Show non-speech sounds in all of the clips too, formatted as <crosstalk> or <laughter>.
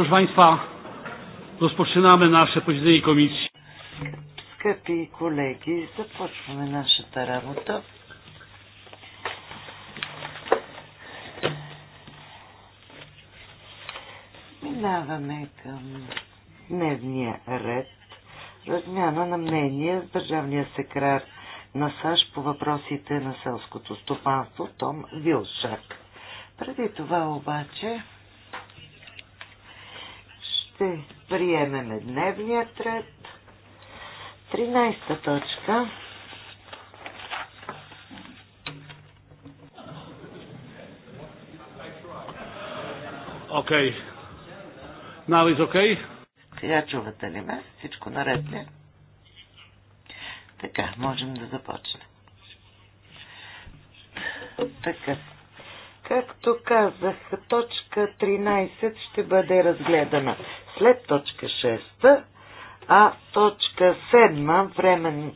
Proszę Państwa, rozpoczynamy nasze posiedzenie komisji. Скъпи колеги, започваме нашата работа. Минаваме към дневния ред. Размяна на мнение с държавния секретар на САЩ по въпросите на селското стопанство Том Вилшак. Преди това обаче ще приемеме дневния ред. 13 точка. Окей. Okay. Now is okay? Сега чувате ли ме? Всичко наред ли? Така, можем да започнем. Така. Както казах, точка 13 ще бъде разгледана след точка 6, а точка 7 времен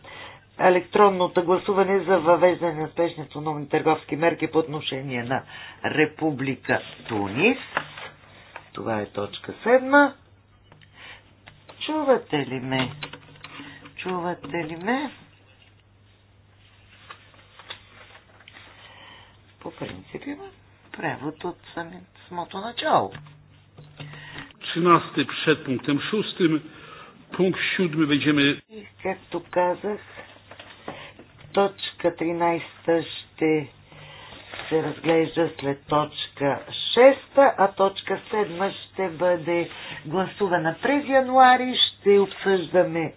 електронното гласуване за въвеждане на спешни автономни търговски мерки по отношение на Република Тунис. Това е точка 7. Чувате ли ме? Чувате ли ме? По принцип има превод от самото начало. 13 przed punktem 6. Punkt 7 będziemy... Както казах, точка 13 ще се разглежда след точка 6, а точка 7 ще бъде гласувана през януари. Ще обсъждаме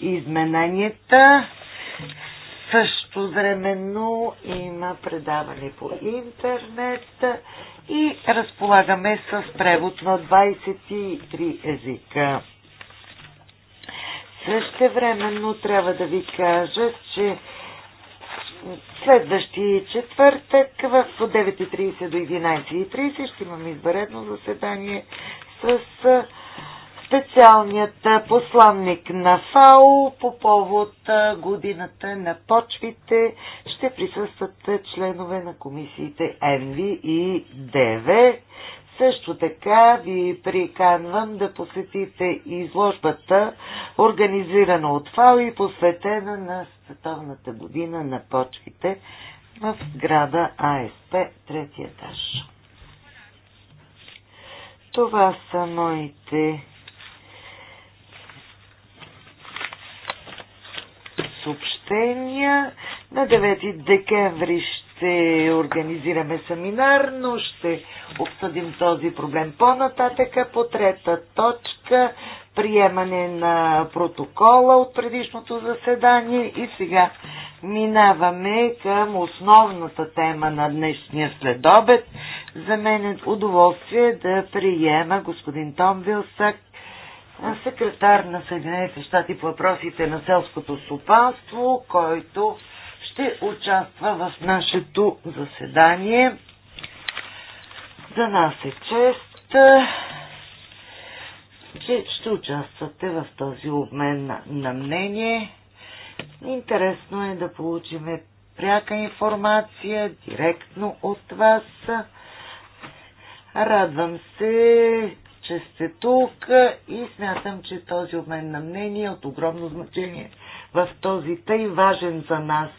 измененията. Също времено има предаване по интернет и разполагаме с превод на 23 езика. времено трябва да ви кажа, че следващия четвъртък в 9.30 до 11.30 ще имаме избаредно заседание с специалният посланник на ФАО по повод годината на почвите ще присъстват членове на комисиите НВ и ДВ. Също така ви приканвам да посетите изложбата, организирана от ФАО и посветена на Световната година на почвите в сграда АСП, третия етаж. Това са моите съобщения. На 9 декември ще организираме семинар, но ще обсъдим този проблем по-нататъка по трета точка приемане на протокола от предишното заседание и сега минаваме към основната тема на днешния следобед. За мен е удоволствие да приема господин Том Вилсак секретар на Съединените щати по въпросите на селското стопанство, който ще участва в нашето заседание. За нас е чест, че ще участвате в този обмен на, на мнение. Интересно е да получим пряка информация директно от вас. Радвам се, че сте тук и смятам, че този обмен на мнение е от огромно значение в този тъй важен за нас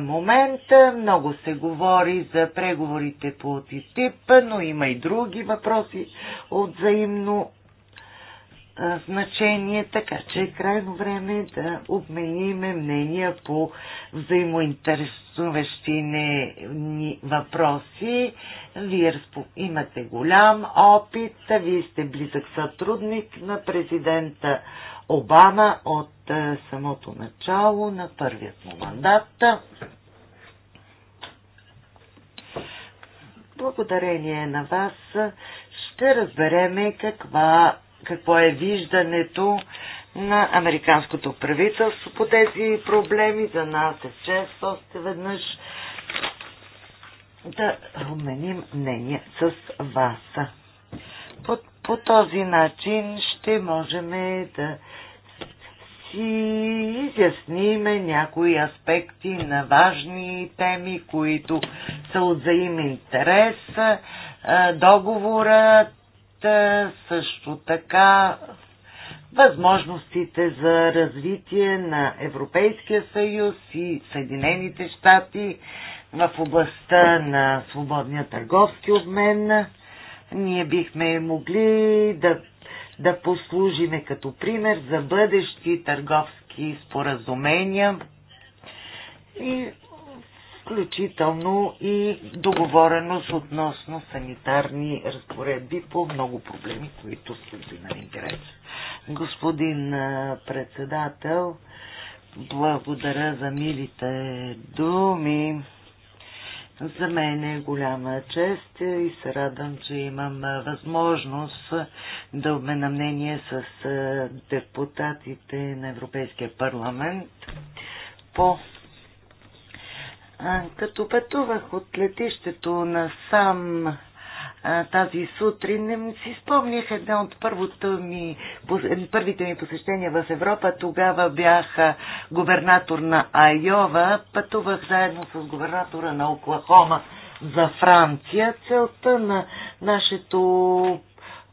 момент. Много се говори за преговорите по ТИТИП, но има и други въпроси от взаимно значение, така че е крайно време да обмениме мнения по взаимоинтересуващи ни въпроси. Вие имате голям опит, вие сте близък сътрудник на президента Обама от самото начало на първият му мандат. Благодарение на вас ще разбереме каква какво е виждането на американското правителство по тези проблеми. За нас е чест още веднъж да променим мнение с вас. По, по този начин ще можем да си изясниме някои аспекти на важни теми, които са от взаимен интерес. Договора, също така възможностите за развитие на Европейския съюз и Съединените щати в областта на свободния търговски обмен. Ние бихме могли да, да послужиме като пример за бъдещи търговски споразумения и включително и договореност относно санитарни разпоредби по много проблеми, които са си на интерес. Господин председател, благодаря за милите думи. За мен е голяма чест и се радвам, че имам възможност да обмена мнение с депутатите на Европейския парламент по като пътувах от летището на сам тази сутрин, не си спомнях една от ми, първите ми посещения в Европа. Тогава бях губернатор на Айова. Пътувах заедно с губернатора на Оклахома за Франция. Целта на нашето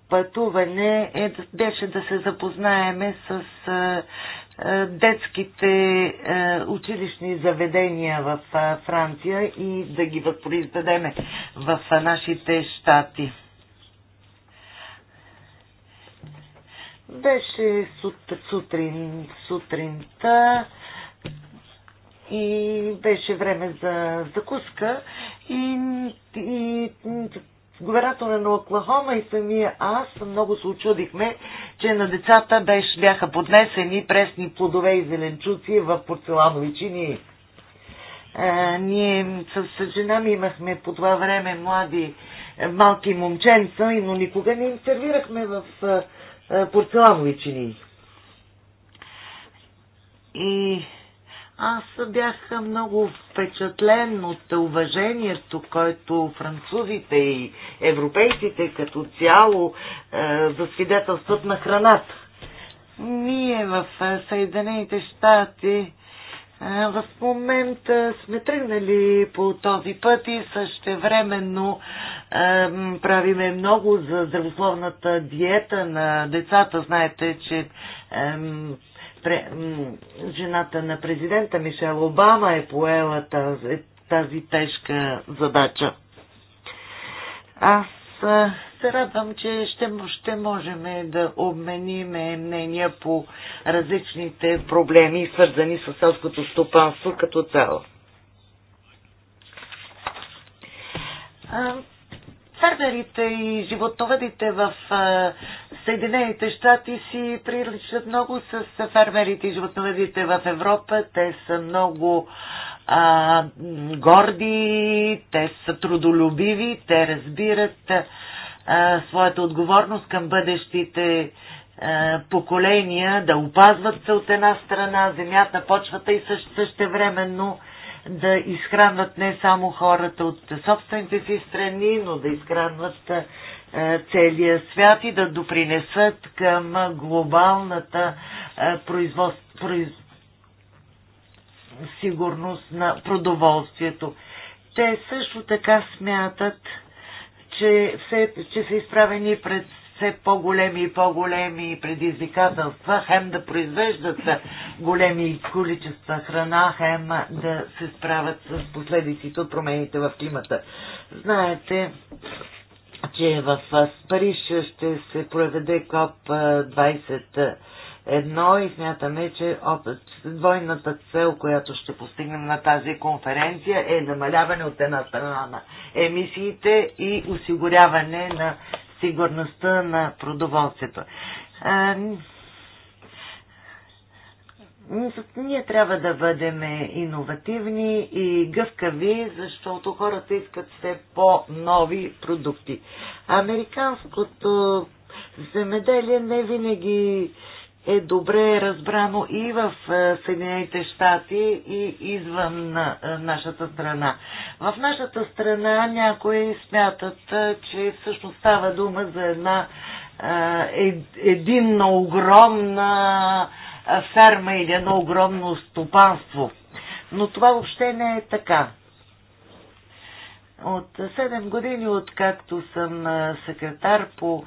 пътуване е, беше да се запознаеме с е, детските е, училищни заведения в е, Франция и да ги възпроизведеме в нашите щати. Беше сутрин, сутринта и беше време за закуска и, и губернатора е на Оклахома и самия аз много се очудихме, че на децата беше, бяха поднесени пресни плодове и зеленчуци в порцеланови чини. Е, ние с, с жена ми имахме по това време млади е, малки момченца, но никога не им сервирахме в а, а, порцеланови чини. И аз бях много впечатлен от уважението, което французите и европейците като цяло е, засвидетелстват на храната. Ние в е, Съединените щати е, в момента сме тръгнали по този път и същевременно е, правиме много за здравословната диета на децата. Знаете, че е, пре, жената на президента Мишел Обама е поела тази, тази тежка задача. Аз се радвам, че ще, ще можем да обменим мнения по различните проблеми, свързани с селското стопанство като цяло фермерите и животновъдите в Съединените щати си приличат много с фермерите и животновъдите в Европа. Те са много а, горди, те са трудолюбиви, те разбират а, своята отговорност към бъдещите а, поколения да опазват се от една страна земята, почвата и също, същевременно времено да изхранват не само хората от собствените си страни, но да изхранват е, целия свят и да допринесат към глобалната е, производство, произ... сигурност на продоволствието. Те също така смятат, че, все, че са изправени пред все по-големи и по-големи предизвикателства, хем да произвеждат големи количества храна, хем да се справят с последиците от промените в климата. Знаете, че в Париж ще се проведе КОП 20 едно и смятаме, че двойната цел, която ще постигнем на тази конференция е намаляване от една страна на емисиите и осигуряване на сигурността на продоволствието. А, ние трябва да бъдем иновативни и гъвкави, защото хората искат все по-нови продукти. Американското земеделие не винаги е добре разбрано и в е, Съединените щати и извън е, нашата страна. В нашата страна някои смятат, е, че всъщност става дума за една е, единна огромна ферма или едно огромно стопанство. Но това въобще не е така. От 7 години, откакто съм секретар по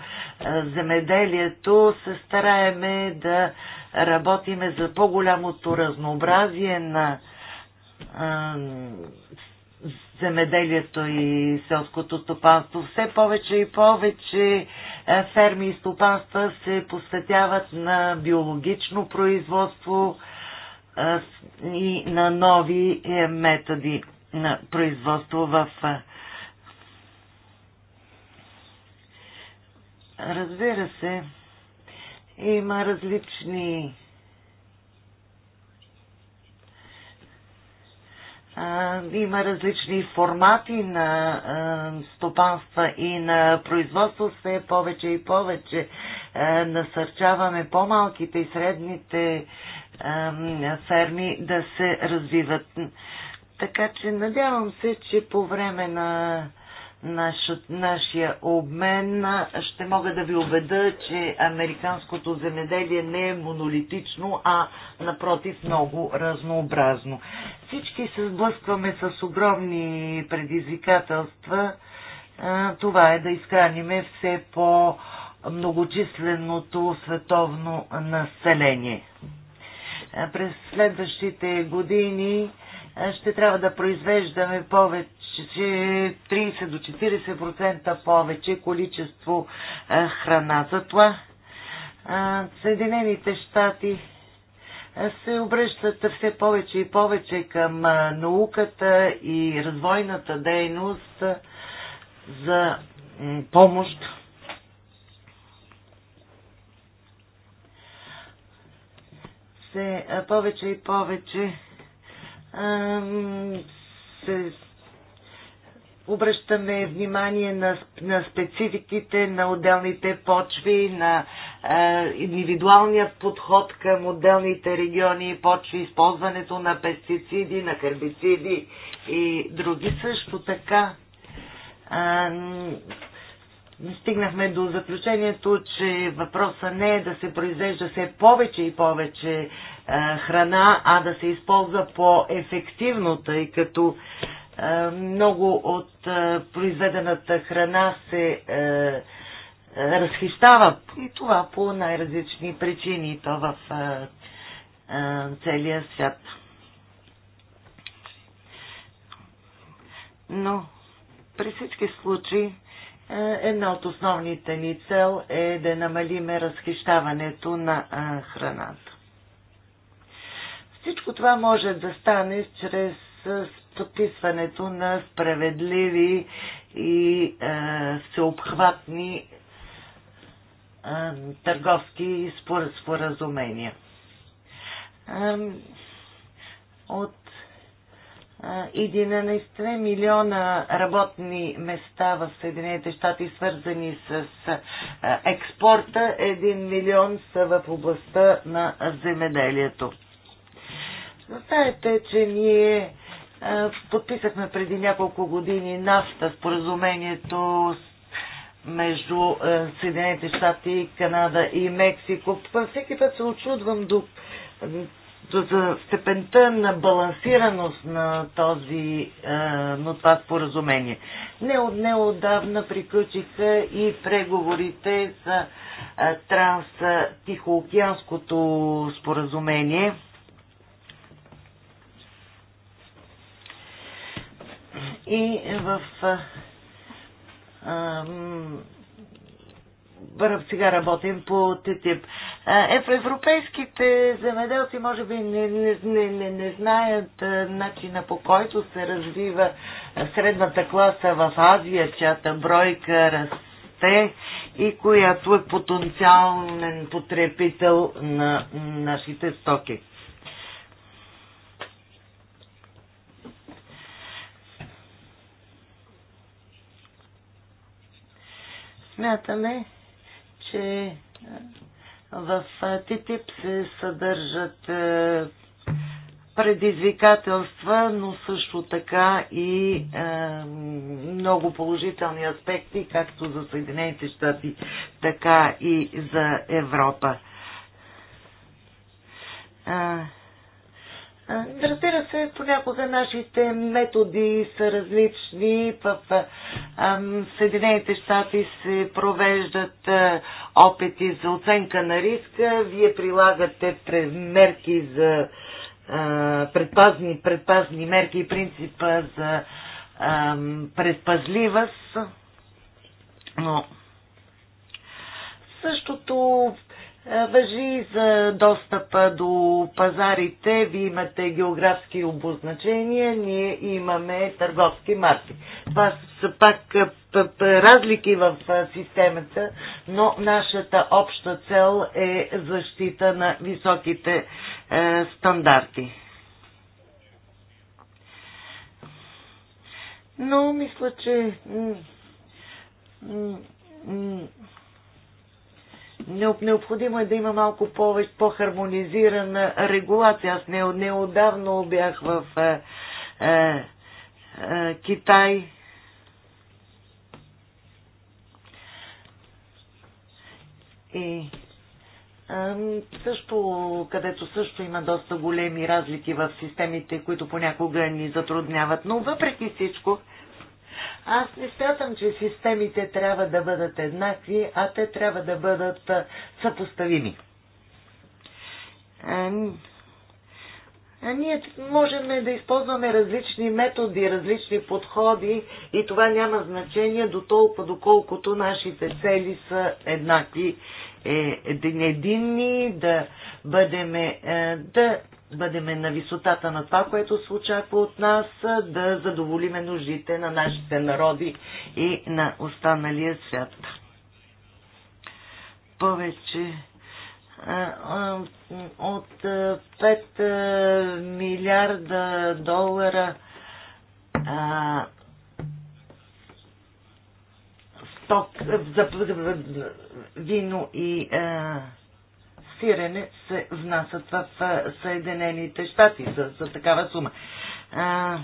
земеделието, се стараеме да работиме за по-голямото разнообразие на земеделието и селското стопанство. Все повече и повече ферми и стопанства се посветяват на биологично производство и на нови е, методи на производство в Разбира се, има различни има различни формати на стопанства и на производство. Все повече и повече насърчаваме по-малките и средните ферми да се развиват. Така че надявам се, че по време на наш, нашия обмен ще мога да ви убеда, че американското земеделие не е монолитично, а напротив много разнообразно. Всички се сблъскваме с огромни предизвикателства. Това е да изхраниме все по многочисленото световно население. През следващите години ще трябва да произвеждаме повече 30 до 40% повече количество храна. Затова Съединените щати се обръщат все повече и повече към науката и развойната дейност за помощ. Все повече и повече се обръщаме внимание на, на спецификите на отделните почви, на е, индивидуалният подход към отделните региони и почви, използването на пестициди, на хербициди и други. Също така е, стигнахме до заключението, че въпроса не е да се произвежда все повече и повече е, храна, а да се използва по-ефективно, тъй като е, много от е, произведената храна се разхищава и това по най-различни причини, то в целия свят. Но при всички случаи е, една от основните ни цел е да намалиме разхищаването на е, храната. Всичко това може да стане чрез подписването е, на справедливи и всеобхватни търговски споразумения. От 11 милиона работни места в Съединените щати, свързани с експорта, 1 милион са в областта на земеделието. Знаете, че ние подписахме преди няколко години нафта споразумението между Съединените щати, Канада и Мексико. Всеки път се очудвам до за степента на балансираност на, този, е, на това споразумение. Не, от неодавна приключиха и преговорите за е, транс-тихоокеанското споразумение. И в е, сега работим по ТТИП. Европейските земеделци може би не, не, не, не, не знаят начина по който се развива средната класа в Азия, чата бройка расте и която е потенциален потребител на нашите стоки. Смятаме, че в ТТИП се съдържат предизвикателства, но също така и е, много положителни аспекти, както за Съединените щати, така и за Европа. Разбира се, понякога нашите методи са различни. В Съединените щати се провеждат опити за оценка на риска. Вие прилагате мерки за предпазни, предпазни мерки и принципа за предпазливост. Но същото е, въжи за достъпа до пазарите. Вие имате географски обозначения, ние имаме търговски марки. Това са пак е, разлики в е, системата, но нашата обща цел е защита на високите стандарти. Но мисля, че Необходимо е да има малко повече, по-хармонизирана регулация. Аз не, неодавно бях в е, е, е, Китай. И е, също, където също има доста големи разлики в системите, които понякога ни затрудняват. Но въпреки всичко, аз не смятам, че системите трябва да бъдат еднакви, а те трябва да бъдат съпоставими. А, а ние можем да използваме различни методи, различни подходи и това няма значение до толкова, доколкото нашите цели са еднакви, е, единни, да бъдем, е, да Бъдеме на висотата на това, което се очаква от нас, да задоволиме нуждите на нашите народи и на останалия свят. Повече от 5 милиарда долара сток за вино и а, финансиране се внасят в Съединените щати за, за такава сума. А,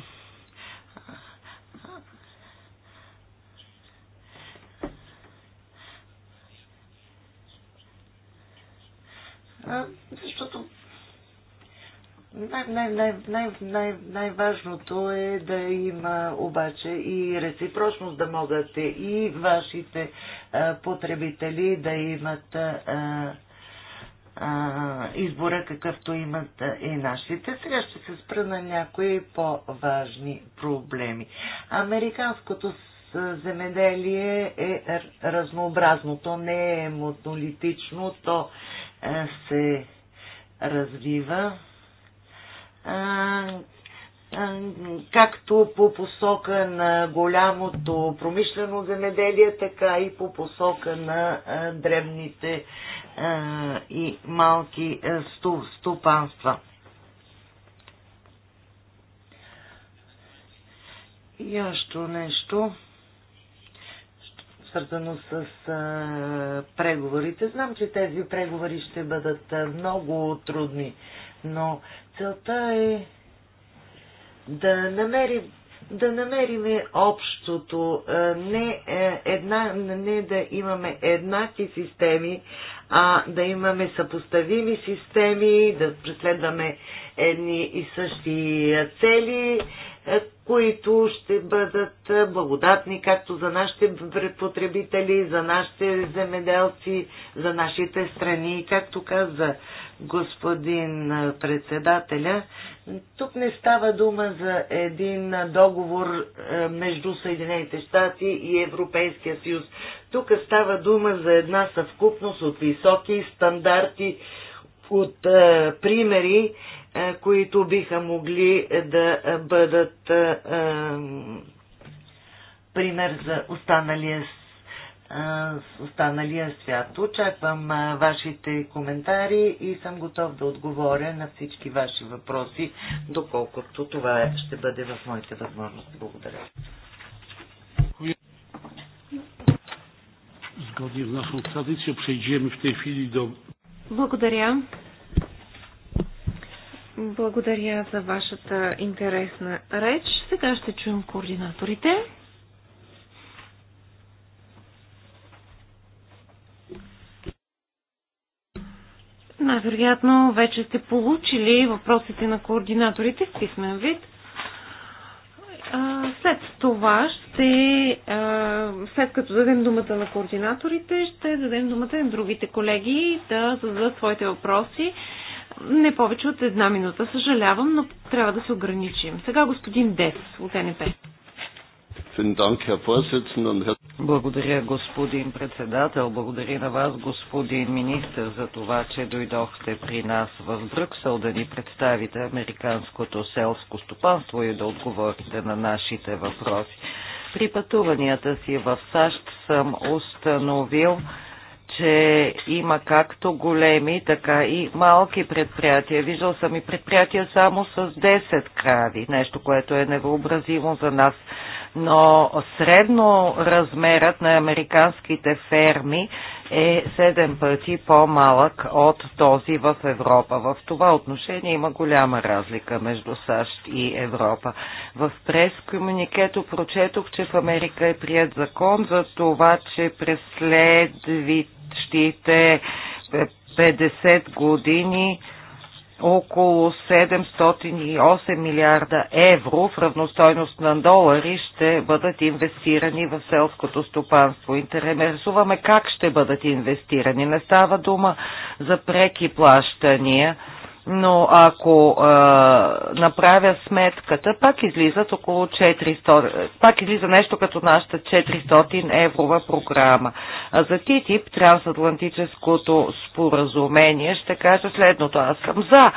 защото най-важното най, най, най, най е да има обаче и реципрочност да могат и вашите а, потребители да имат а, избора, какъвто имат и нашите. Сега ще се спра на някои по-важни проблеми. Американското земеделие е разнообразно, то не е монолитично, то се развива както по посока на голямото промишлено земеделие, така и по посока на древните е, и малки е, стопанства. И още нещо, свързано с е, преговорите. Знам, че тези преговори ще бъдат много трудни, но целта е да намери да намериме общото, не, е, една, не да имаме еднакви системи, а да имаме съпоставими системи, да преследваме едни и същи цели, е, които ще бъдат е, благодатни както за нашите потребители, за нашите земеделци, за нашите страни, както каза господин председателя. Тук не става дума за един договор е, между Съединените щати и Европейския съюз. Тук става дума за една съвкупност от високи стандарти, от е, примери, е, които биха могли да бъдат пример за останалия останалия свят. Очаквам вашите коментари и съм готов да отговоря на всички ваши въпроси, доколкото това ще бъде в моите възможности. Благодаря. Zgodnie z naszą tradycją przejdziemy w tej chwili do... Благодаря. Благодаря за вашата интересна реч. Сега ще чуем координаторите. Най-вероятно вече сте получили въпросите на координаторите в писмен вид. След това ще, след като дадем думата на координаторите, ще дадем думата на другите колеги да зададат своите въпроси. Не повече от една минута, съжалявам, но трябва да се ограничим. Сега господин Дес от НП. Благодаря, господин председател. Благодаря на вас, господин министр, за това, че дойдохте при нас в Брюксел да ни представите американското селско стопанство и да отговорите на нашите въпроси. При пътуванията си в САЩ съм установил, че има както големи, така и малки предприятия. Виждал съм и предприятия само с 10 крави, нещо, което е невъобразимо за нас но средно размерът на американските ферми е 7 пъти по-малък от този в Европа. В това отношение има голяма разлика между САЩ и Европа. В прес-комуникето прочетох, че в Америка е прият закон за това, че преследващите 50 години около 708 милиарда евро в равностойност на долари ще бъдат инвестирани в селското стопанство. Интересуваме как ще бъдат инвестирани. Не става дума за преки плащания но ако а, направя сметката, пак излизат около 400, пак излиза нещо като нашата 400 еврова програма. А за ТИТИП, трансатлантическото споразумение, ще кажа следното. Аз съм за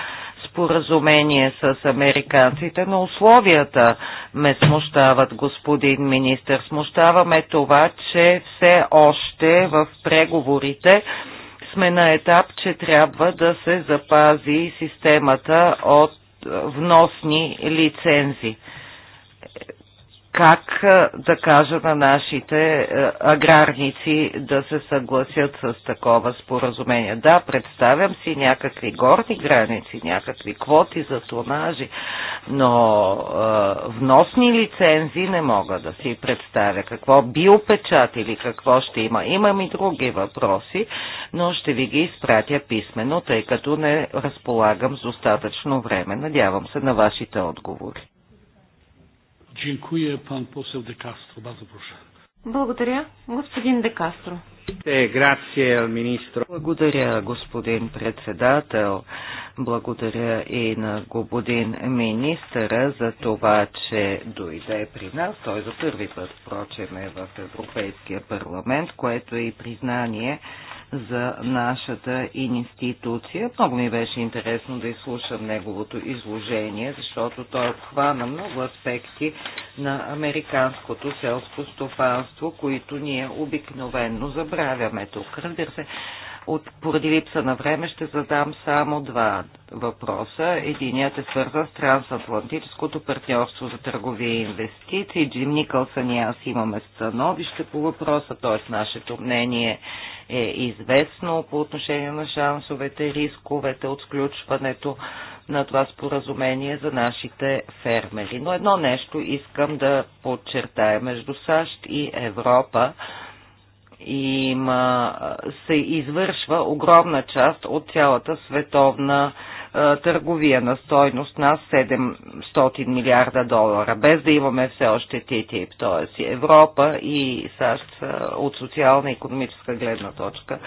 споразумение с американците, но условията ме смущават, господин министр. Смущаваме това, че все още в преговорите сме на етап, че трябва да се запази системата от вносни лицензи как е, да кажа на нашите е, аграрници да се съгласят с такова споразумение. Да, представям си някакви горни граници, някакви квоти за тонажи, но е, вносни лицензии не мога да си представя. Какво биопечат или какво ще има. Имам и други въпроси, но ще ви ги изпратя писменно, тъй като не разполагам с достатъчно време. Надявам се на вашите отговори. Dziękuję pan poseł De Castro. Bardzo proszę. Благодаря, господин Де Кастро. Е, Благодаря, господин председател. Благодаря и на господин министъра за това, че дойде при нас. Той за първи път, впрочем, е в Европейския парламент, което е и признание за нашата институция. Много ми беше интересно да изслушам неговото изложение, защото той обхвана много аспекти на американското селско стопанство, които ние обикновенно забравяме тук. Разбира се, от, поради липса на време ще задам само два въпроса. Единият е свързан с трансатлантическото партньорство за търговия и инвестиции. Джим Никълсън и аз имаме становище по въпроса, т.е. нашето мнение е известно по отношение на шансовете, рисковете от сключването на това споразумение за нашите фермери. Но едно нещо искам да подчертая между САЩ и Европа има, се извършва огромна част от цялата световна а, е, търговия на стойност на 700 милиарда долара, без да имаме все още ТТИП. Т.е. Европа и САЩ а, е, от социална и економическа гледна точка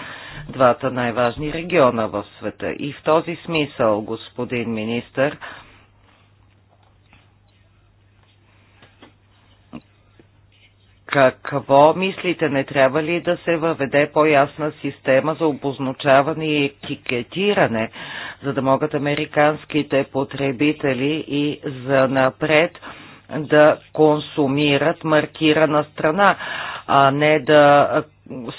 двата най-важни региона в света. И в този смисъл, господин министър, Какво мислите, не трябва ли да се въведе по-ясна система за обозначаване и етикетиране, за да могат американските потребители и за напред да консумират маркирана страна, а не да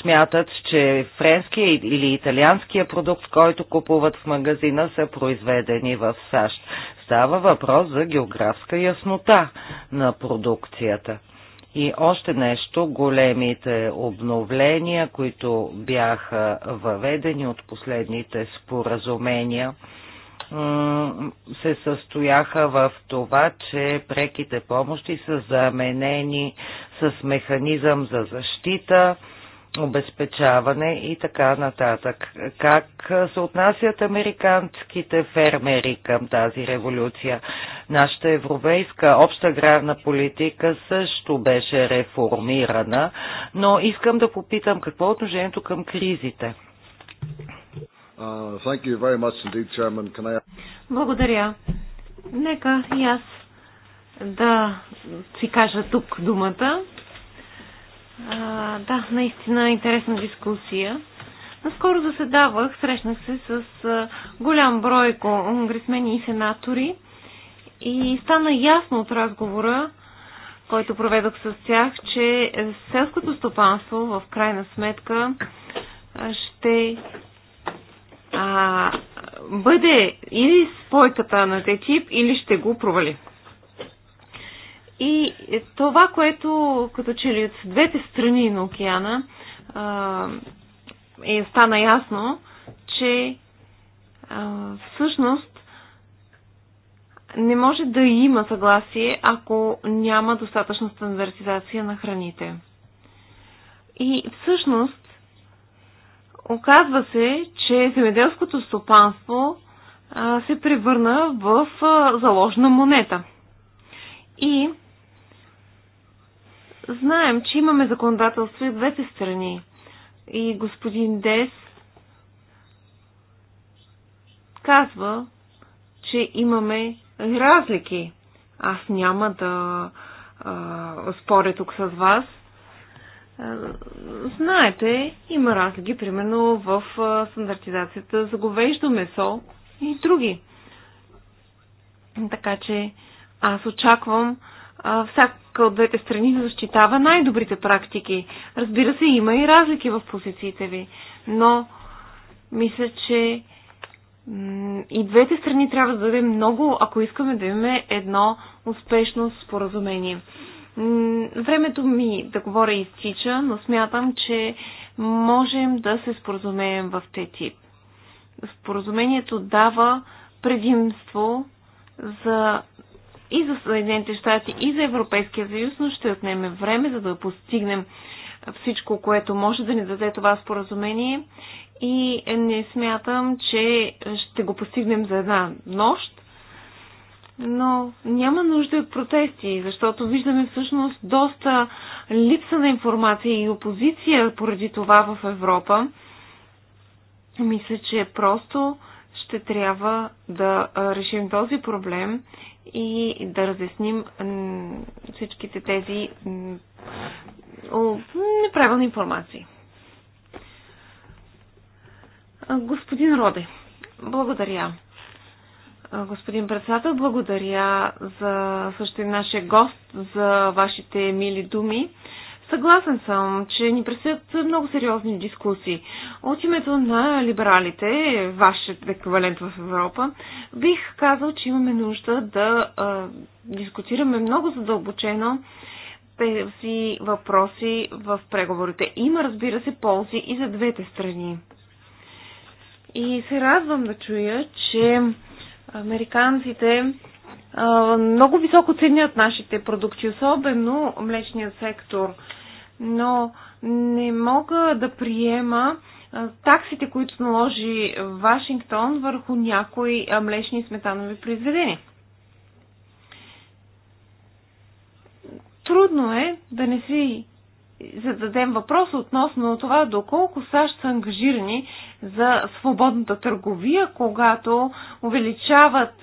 смятат, че френския или италианския продукт, който купуват в магазина, са произведени в САЩ. Става въпрос за географска яснота на продукцията. И още нещо, големите обновления, които бяха въведени от последните споразумения, се състояха в това, че преките помощи са заменени с механизъм за защита, обезпечаване и така нататък. Как се отнасят американските фермери към тази революция? Нашата европейска обща аграрна политика също беше реформирана, но искам да попитам какво е отношението към кризите. Uh, indeed, I... Благодаря. Нека и аз да си кажа тук думата. А, да, наистина интересна дискусия. Наскоро заседавах, срещнах се с голям брой конгресмени и сенатори и стана ясно от разговора, който проведох с тях, че селското стопанство в крайна сметка ще а, бъде или спойката на ТТИП, или ще го провали. И това, което като че ли от двете страни на океана а, е, стана ясно, че а, всъщност не може да има съгласие, ако няма достатъчна стандартизация на храните. И всъщност, оказва се, че земеделското стопанство се превърна в заложна монета. И знаем, че имаме законодателство и от двете страни. И господин Дес казва, че имаме разлики. Аз няма да а, споря тук с вас. Знаете, има разлики, примерно в стандартизацията за говеждо месо и други. Така че аз очаквам а, всяка от двете страни да защитава най-добрите практики. Разбира се, има и разлики в позициите ви, но мисля, че и двете страни трябва да дадем много, ако искаме да имаме едно успешно споразумение. Времето ми да говоря изтича, но смятам, че можем да се споразумеем в ТТИП. Споразумението дава предимство за и за Съединените щати, и за Европейския съюз, но ще отнеме време, за да постигнем всичко, което може да ни даде това споразумение и не смятам, че ще го постигнем за една нощ, но няма нужда от протести, защото виждаме всъщност доста липса на информация и опозиция поради това в Европа. Мисля, че просто ще трябва да решим този проблем и да разясним всичките тези неправилни информации. Господин Роде, благодаря. Господин председател, благодаря за също и нашия гост, за вашите мили думи. Съгласен съм, че ни предстоят много сериозни дискусии. От името на либералите, вашият еквивалент в Европа, бих казал, че имаме нужда да а, дискутираме много задълбочено тези въпроси в преговорите. Има, разбира се, ползи и за двете страни. И се радвам да чуя, че американците много високо ценят нашите продукти, особено млечният сектор. Но не мога да приема таксите, които наложи Вашингтон върху някои млечни сметанови произведения. Трудно е да не си зададем въпрос относно това доколко САЩ са ангажирани за свободната търговия, когато увеличават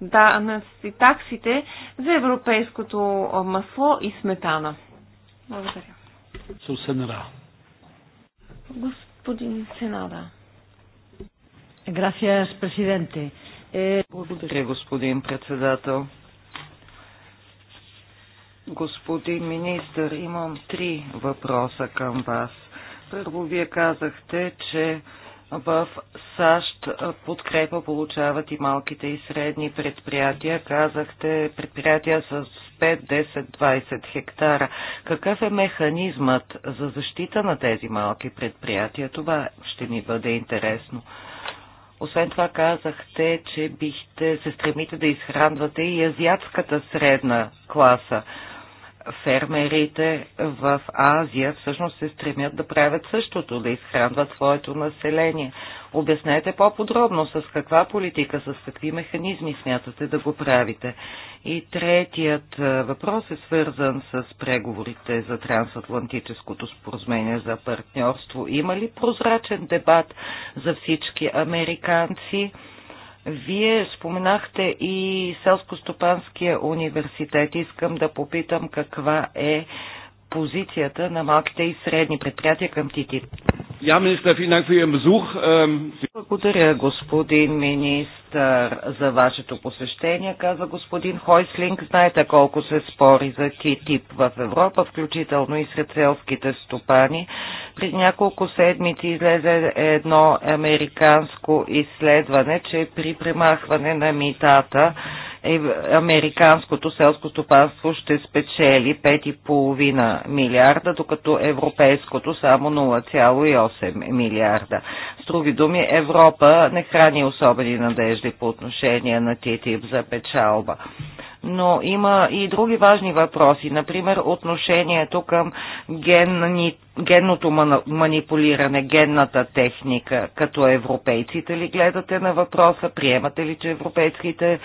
данъци, таксите за европейското масло и сметана. Благодаря. Сусенра. Господин Сенада. Грасия, президенте. Е, Благодаря, господин председател. Господин министр, имам три въпроса към вас. Първо, вие казахте, че в САЩ подкрепа получават и малките и средни предприятия. Казахте предприятия с 5, 10, 20 хектара. Какъв е механизмът за защита на тези малки предприятия? Това ще ми бъде интересно. Освен това казахте, че бихте се стремите да изхранвате и азиатската средна класа фермерите в Азия всъщност се стремят да правят същото, да изхранват своето население. Обяснете по-подробно с каква политика, с какви механизми смятате да го правите. И третият е, въпрос е свързан с преговорите за трансатлантическото споразумение за партньорство. Има ли прозрачен дебат за всички американци? Вие споменахте и Селско-стопанския университет. Искам да попитам каква е позицията на малките и средни предприятия към ТИТИП. Ja, министър, Dank für Ihren Besuch. Ähm, Благодаря, господин министър, за вашето посещение, каза господин Хойслинг. Знаете колко се спори за ТИТИП в Европа, включително и сред селските стопани. При няколко седмици излезе едно американско изследване, че при премахване на митата е, американското селско стопанство ще спечели 5,5 милиарда, докато европейското само 0,8 милиарда. С други думи, Европа не храни особени надежди по отношение на ТТИП за печалба но има и други важни въпроси, например отношението към генни, генното манипулиране, генната техника, като европейците ли гледате на въпроса, приемате ли, че европейските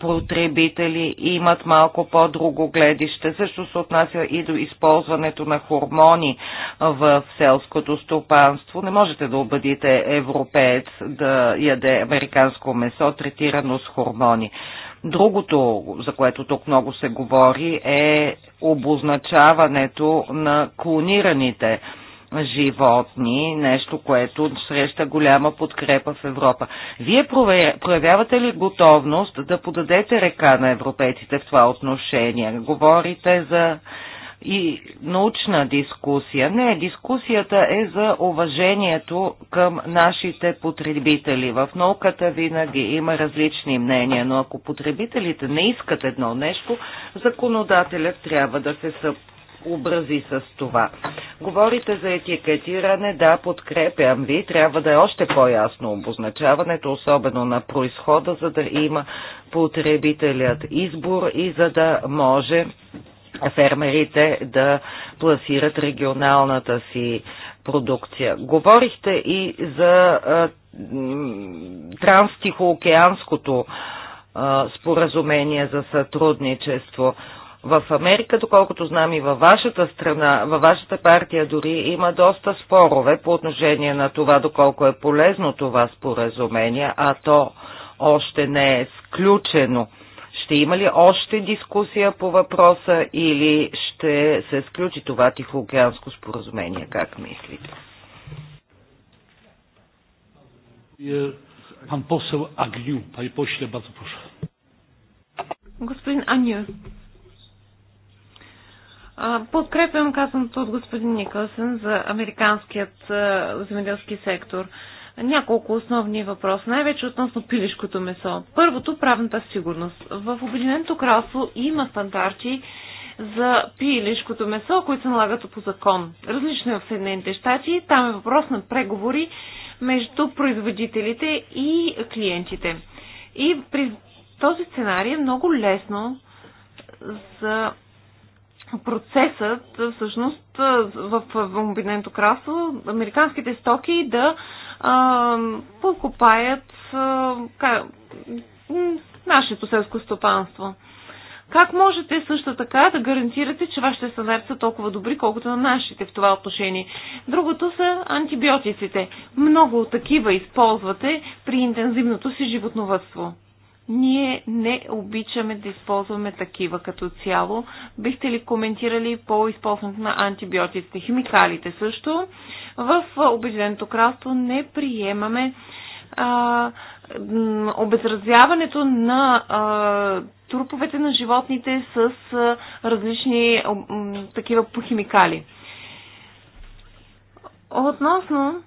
потребители имат малко по-друго гледище. Също се отнася и до използването на хормони в селското стопанство. Не можете да убедите европеец да яде американско месо, третирано с хормони. Другото, за което тук много се говори, е обозначаването на клонираните животни, нещо, което среща голяма подкрепа в Европа. Вие проявявате ли готовност да подадете река на европейците в това отношение? Говорите за и научна дискусия. Не, дискусията е за уважението към нашите потребители. В науката винаги има различни мнения, но ако потребителите не искат едно нещо, законодателят трябва да се съобрази образи с това. Говорите за етикетиране, да, подкрепям ви, трябва да е още по-ясно обозначаването, особено на происхода, за да има потребителят избор и за да може фермерите да пласират регионалната си продукция. Говорихте и за транстихоокеанското споразумение за сътрудничество. В Америка, доколкото знам и във вашата страна, във вашата партия дори има доста спорове по отношение на това, доколко е полезно това споразумение, а то още не е сключено. Ще има ли още дискусия по въпроса или ще се сключи това тихоокеанско споразумение? Как мислите? Pan е, poseł Господин Аню, подкрепям казаното от господин Николсен за американският земеделски сектор няколко основни въпроса, най-вече относно пилешкото месо. Първото – правната сигурност. В Обединеното кралство има стандарти за пилешкото месо, които се налагат по закон. Различно е в Съединените щати. Там е въпрос на преговори между производителите и клиентите. И при този сценарий е много лесно за процесът, всъщност, в Обединеното кралство, американските стоки да а, покупаят а, нашето селско стопанство. Как можете също така да гарантирате, че вашите стандарти са толкова добри, колкото на нашите в това отношение? Другото са антибиотиците. Много от такива използвате при интензивното си животновътство. Ние не обичаме да използваме такива като цяло. Бихте ли коментирали по използването на антибиотиците, химикалите също? В Обединеното кралство не приемаме а, обезразяването на а, труповете на животните с а, различни а, такива химикали. Относно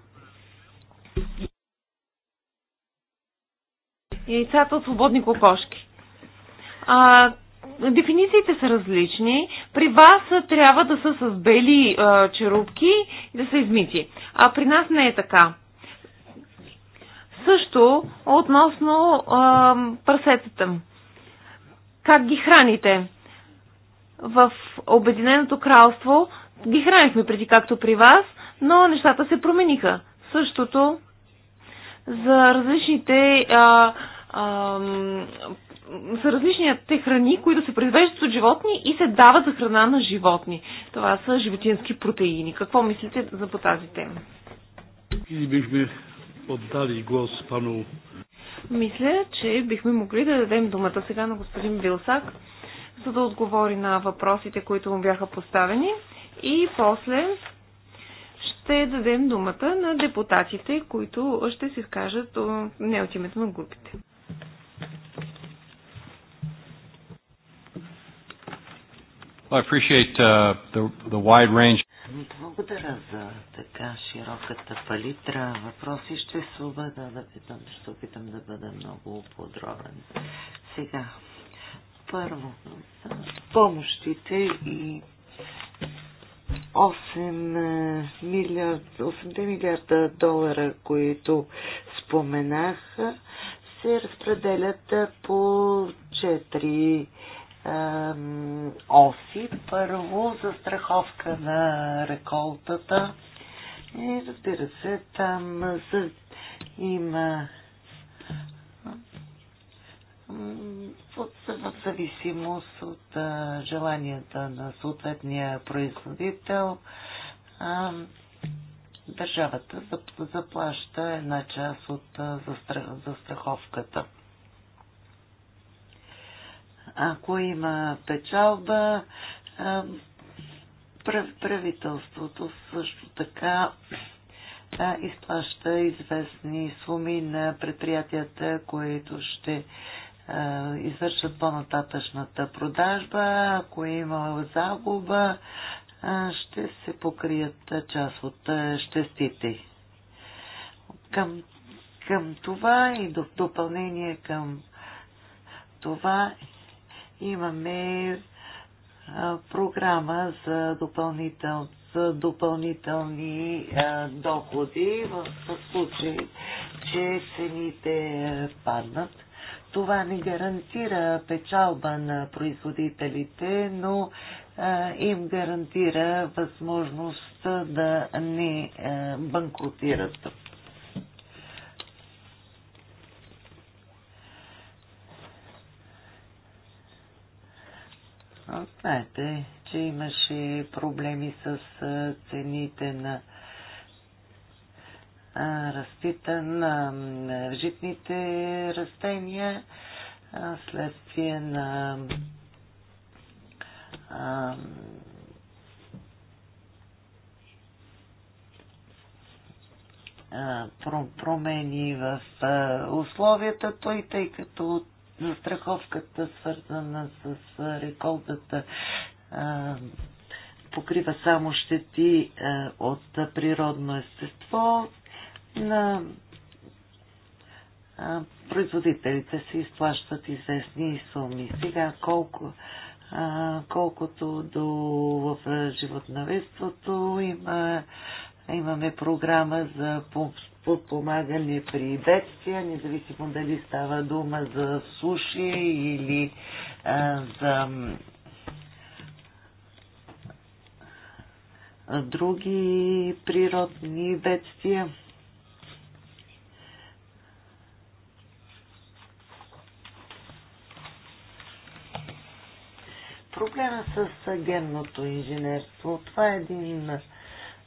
яйцата от свободни кокошки. А, дефинициите са различни. При вас трябва да са с бели а, черупки и да са измити. А при нас не е така. Също относно а, прасетата. Как ги храните? В Обединеното кралство ги хранихме преди както при вас, но нещата се промениха. Същото за различните а, а, са различните храни, които се произвеждат от животни и се дават за храна на животни. Това са животински протеини. Какво мислите за по тази тема? Или бихме отдали глас пану. Мисля, че бихме могли да дадем думата сега на господин Вилсак, за да отговори на въпросите, които му бяха поставени и после ще дадем думата на депутатите, които ще се изкажат не от името на групите. Uh, Благодаря за така широката палитра въпроси. Ще се обада да питам, ще опитам да бъда много подробен. Сега, първо, помощите и 8 е, милиард, 8 милиарда долара, които споменах, се разпределят е, по 4 е, оси. Първо за страховка на реколтата. И разбира се, там има от, в зависимост от а, желанията на съответния производител, а, държавата заплаща една част от а, застрах, застраховката. Ако има печалба, а, правителството също така а, изплаща известни суми на предприятията, които ще извършат по-нататъчната продажба. Ако е има загуба, ще се покрият част от щестите. Към, към това и до допълнение към това имаме програма за, допълнител, за допълнителни а, доходи в случай, че цените паднат това не гарантира печалба на производителите, но а, им гарантира възможност да не а, банкротират. Знаете, че имаше проблеми с цените на разпита на житните растения следствие на промени в условията, той тъй като застраховката, свързана с реколтата, покрива само щети от природно естество, на производителите се изплащат известни суми. Сега колко, а, колкото до в животновеството има, имаме програма за подпомагане при бедствия, независимо дали става дума за суши или а, за други природни бедствия. Проблема с генното инженерство, това е един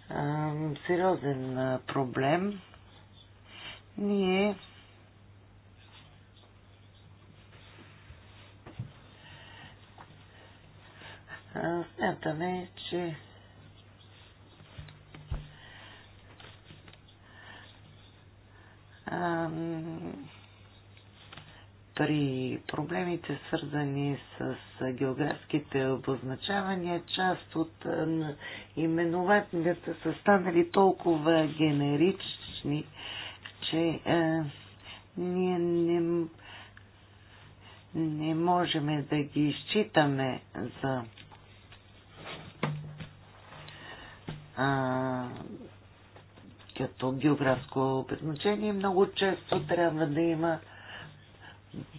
а, сериозен а, проблем. Ние а, смятаме, че а, при проблемите свързани с географските обозначавания, част от именованията са станали толкова генерични, че е, ние не, не можем да ги изчитаме за а, като географско обозначение. Много често трябва да има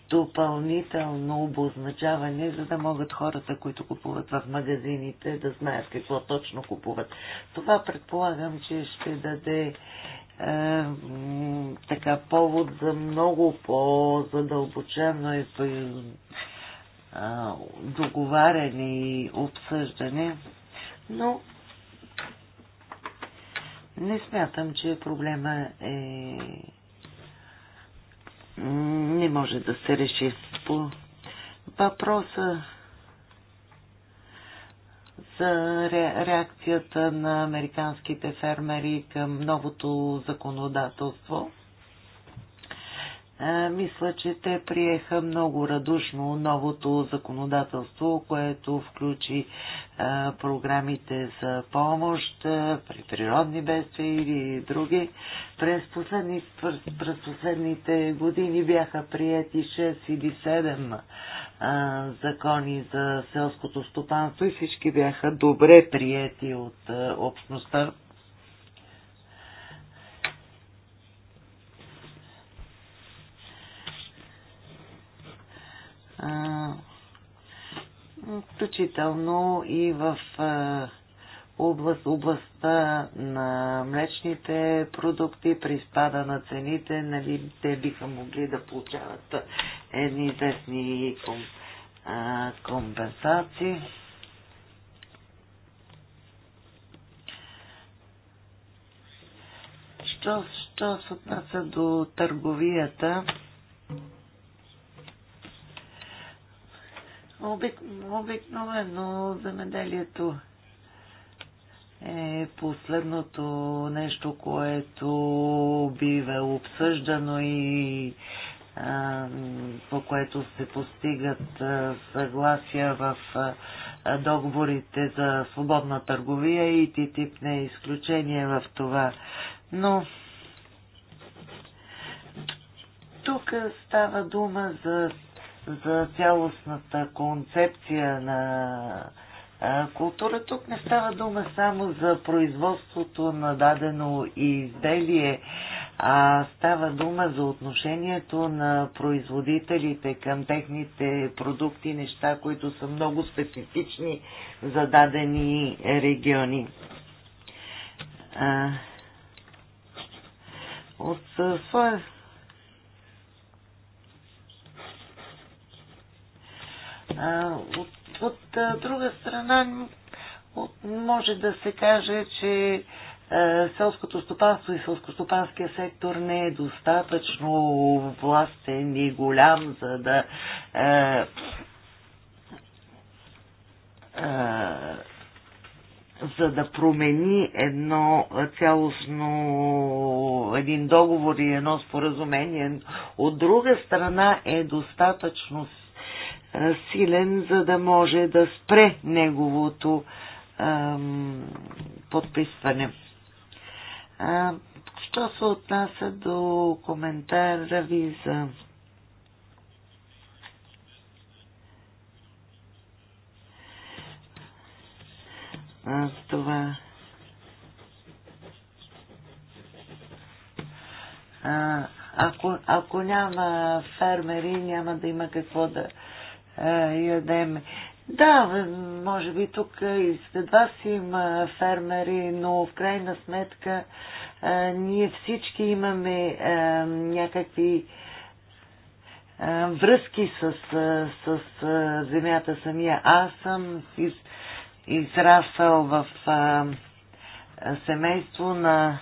допълнително обозначаване, за да могат хората, които купуват в магазините, да знаят какво точно купуват. Това предполагам, че ще даде е, така повод за много по-задълбочено и по е, договаряне и обсъждане, но не смятам, че проблема е не може да се реши. По въпроса за ре, реакцията на американските фермери към новото законодателство – е, мисля, че те приеха много радушно новото законодателство, което включи е, програмите за помощ е, при природни бедствия или други. През, последни, през последните години бяха прияти 6 или 7 закони за селското стопанство и всички бяха добре прияти от общността. включително и в област, областта на млечните продукти, при спада на цените, нали, те биха могли да получават едни известни ком, а, компенсации. Що, що се отнася до търговията, Обик, обикновено земеделието е последното нещо, което бива обсъждано и а, по което се постигат а, съгласия в а, договорите за свободна търговия и ТТИП не е изключение в това. Но тук става дума за за цялостната концепция на култура. Тук не става дума само за производството на дадено изделие, а става дума за отношението на производителите към техните продукти, неща, които са много специфични за дадени региони. От своя От, от друга страна, от, може да се каже, че селското стопанство и селскостопанския сектор не е достатъчно властен и голям, за да А, за да промени едно цялостно, един договор и едно споразумение. От друга страна е достатъчно силен, за да може да спре неговото ам, подписване. А, що се отнася до коментара ви за а, с това а, ако, ако няма фермери, няма да има какво да, ядем. Да, може би тук и след вас има фермери, но в крайна сметка а, ние всички имаме а, някакви а, връзки с, а, с а, земята самия. Аз съм из, израсъл в а, семейство на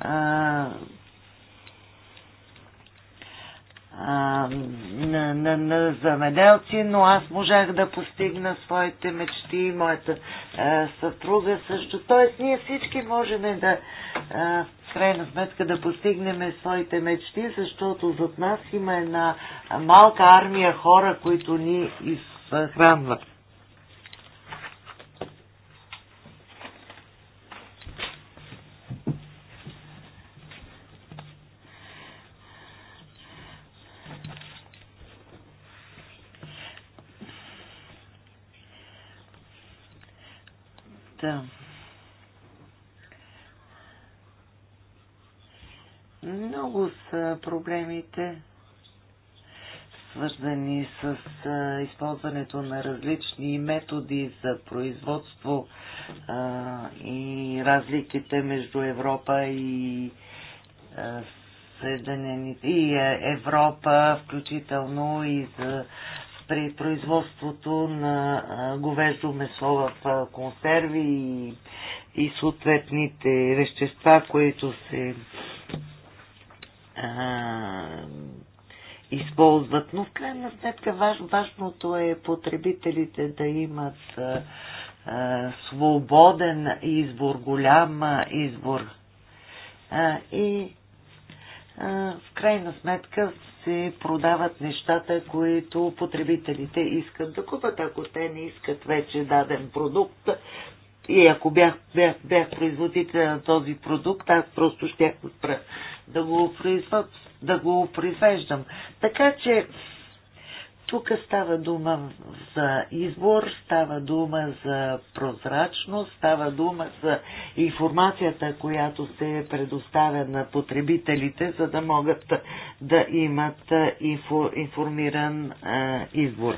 а, на, на, на замеделци, но аз можах да постигна своите мечти, моята а, съпруга също. Тоест, ние всички можем да, а, в крайна сметка, да постигнем своите мечти, защото зад нас има една малка армия хора, които ни изхранват. Да. Много са проблемите, свързани с използването на различни методи за производство а, и разликите между Европа и Съединените и Европа, включително и за при производството на говеждо месо в консерви и, и съответните вещества, които се а, използват. Но в крайна сметка важ, важното е потребителите да имат а, а, свободен избор, голям избор. А, и в крайна сметка се продават нещата, които потребителите искат да купат. Ако те не искат вече даден продукт, и ако бях, бях, бях производител на този продукт, аз просто щях го спра да го, да го произвеждам. Така че тук става дума за избор, става дума за прозрачност, става дума за информацията, която се предоставя на потребителите, за да могат да имат информиран избор.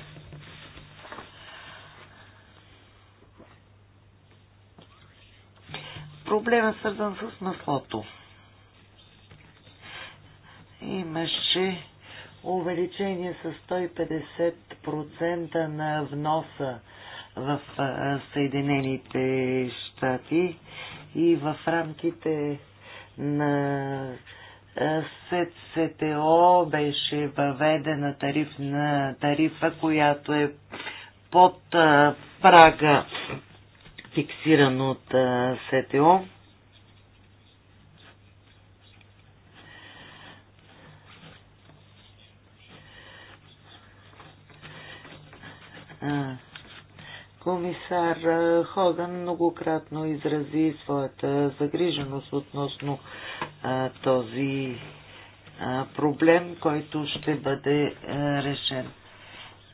Проблема свързан с маслото. Имаше увеличение с 150% на вноса в Съединените щати и в рамките на СТО беше въведена тарифна тарифа, която е под прага фиксиран от СТО. Комисар Хоган многократно изрази своята загриженост относно а, този а, проблем, който ще бъде а, решен.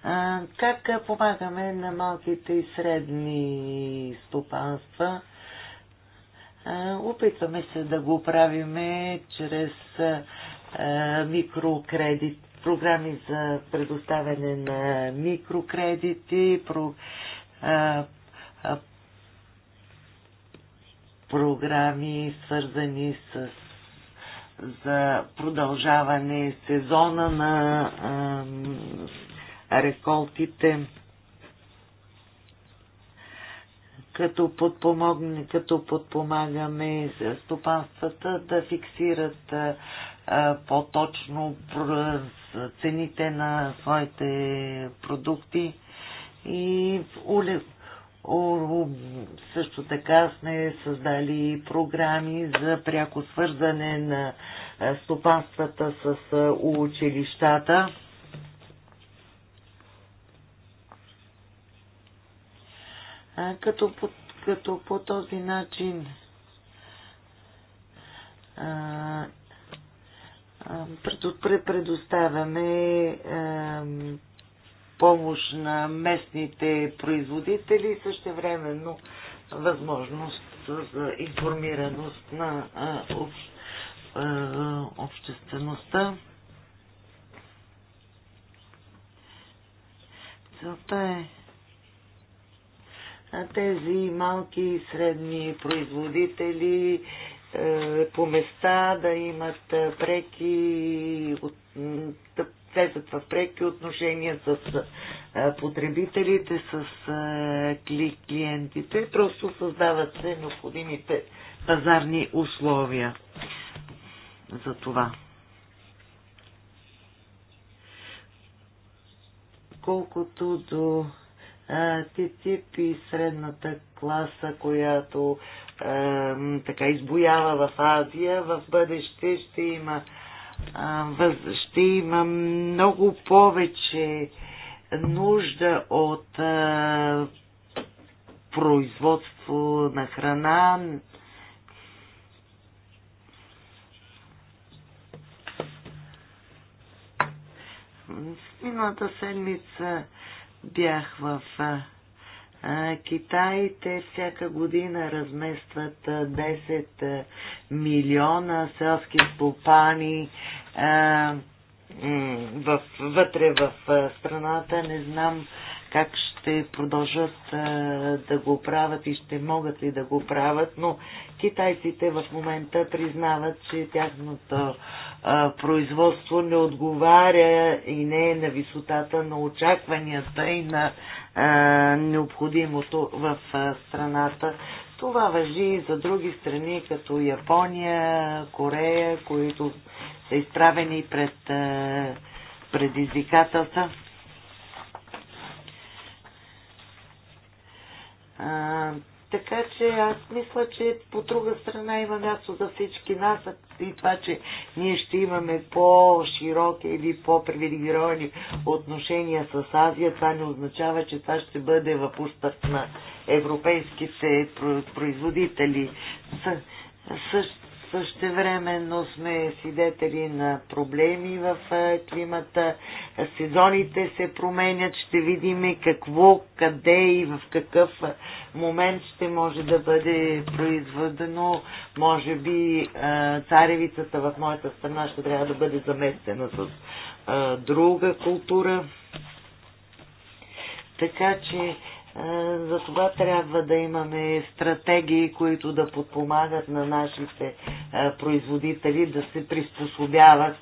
А, как помагаме на малките и средни стопанства? А, опитваме се да го правиме чрез а, микрокредит програми за предоставяне на микрокредити, про, а, а, програми свързани с за продължаване сезона на а, реколтите като, подпомог, като подпомагаме стопанствата да фиксират по-точно цените на своите продукти и също така сме създали програми за пряко свързане на стопанствата с училищата. Като по, като по този начин предоставяме помощ на местните производители и същевременно възможност за информираност на обществеността. Целта е тези малки и средни производители е, по места, да имат е, преки, да влезат в преки отношения с е, потребителите, с клиентите. Просто създават се необходимите пазарни условия за това. Колкото до ТТИП и средната класа, която така избоява в Азия, в бъдеще ще има, въз, ще има много повече нужда от производство на храна, Миналата седмица бях в Китаите всяка година разместват 10 милиона селски стопани вътре в страната. Не знам как ще продължат да го правят и ще могат ли да го правят, но китайците в момента признават, че тяхното производство не отговаря и не е на висотата на очакванията и на необходимото в страната. Това въжи и за други страни, като Япония, Корея, които са изправени пред предизвикателства. А, така че аз мисля, че по друга страна има място за всички нас и това, че ние ще имаме по-широки или по-привилегировани отношения с Азия, това не означава, че това ще бъде в на европейските производители. Също но сме свидетели на проблеми в климата, сезоните се променят, ще видим какво, къде и в какъв момент ще може да бъде произведено. Може би царевицата в моята страна ще трябва да бъде заместена с друга култура. Така че е, за това трябва да имаме стратегии, които да подпомагат на нашите е, производители да се приспособяват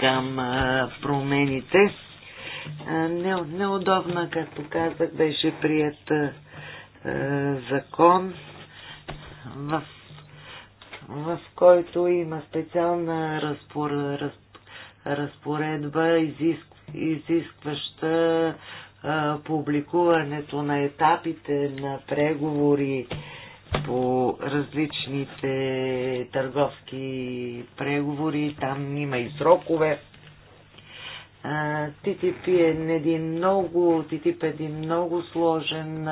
към е, промените. Неудобна, както казах, беше прият закон, в, в който има специална разпор, разпоредба, изискваща публикуването на етапите на преговори по различните търговски преговори. Там има и срокове. ТТП е един много, ТТП е един много сложен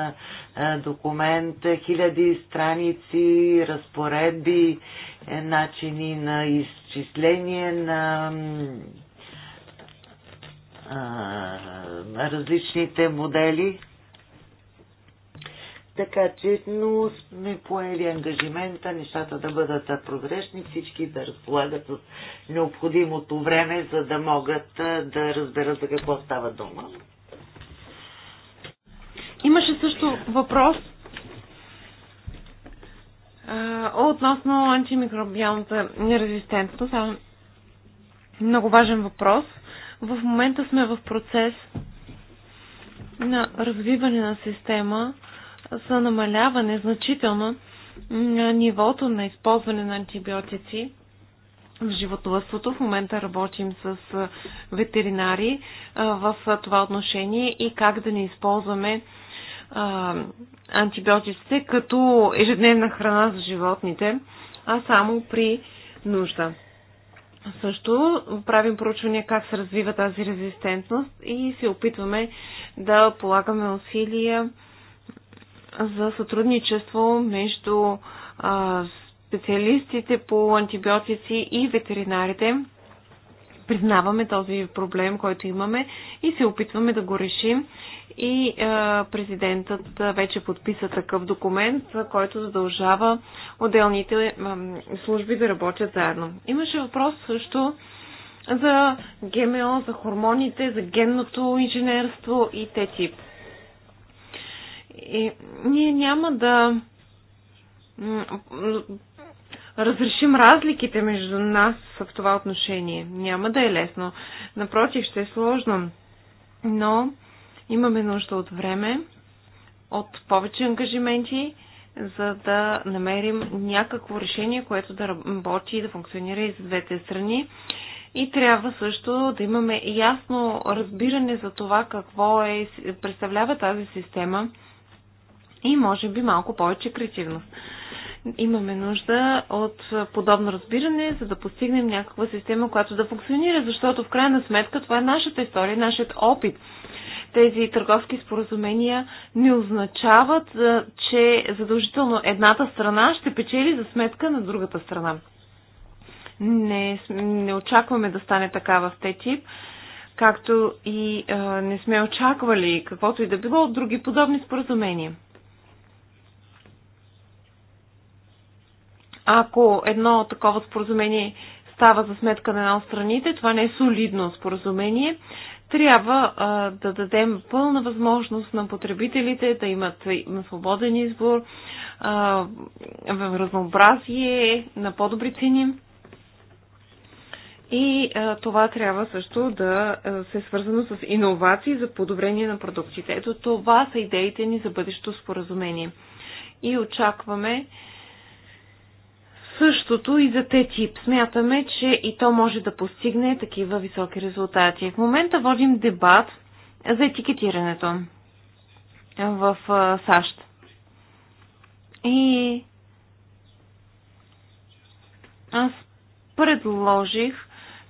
документ, хиляди страници, разпоредби, е, начини на изчисление на а, различните модели. Така че, но сме поели ангажимента нещата да бъдат прогрешни, всички да разполагат с необходимото време, за да могат да разберат за какво става дума. Имаше също въпрос а, относно антимикробиалната резистентност. Много важен въпрос. В момента сме в процес на развиване на система за намаляване значително на нивото на използване на антибиотици в животовътството. В момента работим с ветеринари в това отношение и как да не използваме антибиотиците като ежедневна храна за животните, а само при нужда също правим проучвания как се развива тази резистентност и се опитваме да полагаме усилия за сътрудничество между специалистите по антибиотици и ветеринарите, признаваме този проблем, който имаме и се опитваме да го решим. И е, президентът вече подписа такъв документ, който задължава отделните е, служби да работят заедно. Имаше въпрос също за ГМО, за хормоните, за генното инженерство и те тип. И ние няма да разрешим разликите между нас в това отношение. Няма да е лесно. Напротив, ще е сложно. Но имаме нужда от време, от повече ангажименти, за да намерим някакво решение, което да работи и да функционира и за двете страни. И трябва също да имаме ясно разбиране за това какво е, представлява тази система и може би малко повече креативност имаме нужда от подобно разбиране, за да постигнем някаква система, която да функционира, защото в крайна сметка това е нашата история, нашият опит. Тези търговски споразумения не означават, че задължително едната страна ще печели за сметка на другата страна. Не, не очакваме да стане така в ТТИП, както и а, не сме очаквали каквото и да било от други подобни споразумения. ако едно такова споразумение става за сметка на една от страните, това не е солидно споразумение. Трябва а, да дадем пълна възможност на потребителите да имат на свободен избор, а, в разнообразие, на по-добри цени. И а, това трябва също да а, се е свързано с иновации за подобрение на продуктите. Ето това са идеите ни за бъдещето споразумение. И очакваме а, Същото и за тип Смятаме, че и то може да постигне такива високи резултати. В момента водим дебат за етикетирането в САЩ. И аз предложих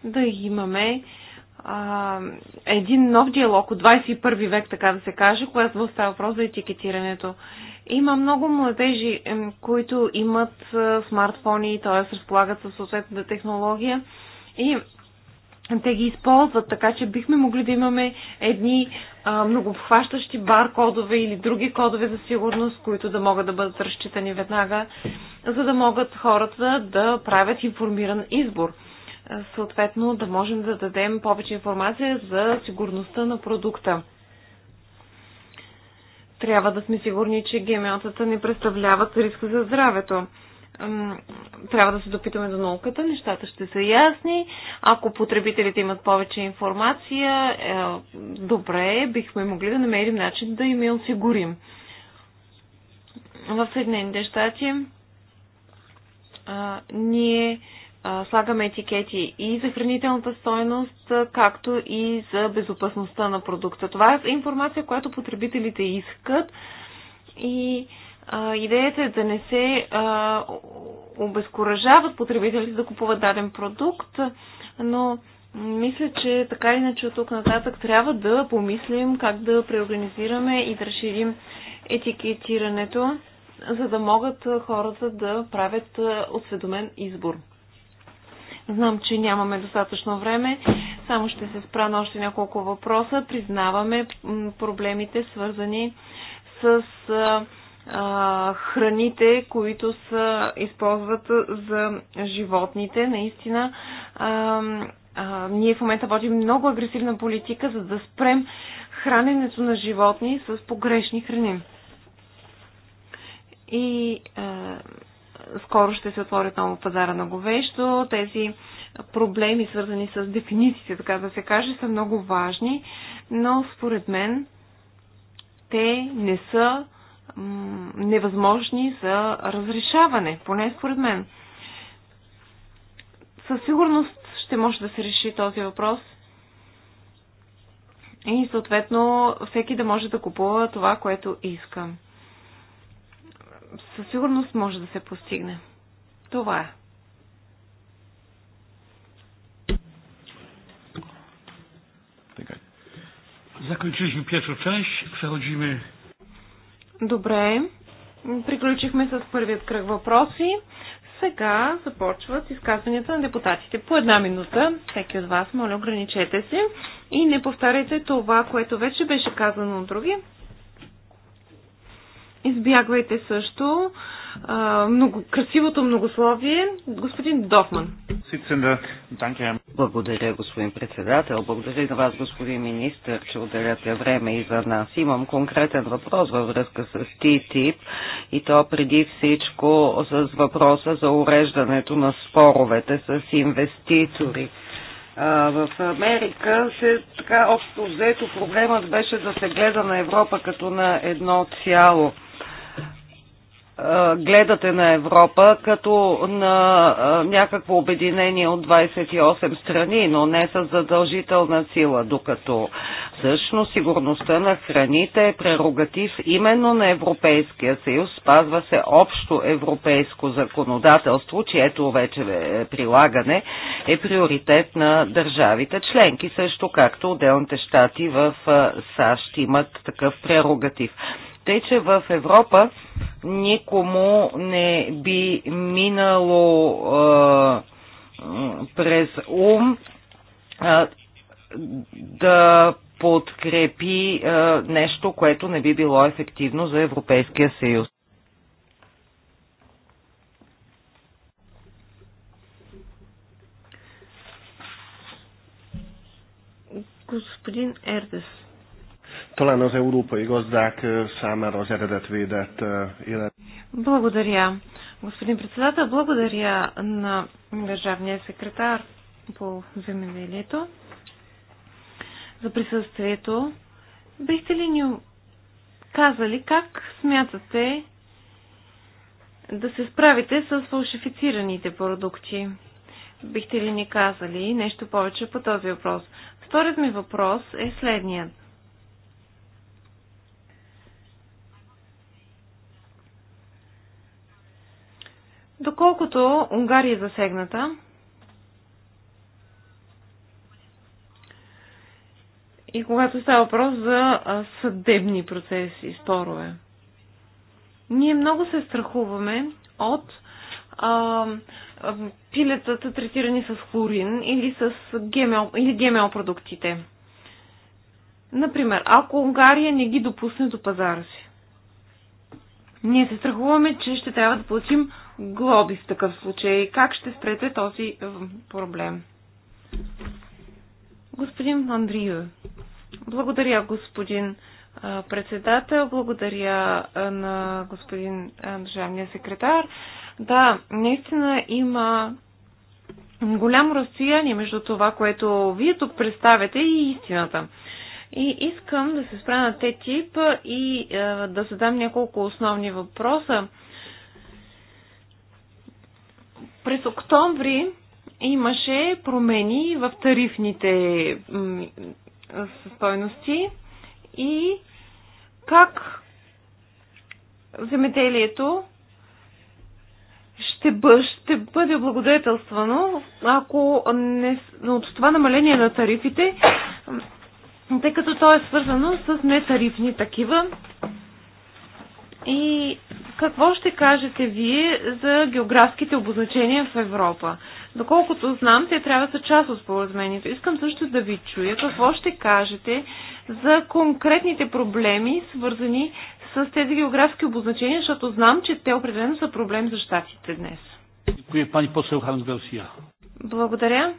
да имаме а, един нов диалог от 21 век, така да се каже, когато става въпрос за етикетирането. Има много младежи, които имат е, смартфони, т.е. разполагат със съответната технология и те ги използват, така че бихме могли да имаме едни а, многообхващащи баркодове или други кодове за сигурност, които да могат да бъдат разчитани веднага, за да могат хората да правят информиран избор. Е, съответно, да можем да дадем повече информация за сигурността на продукта. Трябва да сме сигурни, че гемиотата не представляват риск за здравето. Трябва да се допитаме до науката, нещата ще са ясни. Ако потребителите имат повече информация, е, добре, бихме могли да намерим начин да им я осигурим. В Съединените щати ние слагаме етикети и за хранителната стойност, както и за безопасността на продукта. Това е информация, която потребителите искат и а, идеята е да не се а, обезкуражават потребителите да купуват даден продукт, но мисля, че така иначе от тук нататък трябва да помислим как да преорганизираме и да разширим етикетирането, за да могат хората да правят осведомен избор. Знам, че нямаме достатъчно време. Само ще се спра на още няколко въпроса. Признаваме проблемите, свързани с храните, които се използват за животните. Наистина, а, а, ние в момента водим много агресивна политика, за да спрем храненето на животни с погрешни храни. И а, скоро ще се отвори отново пазара на говещо. Тези проблеми, свързани с дефинициите, така да се каже, са много важни, но според мен те не са невъзможни за разрешаване, поне според мен. Със сигурност ще може да се реши този въпрос и съответно всеки да може да купува това, което иска със сигурност може да се постигне. Това е. Заключихме pierwszą część, przechodzimy. Добре, приключихме с първият кръг въпроси. Сега започват изказванията на депутатите. По една минута, всеки от вас, моля, ограничете се и не повтаряйте това, което вече беше казано от други, Избягвайте също много, красивото многословие. Господин Дофман. Благодаря, господин председател. Благодаря и на вас, господин министр, че отделяте време и за нас. Имам конкретен въпрос във връзка с ТИТИП и то преди всичко с въпроса за уреждането на споровете с инвеститори. в Америка се така общо взето проблемът беше да се гледа на Европа като на едно цяло гледате на Европа като на някакво обединение от 28 страни, но не с задължителна сила, докато всъщност сигурността на храните е прерогатив именно на Европейския съюз, спазва се общо европейско законодателство, чието вече е, прилагане е приоритет на държавите членки, също както отделните щати в САЩ имат такъв прерогатив. Тъй, че в Европа никому не би минало а, през ум а, да подкрепи а, нещо, което не би било ефективно за Европейския съюз. Господин Ердес, talán az európai gazdák számára az eredetvédett élet. Благодаря. Господин председател, благодаря на държавния секретар по земеделието за присъствието. Бихте ли ни казали как смятате да се справите с фалшифицираните продукти? Бихте ли ни казали нещо повече по този въпрос? Вторият ми въпрос е следният – Доколкото Унгария е засегната, и когато става въпрос за съдебни процеси, спорове. Ние много се страхуваме от а, а, пилетата, третирани с хлорин или с ГМО, или ГМО продуктите. Например, ако Унгария не ги допусне до пазара си, ние се страхуваме, че ще трябва да платим глоби в такъв случай? Как ще спрете този проблем? Господин Андрио, благодаря господин председател, благодаря на господин държавния секретар. Да, наистина има голямо разстояние между това, което вие тук представяте и истината. И искам да се спра на те тип и да задам няколко основни въпроса през октомври имаше промени в тарифните стойности и как земеделието ще, бъ, ще бъде облагодетелствано, ако не, от това намаление на тарифите, тъй като то е свързано с нетарифни такива и какво ще кажете вие за географските обозначения в Европа? Доколкото знам, те трябва да са част от споразумението. Искам също да ви чуя какво ще кажете за конкретните проблеми, свързани с тези географски обозначения, защото знам, че те определено са проблем за щатите днес. Благодаря.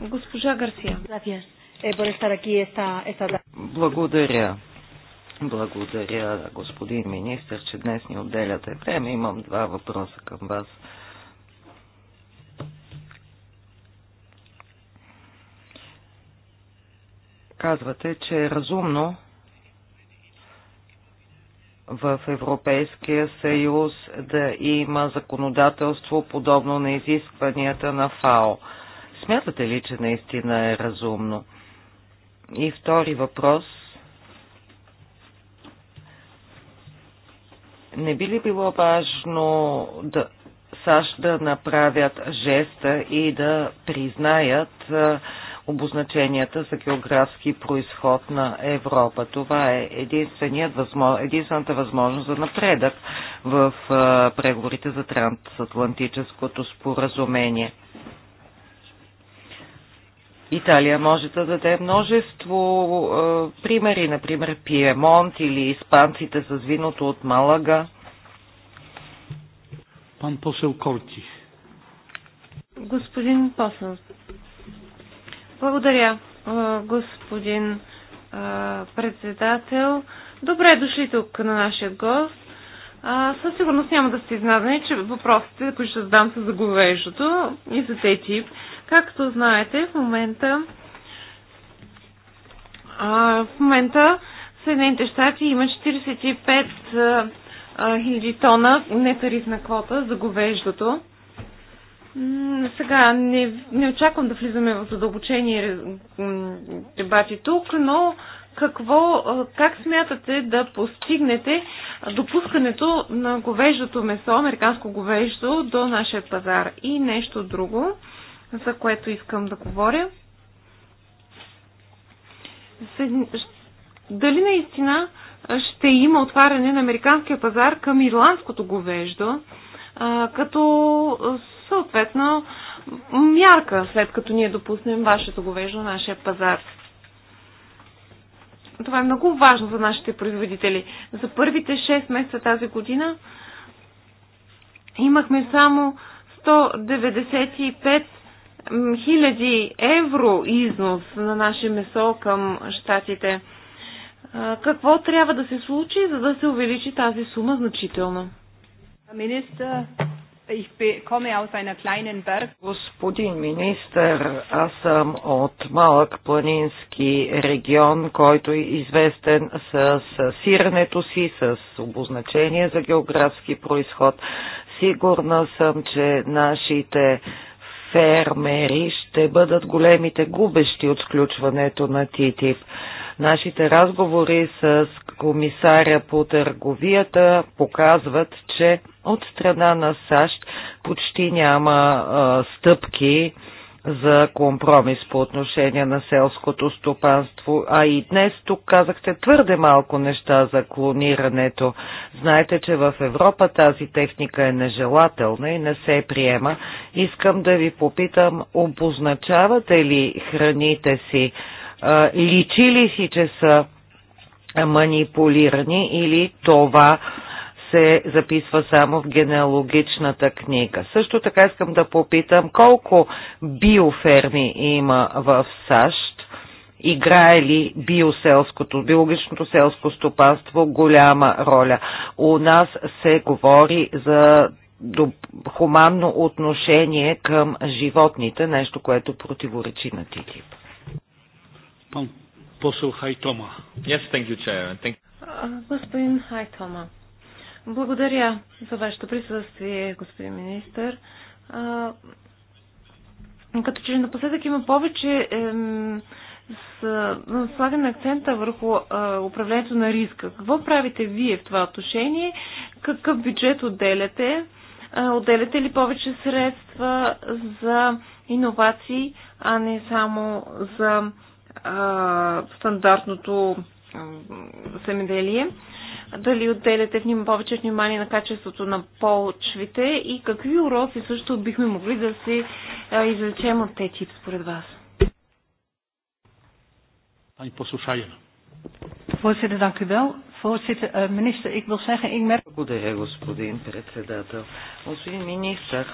Госпожа Гарсия. Eh, Благодаря. Благодаря, господин министр, че днес ни отделяте време. Имам два въпроса към вас. Казвате, че е разумно в Европейския съюз да има законодателство подобно на изискванията на ФАО. Смятате ли, че наистина е разумно? И втори въпрос – Не би ли било важно да, САЩ да направят жеста и да признаят обозначенията за географски происход на Европа. Това е единствената възможност за напредък в преговорите за трансатлантическото споразумение. Италия може да даде множество е, примери, например Пиемонт или испанците с виното от Малага. Пан посел Корти. Господин посел. Благодаря, е, господин е, председател. Добре дошли тук на нашия гост. А, със сигурност няма да сте изнадени, че въпросите, които ще задам са за говеждото и за тези тип. Както знаете, в момента в момента Съединените щати има 45 000 тона нетарифна квота за говеждото. Сега не, не очаквам да влизаме в задълбочени дебати тук, но какво, как смятате да постигнете допускането на говеждото месо, американско говеждо, до нашия пазар? И нещо друго за което искам да говоря. Дали наистина ще има отваряне на американския пазар към ирландското говеждо, като съответно мярка, след като ние допуснем вашето говеждо на нашия пазар. Това е много важно за нашите производители. За първите 6 месеца тази година имахме само 195 хиляди евро износ на наше месо към щатите. Какво трябва да се случи, за да се увеличи тази сума значително? Министър, Господин министър, аз съм от малък планински регион, който е известен с сирането си, с обозначение за географски происход. Сигурна съм, че нашите фермери ще бъдат големите губещи от сключването на ТИТИП. Нашите разговори с комисаря по търговията показват, че от страна на САЩ почти няма а, стъпки за компромис по отношение на селското стопанство. А и днес тук казахте твърде малко неща за клонирането. Знаете, че в Европа тази техника е нежелателна и не се приема. Искам да ви попитам, обозначавате ли храните си? Личи ли си, че са манипулирани или това се записва само в генеалогичната книга. Също така искам да попитам колко биоферми има в САЩ, играе ли биоселското, биологичното селско стопанство голяма роля. У нас се говори за хуманно отношение към животните, нещо, което противоречи на ТИТИП. Хайтома. Yes, thank you, Chair. Thank... Господин Хайтома, благодаря за вашето присъствие, господин министър. Като че напоследък има повече е, слагане на акцента върху е, управлението на риска. Какво правите вие в това отношение? Какъв бюджет отделяте? Е, отделяте ли повече средства за иновации, а не само за е, стандартното семеделие? Е, дали отделяте вним, повече внимание на качеството на почвите и какви уроци също бихме могли да се извлечем от тези тип според вас? Pani Послушаева. Voorzitter, dank u wel. Voorzitter, uh, minister, ik wil zeggen, ik merk... Благодаря, господин председател. Господин министър,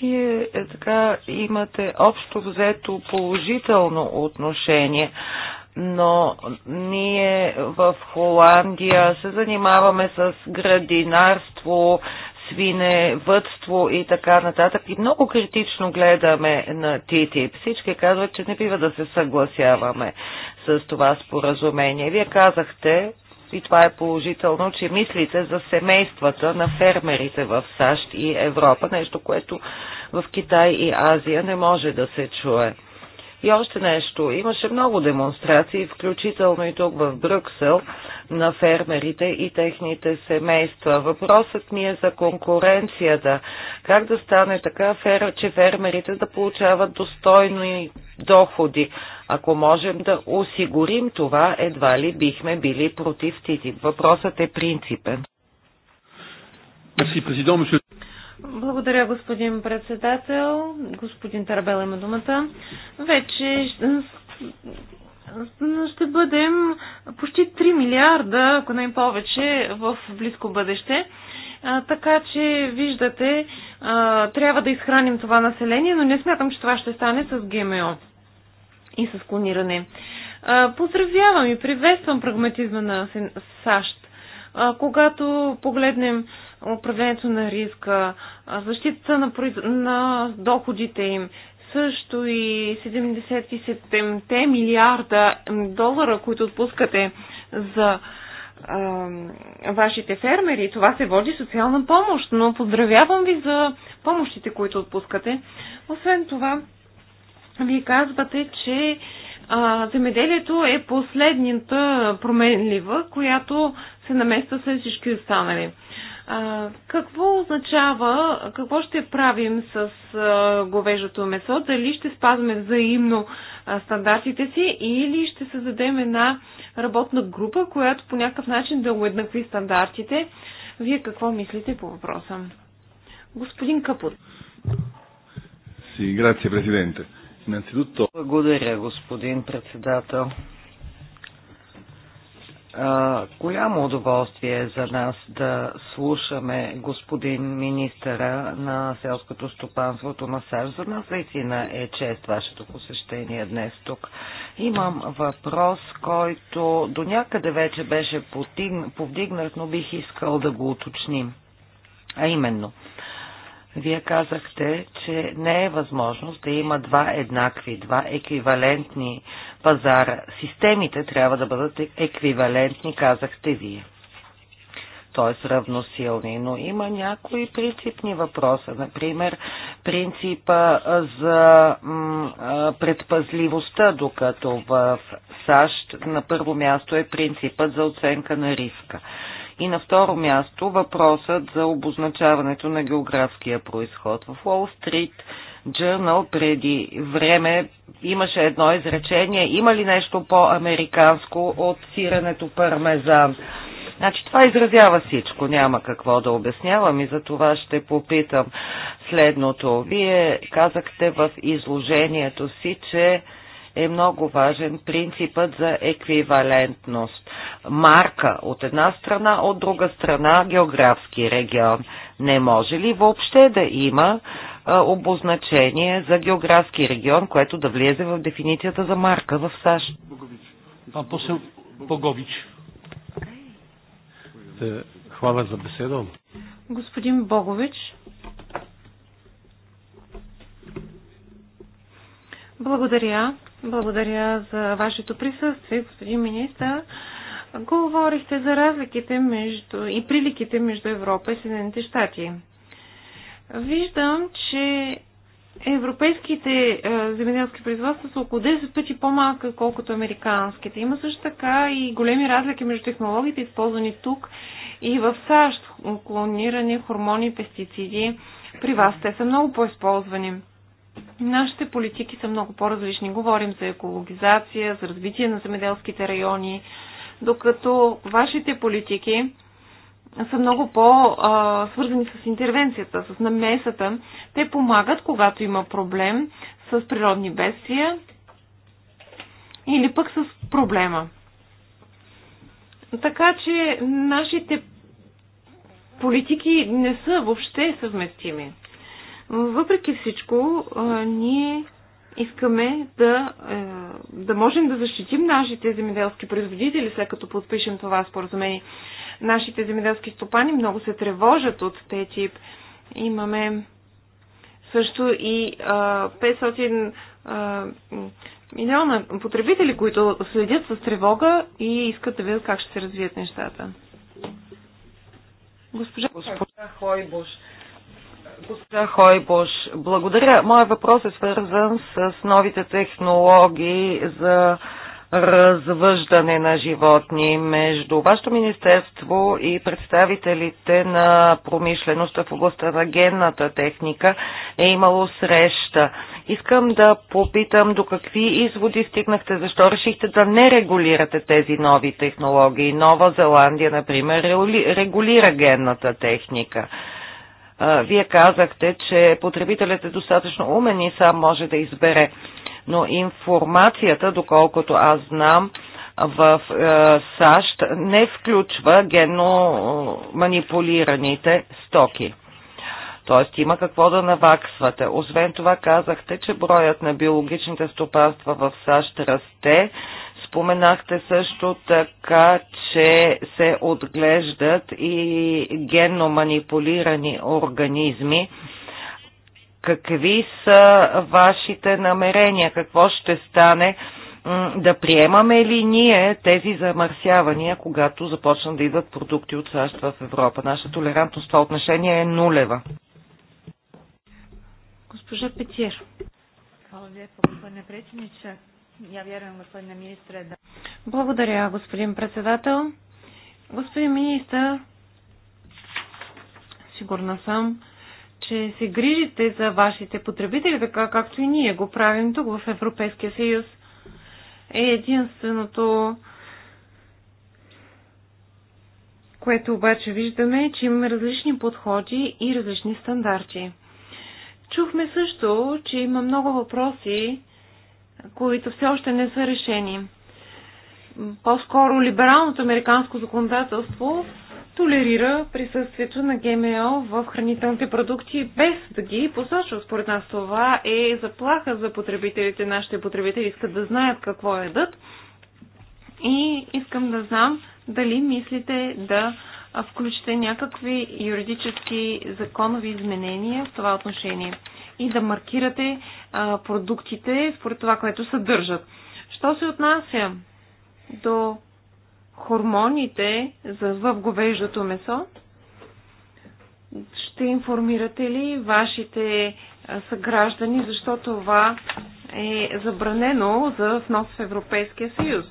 вие е, така имате общо взето положително отношение. Uh, но ние в Холандия се занимаваме с градинарство, свиневътство и така нататък и много критично гледаме на ТТИП. Всички казват, че не бива да се съгласяваме с това споразумение. Вие казахте, и това е положително, че мислите за семействата на фермерите в САЩ и Европа, нещо, което в Китай и Азия не може да се чуе. И още нещо. Имаше много демонстрации, включително и тук в Брюксел, на фермерите и техните семейства. Въпросът ми е за конкуренцията. Как да стане така, че фермерите да получават достойни доходи? Ако можем да осигурим това, едва ли бихме били против ТИТИП. Въпросът е принципен. Merci, président, monsieur... Благодаря, господин председател. Господин Тарабел има думата. Вече ще бъдем почти 3 милиарда, ако не повече, в близко бъдеще. А, така че, виждате, а, трябва да изхраним това население, но не смятам, че това ще стане с ГМО и с клониране. А, поздравявам и приветствам прагматизма на САЩ. А, когато погледнем управлението на риска, защитата на, произ... на доходите им, също и 77-те милиарда долара, които отпускате за а, вашите фермери, това се води социална помощ, но поздравявам ви за помощите, които отпускате. Освен това, вие казвате, че а, земеделието е последната променлива, която се намества след всички останали. А, какво означава, какво ще правим с а, говежото месо? Дали ще спазваме взаимно а, стандартите си или ще създадем една работна група, която по някакъв начин да уеднакви стандартите? Вие какво мислите по въпроса? Господин Капут. Си, грация, президенте. Благодаря, господин председател голямо удоволствие е за нас да слушаме господин министъра на селското стопанството на Томасар. За нас наистина е чест вашето посещение днес тук. Имам въпрос, който до някъде вече беше повдигнат, но бих искал да го уточним. А именно, вие казахте, че не е възможност да има два еднакви, два еквивалентни пазара. Системите трябва да бъдат е- еквивалентни, казахте вие. Т.е. равносилни. Но има някои принципни въпроса. Например, принципа за предпазливостта, докато в САЩ на първо място е принципът за оценка на риска. И на второ място въпросът за обозначаването на географския происход. В Wall Street Journal преди време имаше едно изречение. Има ли нещо по-американско от сирането пармезан? Значи това изразява всичко, няма какво да обяснявам и за това ще попитам следното. Вие казахте в изложението си, че е много важен принципът за еквивалентност. Марка от една страна, от друга страна географски регион. Не може ли въобще да има а, обозначение за географски регион, което да влезе в дефиницията за марка в САЩ? Пан посел Богович. Е, хвала за беседа. Господин Богович, Благодаря. Благодаря за вашето присъствие, господин министър. Говорихте за разликите между, и приликите между Европа и Съединените щати. Виждам, че европейските е, земеделски производства са около 10 пъти по-малка, колкото американските. Има също така и големи разлики между технологиите, използвани тук и в САЩ. Клониране, хормони, пестициди. При вас те са много по-използвани. Нашите политики са много по-различни. Говорим за екологизация, за развитие на земеделските райони, докато вашите политики са много по-свързани с интервенцията, с намесата. Те помагат, когато има проблем с природни бедствия или пък с проблема. Така че нашите политики не са въобще съвместими. Въпреки всичко, ние искаме да, е, да можем да защитим нашите земеделски производители, след като подпишем това споразумение. Нашите земеделски стопани много се тревожат от тези тип. Имаме също и 500 милиона потребители, които следят с тревога и искат да видят как ще се развият нещата. Госпожа, Госпожа Хойбуш, Госпожа Хойбош, благодаря. Моя въпрос е свързан с новите технологии за развъждане на животни между вашето министерство и представителите на промишлеността в областта на генната техника е имало среща. Искам да попитам до какви изводи стигнахте, защо решихте да не регулирате тези нови технологии. Нова Зеландия, например, регулира генната техника. Вие казахте, че потребителят е достатъчно умен и сам може да избере. Но информацията, доколкото аз знам, в е, САЩ не включва генно е, манипулираните стоки. Тоест има какво да наваксвате. Освен това казахте, че броят на биологичните стопанства в САЩ расте, Споменахте също така, че се отглеждат и генно манипулирани организми. Какви са вашите намерения? Какво ще стане? Да приемаме ли ние тези замърсявания, когато започнат да идват продукти от САЩ в Европа? Наша толерантност в това отношение е нулева. Госпожа Петиер. Hvala lijepo, gospodine predsjedniče. Я вярвам, господин министр, да. Благодаря, господин председател. Господин министър, сигурна съм, че се грижите за вашите потребители, така както и ние го правим тук в Европейския съюз. Е единственото, което обаче виждаме, е, че имаме различни подходи и различни стандарти. Чухме също, че има много въпроси, които все още не са решени. По-скоро либералното американско законодателство толерира присъствието на ГМО в хранителните продукти без да ги посочва. Според нас това е заплаха за потребителите. Нашите потребители искат да знаят какво едат. и искам да знам дали мислите да включите някакви юридически законови изменения в това отношение и да маркирате а, продуктите според това, което съдържат. Що се отнася до хормоните за в говеждото месо, ще информирате ли вашите съграждани, защо това е забранено за внос в Европейския съюз?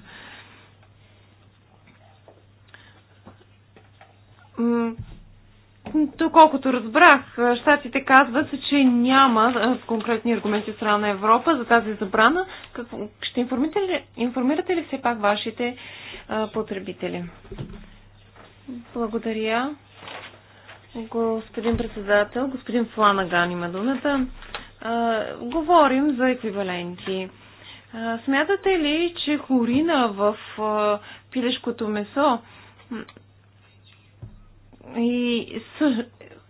Доколкото разбрах, щатите казват, че няма конкретни аргументи от страна на Европа за тази забрана. Какво, ще информирате ли, информирате ли все пак вашите а, потребители? Благодаря. Господин председател, господин Фланаган има думата. А, говорим за еквиваленти. А, смятате ли, че хорина в а, пилешкото месо и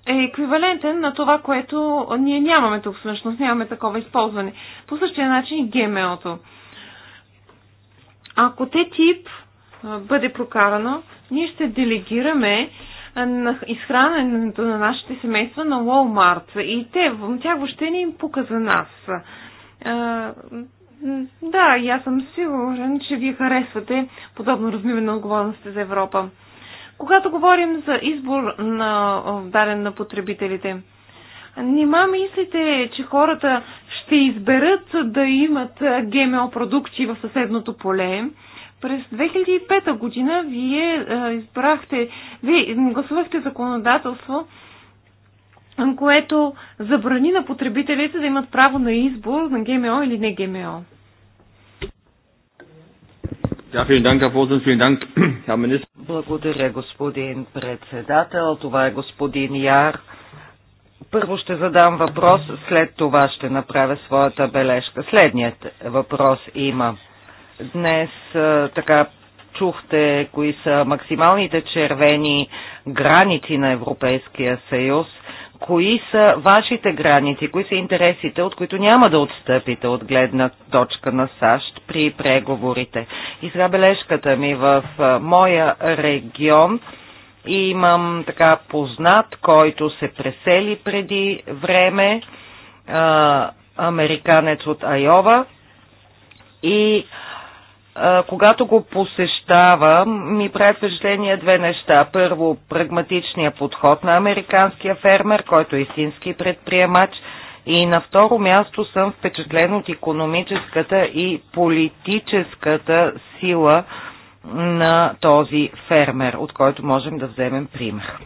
е еквивалентен на това, което ние нямаме тук всъщност, нямаме такова използване. По същия начин и ГМО-то. Ако те тип бъде прокарано, ние ще делегираме на изхранването на нашите семейства на Walmart. И те, тя въобще не им пука за нас. да, и аз съм сигурен, че вие харесвате подобно размиване на отговорностите за Европа. Когато говорим за избор на даден на потребителите, Нима мислите, че хората ще изберат да имат ГМО продукти в съседното поле? През 2005 година вие избрахте, вие гласувахте законодателство, което забрани на потребителите да имат право на избор на ГМО или не ГМО. <clears throat> Благодаря, господин председател. Това е господин Яр. Първо ще задам въпрос, след това ще направя своята бележка. Следният въпрос има. Днес така чухте кои са максималните червени граници на Европейския съюз кои са вашите граници, кои са интересите, от които няма да отстъпите от гледна точка на САЩ при преговорите. И сега бележката ми в моя регион имам така познат, който се пресели преди време, американец от Айова и когато го посещавам, ми прави впечатление две неща. Първо, прагматичния подход на американския фермер, който е истински предприемач. И на второ място съм впечатлен от економическата и политическата сила на този фермер, от който можем да вземем пример.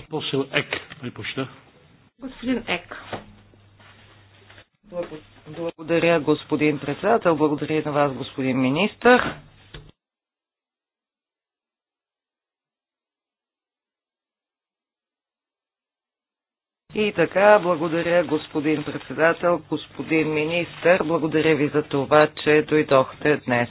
Господин Ек. Благодаря, господин председател. Благодаря на вас, господин министър. И така, благодаря господин председател, господин министр, благодаря ви за това, че дойдохте днес.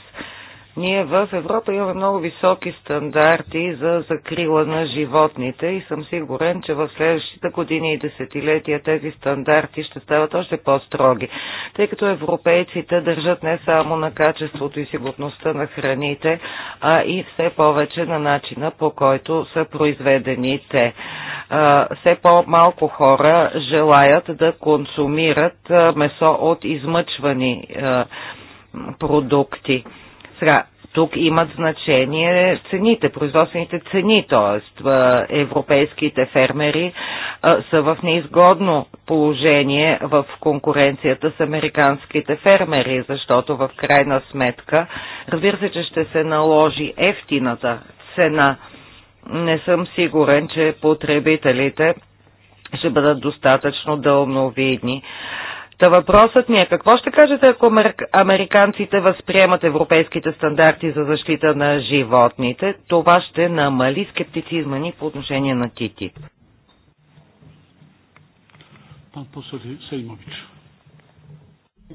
Ние в Европа имаме много високи стандарти за закрила на животните и съм сигурен, че в следващите години и десетилетия тези стандарти ще стават още по-строги, тъй като европейците държат не само на качеството и сигурността на храните, а и все повече на начина по който са произведени те. Все по-малко хора желаят да консумират месо от измъчвани продукти сега, тук имат значение цените, производствените цени, т.е. Е, европейските фермери са в неизгодно положение в конкуренцията с американските фермери, защото в крайна сметка, разбира се, че ще се наложи ефтината цена. Не съм сигурен, че потребителите ще бъдат достатъчно дълновидни. Та въпросът ми е какво ще кажете, ако американците възприемат европейските стандарти за защита на животните? Това ще намали скептицизма ни по отношение на ТИТИП.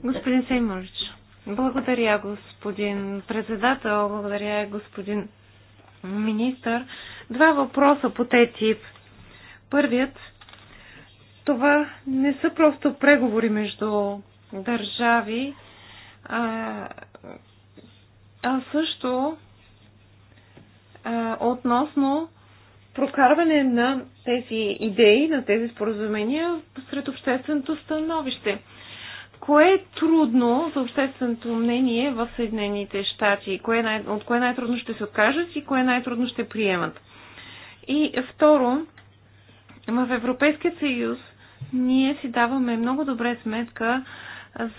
Господин Сеймович, благодаря господин председател, благодаря господин министър. Два въпроса по те тип. Първият – това не са просто преговори между държави, а, а също а, относно прокарване на тези идеи, на тези споразумения сред общественото становище. Кое е трудно за общественото мнение в Съединените щати? Кое е най- от кое най-трудно ще се откажат и кое най-трудно ще приемат? И второ, в Европейския съюз ние си даваме много добре сметка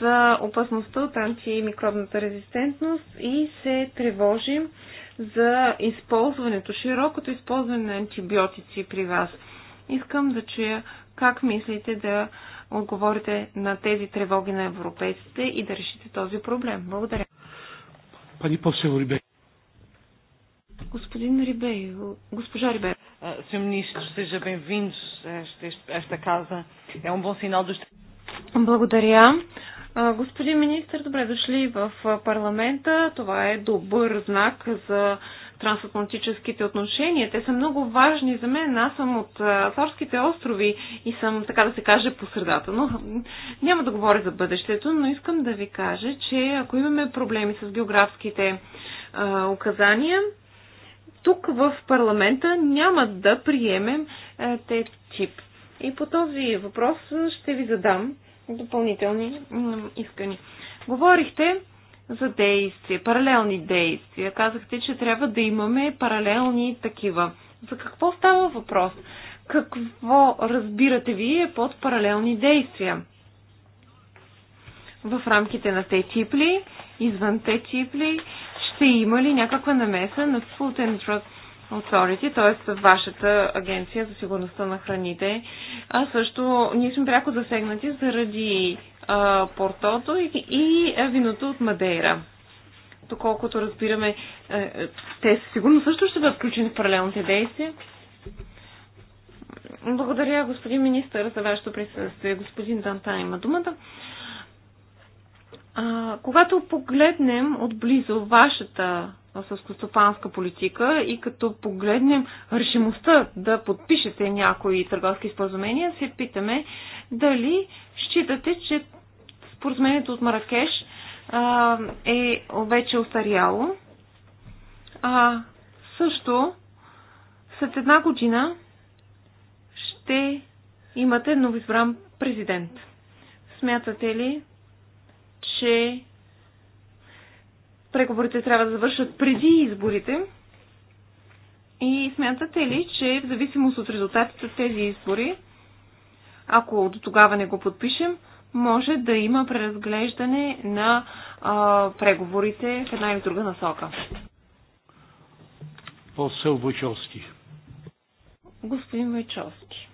за опасността от антимикробната резистентност и се тревожим за използването, широкото използване на антибиотици при вас. Искам да чуя как мислите да отговорите на тези тревоги на европейците и да решите този проблем. Благодаря. Пани Посево Рибей. Господин Рибей, госпожа Рибей. Ah, Sr. Ministro, seja bem vindo a esta casa. É um bom sinal dos... Благодаря. Господин министр, добре дошли в парламента. Това е добър знак за трансатлантическите отношения. Те са много важни за мен. Аз съм от Азорските острови и съм, така да се каже, по средата. Но няма да говоря за бъдещето, но искам да ви кажа, че ако имаме проблеми с географските а, указания, тук в парламента няма да приемем е, те чип. И по този въпрос ще ви задам допълнителни искани. Говорихте за действия, паралелни действия. Казахте, че трябва да имаме паралелни такива. За какво става въпрос? Какво разбирате вие под паралелни действия? В рамките на те типли, извън те чипли са имали някаква намеса на Food and Drug Authority, т.е. вашата агенция за сигурността на храните. А също ние сме пряко засегнати заради а, портото и, и виното от Мадейра. Доколкото разбираме, а, е, те сигурно също ще бъдат включени в паралелните действия. Благодаря, господин министър, за вашето присъствие. Господин Данта има думата. А, когато погледнем отблизо вашата съскостопанска политика и като погледнем решимостта да подпишете някои търговски споразумения, се питаме дали считате, че споразумението от Маракеш а, е вече остаряло. А също след една година ще имате новизбран президент. Смятате ли, че преговорите трябва да завършат преди изборите? И смятате ли, че в зависимост от резултатите от тези избори, ако до тогава не го подпишем, може да има преразглеждане на а, преговорите в една или друга насока? Посъл Войчовски. Господин Войчовски.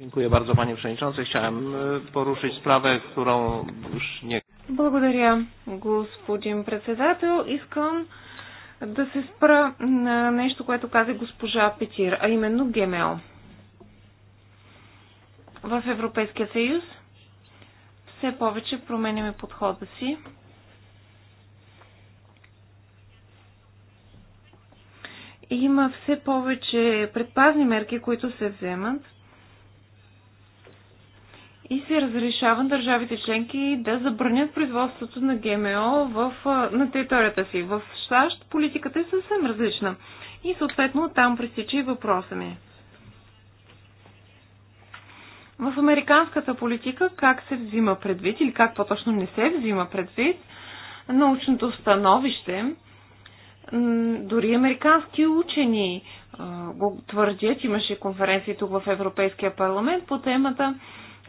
Dziękuję bardzo Panie Przewodniczący. Chciałem e, poruszyć sprawę, którą już nie... Благодаря, господин председател. Искам да се спра на нещо, което каза госпожа Петир, а именно ГМО. В Европейския съюз все повече променяме подхода си. Има все повече предпазни мерки, които се вземат – и се разрешава държавите членки да забранят производството на ГМО в, на територията си. В САЩ политиката е съвсем различна. И съответно там пресича и въпроса ми. В американската политика как се взима предвид или как по-точно не се взима предвид научното становище, дори американски учени го твърдят, имаше конференции тук в Европейския парламент по темата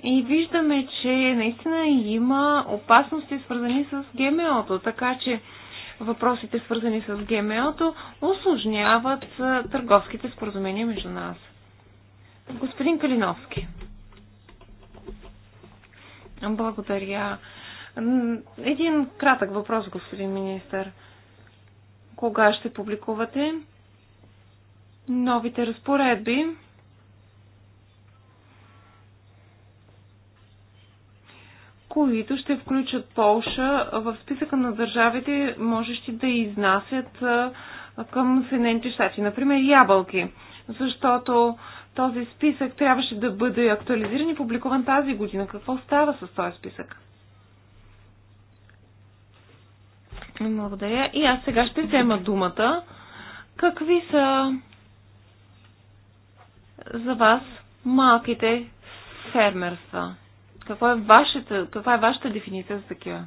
и виждаме, че наистина има опасности свързани с ГМО-то, така че въпросите свързани с ГМО-то осложняват търговските споразумения между нас. Господин Калиновски. Благодаря. Един кратък въпрос, господин министър. Кога ще публикувате новите разпоредби които ще включат Полша в списъка на държавите, можещи да изнасят към Съединените щати. Например, ябълки. Защото този списък трябваше да бъде актуализиран и публикуван тази година. Какво става с този списък? Благодаря. И аз сега ще взема думата. Какви са за вас малките фермерства? Какво е вашата, каква е вашата дефиниция за такива?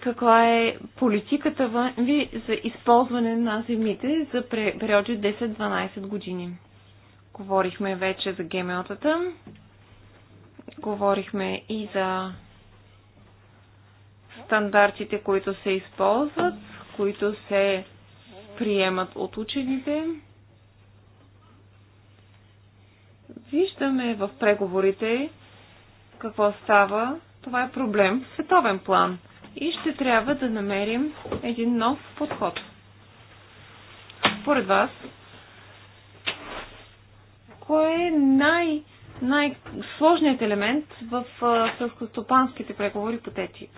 каква е политиката ви за използване на земите за периоди 10-12 години. Говорихме вече за ГМО-тата, говорихме и за стандартите, които се използват, които се приемат от учените виждаме в преговорите какво става. Това е проблем в световен план и ще трябва да намерим един нов подход. Според вас, кой е най- най-сложният елемент в сълскостопанските преговори по ТТИП?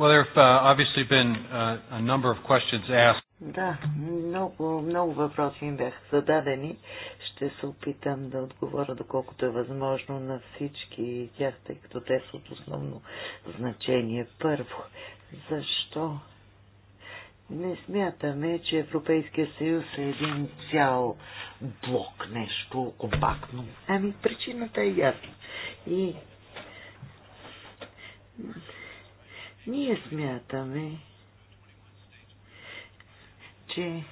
Well, there have uh, obviously been uh, a number of questions asked. Да, много, много въпроси ми бяха зададени. Ще се опитам да отговоря доколкото е възможно на всички тях, тъй като те са от основно значение. Първо, защо не смятаме, че Европейския съюз е един цял блок, нещо компактно. Ами причината е ясна. И ние смятаме, че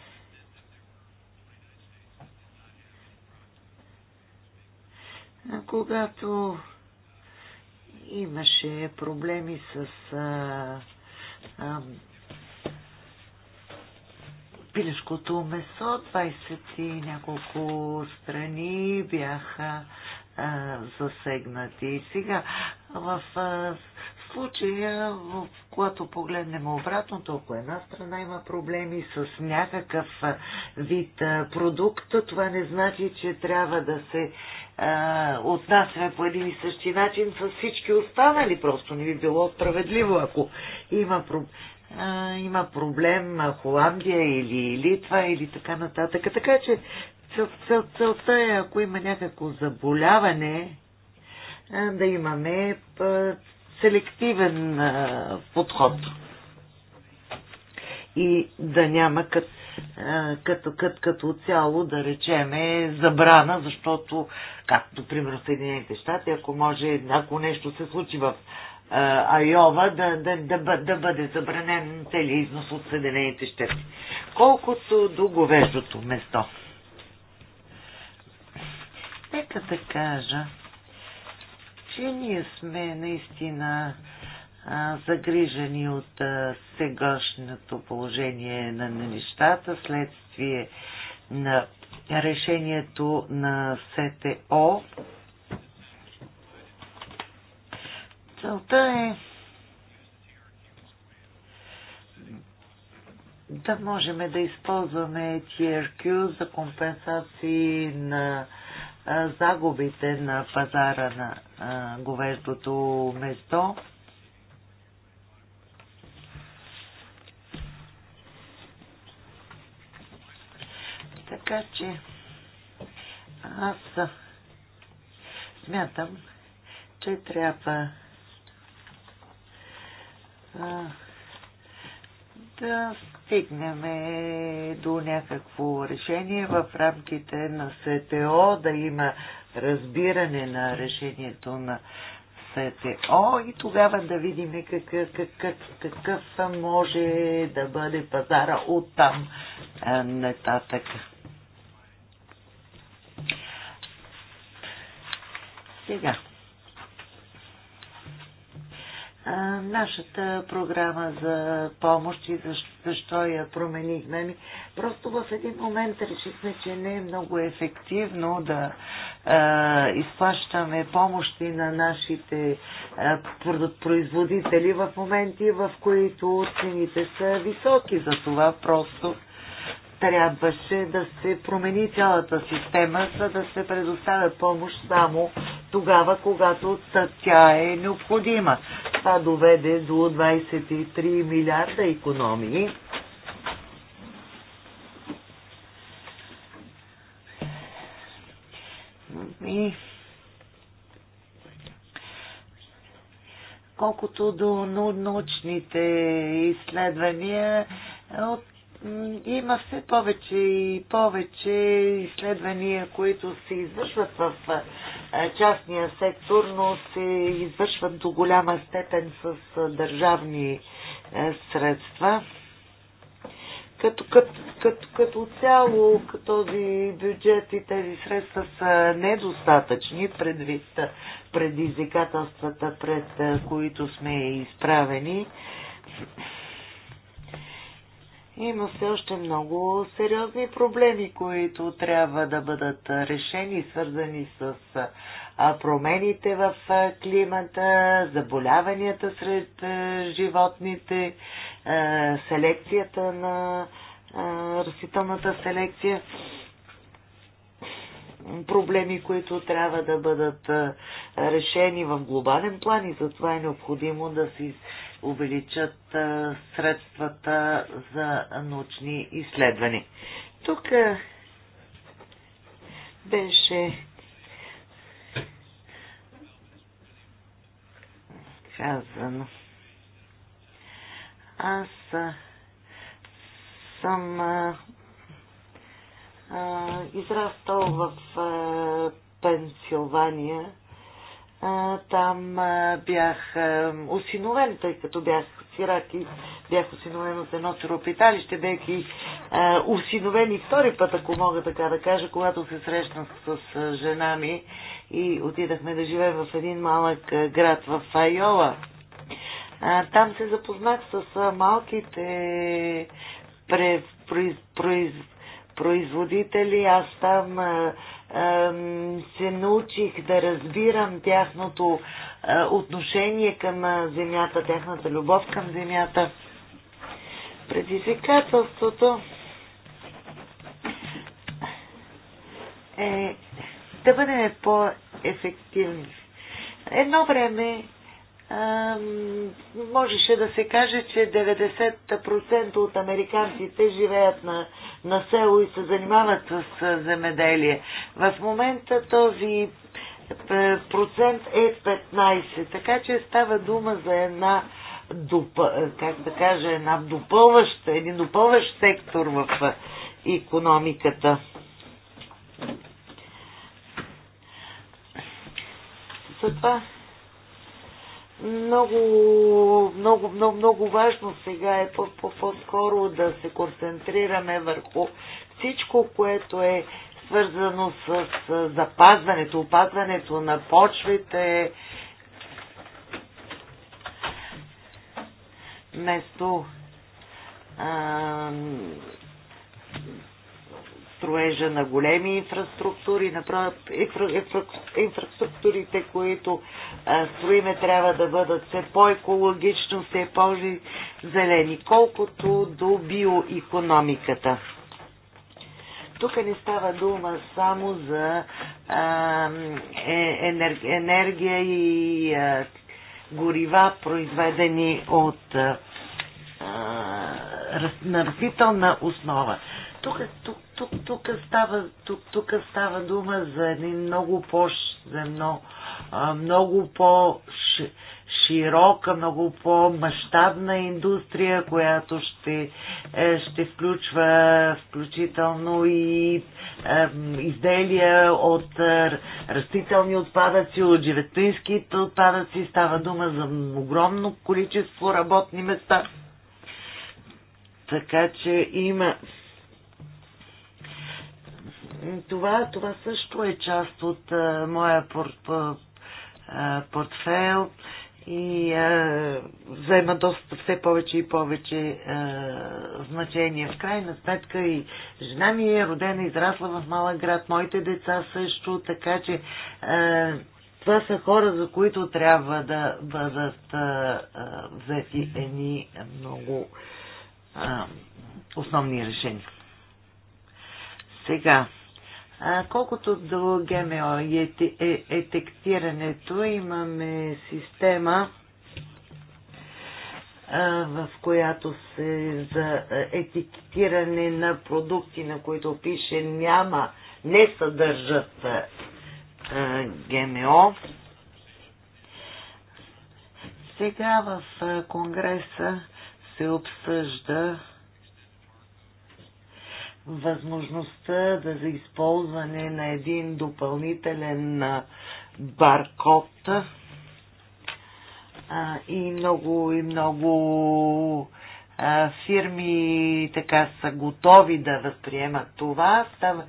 когато имаше проблеми с а, а, пилешкото месо, 20 и няколко страни бяха а, засегнати. Сега в а, случая, в когато погледнем обратно, ако една страна има проблеми с някакъв вид продукт, това не значи, че трябва да се а, отнасяме по един и същи начин с всички останали. Просто не би било справедливо, ако има проблем има проблем Холандия или Литва или така нататък. Така че цел, цел, целта е, ако има някакво заболяване, да имаме селективен подход и да няма като, като, като, като цяло, да речеме, забрана, защото, както примерно Съединените щати, ако може, ако нещо се случи в Айова, да, да, да, да бъде забранен целият износ от Съединените щати. Колкото до говеждото место. Нека да кажа, че ние сме наистина загрижени от сегашното положение на нещата следствие на решението на СТО. Целта е да можем да използваме TRQ за компенсации на загубите на пазара на говеждото место. Така че аз смятам, че трябва а, да стигнем до някакво решение в рамките на СТО, да има разбиране на решението на СТО и тогава да видим какъв, какъв, какъв може да бъде пазара от там нататък. Сега нашата програма за помощ и защо, защо я променихме. Ами, просто в един момент решихме, че не е много ефективно да а, изплащаме помощи на нашите а, производители в моменти, в които цените са високи. Затова просто трябваше да се промени цялата система, за да се предоставя помощ само тогава, когато тя е необходима. Това доведе до 23 милиарда економии. И колкото до научните изследвания, от има все повече и повече изследвания, които се извършват в е, частния сектор, но се извършват до голяма степен с е, държавни е, средства. Като, като, като, като цяло този бюджет и тези средства са недостатъчни предвид предизвикателствата, пред които сме изправени. Има все още много сериозни проблеми, които трябва да бъдат решени, свързани с промените в климата, заболяванията сред животните, селекцията на растителната селекция, проблеми, които трябва да бъдат решени в глобален план и затова е необходимо да се увеличат средствата за научни изследвания. Тук беше казано. Аз съм а, а, израстал в а, Пенсилвания там бях осиновен, тъй като бях сирак и бях осиновен от едно сиропиталище, бях и осиновен и втори път, ако мога така да кажа, когато се срещнах с жена ми и отидахме да живеем в един малък град в Айова. Там се запознах с малките произ, производители. Аз там а, а, се научих да разбирам тяхното а, отношение към земята, тяхната любов към земята. Предизвикателството е да бъдем по-ефективни. Едно време можеше да се каже, че 90% от американците живеят на, на село и се занимават с земеделие. В момента този е, процент е 15, така че става дума за една е, как да кажа, една допълваща, един допълващ сектор в економиката. Затова много, много, много, много важно сега е по-скоро -по -по да се концентрираме върху всичко, което е свързано с, с запазването, опазването на почвите, Место. а, строежа на големи инфраструктури, на инфраструктурите, които строиме, трябва да бъдат все по-екологично, все по-зелени, колкото до биоекономиката. Тук не става дума само за а, е, енер, енергия и а, горива, произведени от а, на растителна основа тук, тук, тук, тук, става, тук, тук става дума за един много по, за едно, много по широка, много по-масштабна индустрия, която ще, е, ще включва включително и е, изделия от е, растителни отпадъци, от животинските отпадъци. Става дума за огромно количество работни места. Така че има това, това също е част от а, моя пор, а, портфел и а, взема доста все повече и повече а, значение. В крайна сметка и жена ми е родена, израсла в малък град, моите деца също, така че а, това са хора, за които трябва да бъдат а, а, взети едни много а, основни решения. Сега, колкото до ГМО и е, етектирането, имаме система, в която се за етикетиране на продукти, на които пише няма, не съдържат ГМО. Сега в Конгреса се обсъжда възможността да за използване на един допълнителен баркод а, и много и много а, фирми така са готови да възприемат това. Става,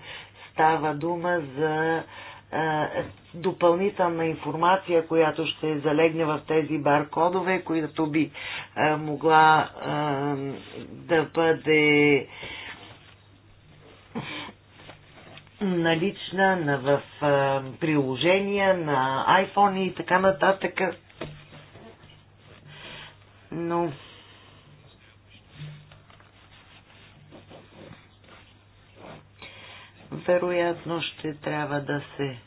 става дума за а, допълнителна информация, която ще залегне в тези баркодове, която би а, могла а, да бъде а, налична на, в а, приложения на iPhone и така нататък. Но вероятно ще трябва да се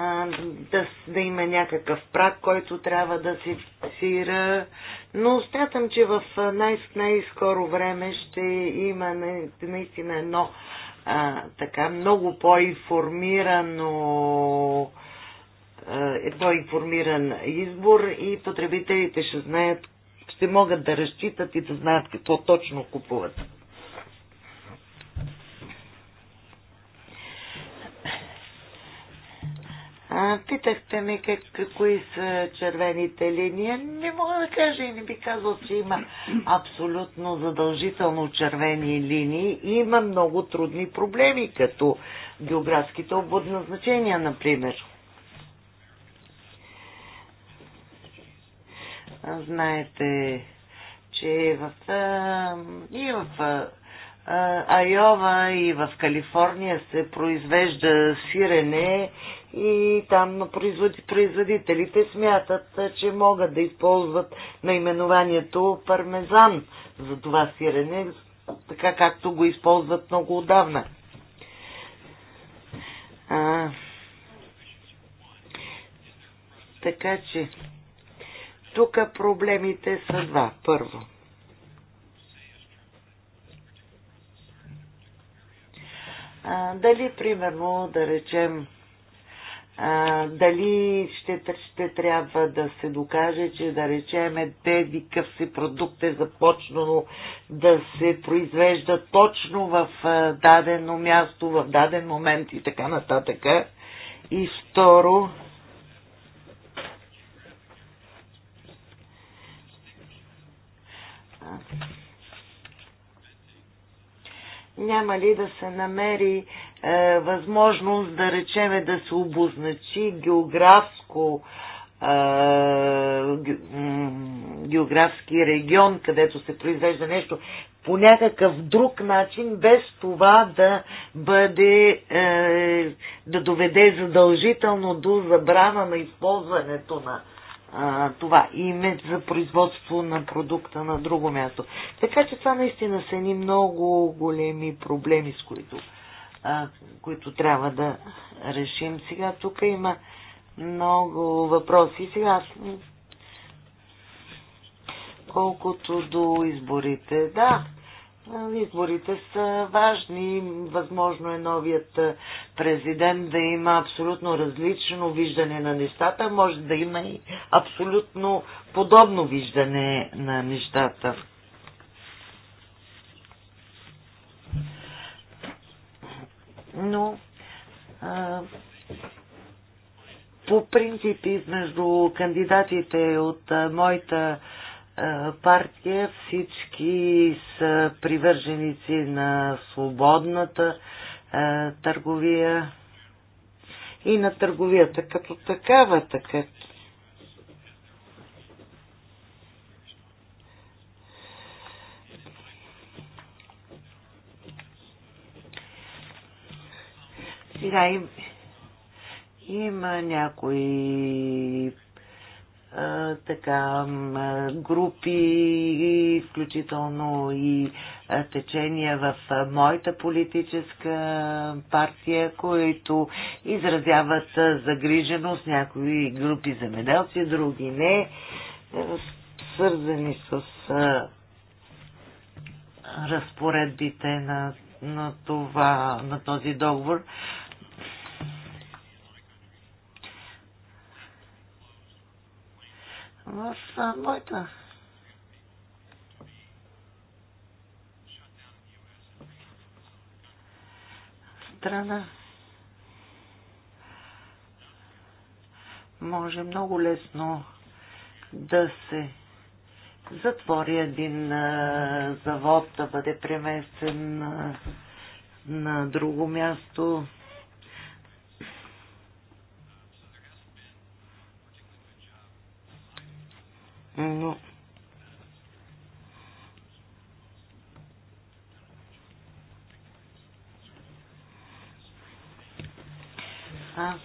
а, да, да има някакъв прак, който трябва да се фиксира, но смятам, че в най- най-скоро време ще има наистина едно а, така много по-информирано е по-информиран избор и потребителите ще знаят, ще могат да разчитат и да знаят какво точно купуват. А, питахте ми как, кои са червените линии. Не мога да кажа и не би казал, че има абсолютно задължително червени линии. И има много трудни проблеми, като географските обозначения, например. Знаете, че в, и в Айова и в Калифорния се произвежда сирене и там производителите смятат, е, че могат да използват наименованието пармезан за това сирене, така както го използват много отдавна. А, така че, тук проблемите са два. Първо, а, дали, примерно, да речем, а, дали ще, ще трябва да се докаже, че да речеме тези си продукт е започнало да се произвежда точно в а, дадено място, в даден момент и така нататък. И второ, няма ли да се намери е, възможност, да речеме, да се обозначи географско е, географски регион, където се произвежда нещо по някакъв друг начин, без това да бъде, е, да доведе задължително до забрана на използването на е, това име за производство на продукта на друго място. Така че това наистина са едни много големи проблеми, с които а, които трябва да решим. Сега тук има много въпроси. Сега колкото до изборите. Да, изборите са важни. Възможно е новият президент да има абсолютно различно виждане на нещата, може да има и абсолютно подобно виждане на нещата. но а, по принцип между кандидатите от а, моята а, партия всички са привърженици на свободната а, търговия и на търговията като такава, така Сега им, има някои а, така групи, включително и течения в моята политическа партия, които изразяват загриженост, някои групи замеделци, други не, е, свързани с а, разпоредбите на, на, това, на този договор. в моята страна може много лесно да се затвори един завод, да бъде преместен а, на друго място. но аз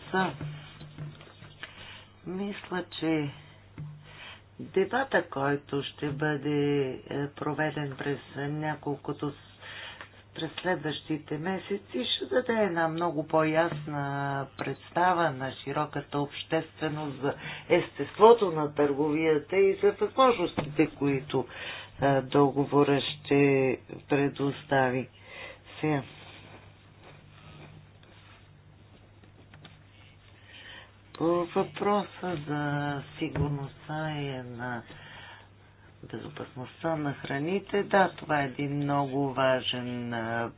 мисля, че дебата, който ще бъде е, проведен през няколкото през следващите месеци ще даде една много по-ясна представа на широката общественост за естеството на търговията и за възможностите, които договора ще предостави. Сега. По въпроса за сигурността и на безопасността на храните. Да, това е един много важен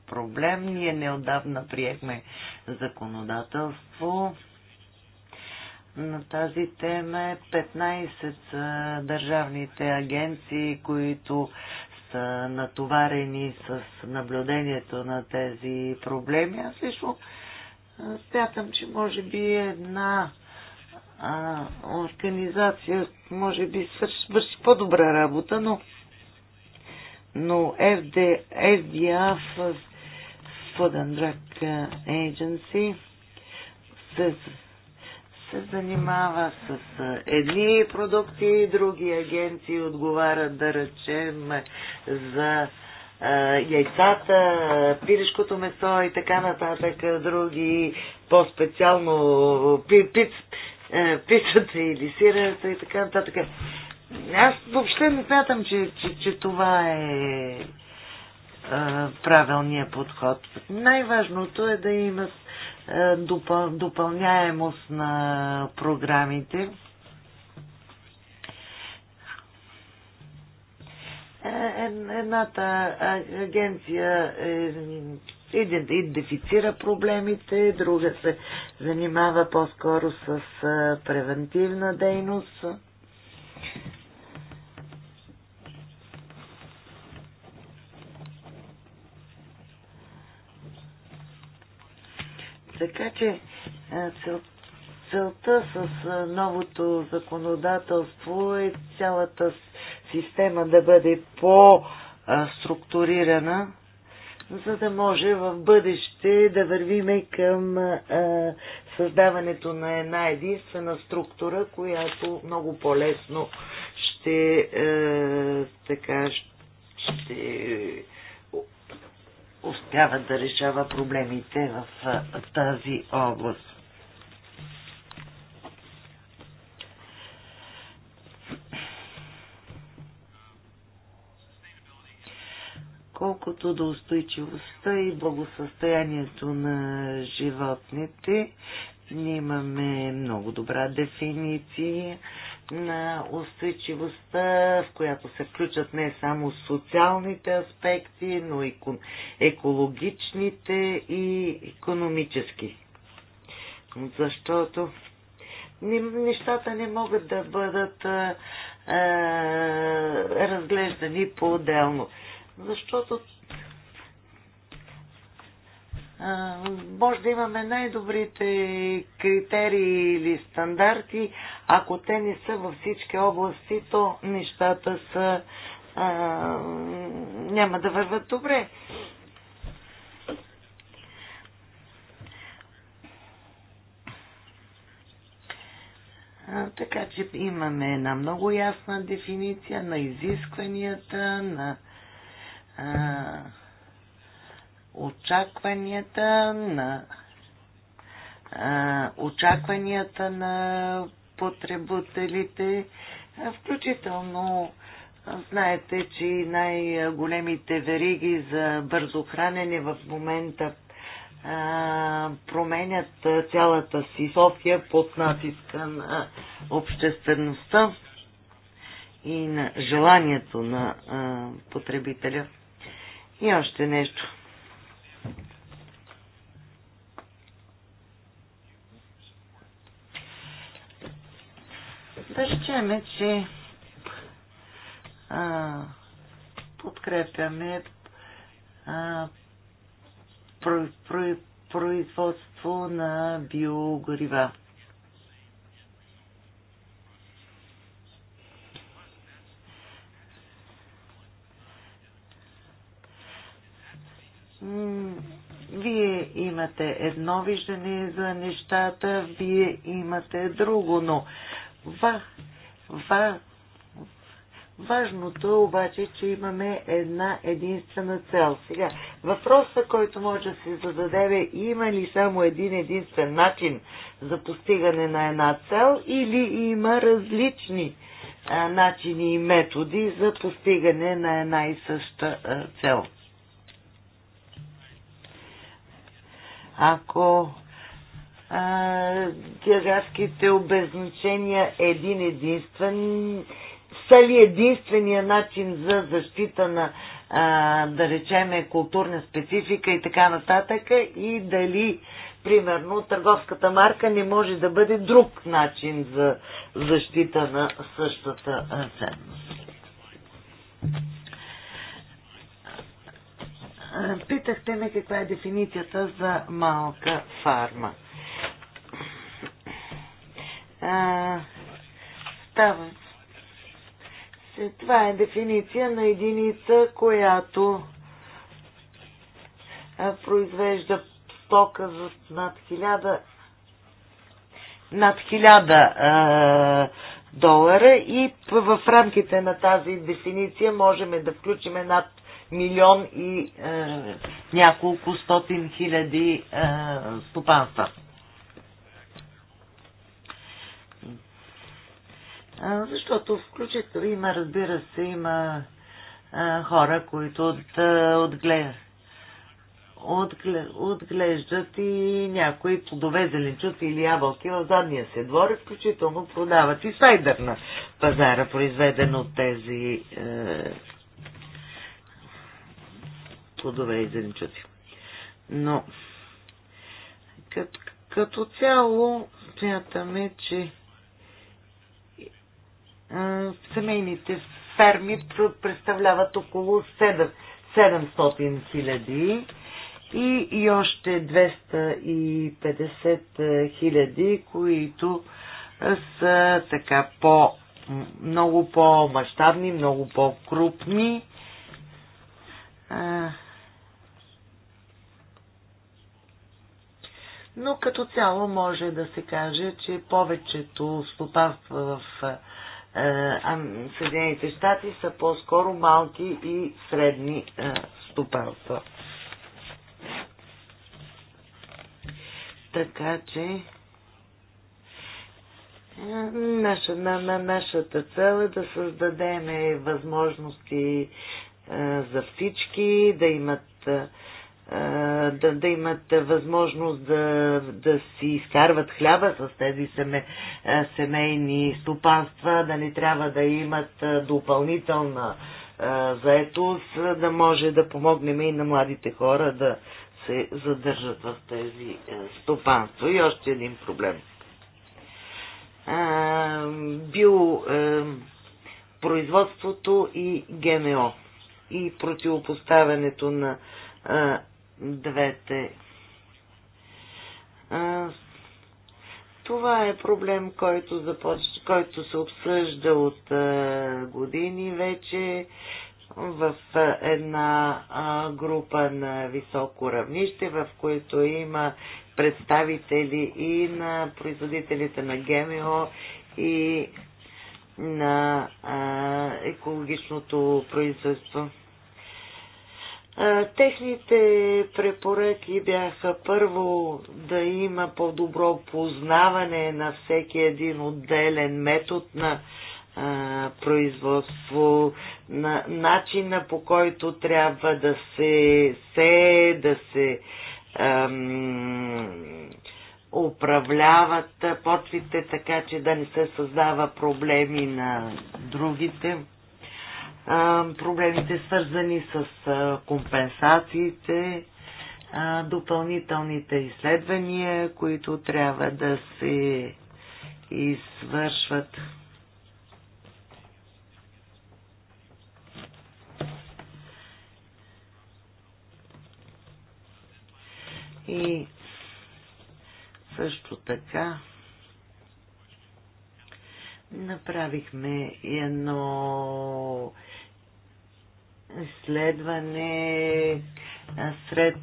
проблем. Ние неодавна приехме законодателство на тази тема. 15 е държавните агенции, които са натоварени с наблюдението на тези проблеми. Аз лично смятам, че може би една а, организация може би свърши по-добра работа, но, но FD, FDA, Food and Drug Agency, се, се занимава с едни продукти, други агенции отговарят, да речем, за яйцата, пиришкото месо и така нататък, други по-специално пи, пи, е, питата или сирата и така нататък. Аз въобще не смятам, че, че, че това е а, е, правилния подход. Най-важното е да има е, допъл, допълняемост на програмите. Едната агенция е идентифицира проблемите, друга се занимава по-скоро с превентивна дейност. Така че цел, целта с новото законодателство е цялата система да бъде по-структурирана за да може в бъдеще да вървиме към а, създаването на една единствена структура, която много по-лесно ще, а, така, ще успява да решава проблемите в, в тази област. Колкото до устойчивостта и благосъстоянието на животните, ние имаме много добра дефиниция на устойчивостта, в която се включат не само социалните аспекти, но и екологичните и економически. Защото нещата не могат да бъдат а, разглеждани по-отделно защото може да имаме най-добрите критерии или стандарти, ако те не са във всички области, то нещата са а, няма да върват добре. Така че имаме една много ясна дефиниция на изискванията, на а, очакванията на а, очакванията на потребителите, включително знаете, че най-големите вериги за бързо хранене в момента а, променят цялата си София под натиска на обществеността и на желанието на а, потребителя. И още нещо. Да речеме, че а, подкрепяме а, про, про, производство на биогорива. вие имате едно виждане за нещата, вие имате друго, но ва, ва, важното обаче, е, че имаме една единствена цел. Сега, въпросът, който може да се зададе е има ли само един единствен начин за постигане на една цел или има различни а, начини и методи за постигане на една и съща а, цел. Ако а, географските обезначения един единствен са ли единствения начин за защита на, а, да речеме, културна специфика и така нататък и дали, примерно, търговската марка не може да бъде друг начин за защита на същата ценност. Питахте ме каква е дефиницията за малка фарма. А, става. Това е дефиниция на единица, която произвежда стока за над хиляда над хиляда долара и в рамките на тази дефиниция можем да включим над милион и е, няколко стотин хиляди е, стопанства. Защото включително има, разбира се, има е, хора, които от, е, отглеждат отглеждат и някои плодове, зеленчуци или ябълки в задния си двор, включително продават и сайдър на пазара, произведен от тези е, плодове и зеленчуци. Но като, като цяло смятаме, че а, семейните ферми представляват около 7, 700 хиляди и, и още 250 хиляди, които са така по много по-масштабни, много по-крупни. но като цяло може да се каже, че повечето стопанства в е, е, Съединените щати са по-скоро малки и средни е, стопанства. Така че наша, на, на нашата цел е да създадем възможности за всички, да имат да, да имат възможност да, да си изкарват хляба с тези семе, семейни стопанства, да не трябва да имат допълнителна заетост, да може да помогнем и на младите хора да се задържат в тези стопанства. И още един проблем. Био производството и ГМО и противопоставянето на двете. Това е проблем, който, започ... който се обсъжда от години вече в една група на високо равнище, в които има представители и на производителите на ГМО и на екологичното производство. Техните препоръки бяха първо да има по-добро познаване на всеки един отделен метод на а, производство, на начина по който трябва да се се, да се ам, управляват почвите, така че да не се създава проблеми на другите проблемите свързани с компенсациите, допълнителните изследвания, които трябва да се извършват. И също така направихме едно изследване сред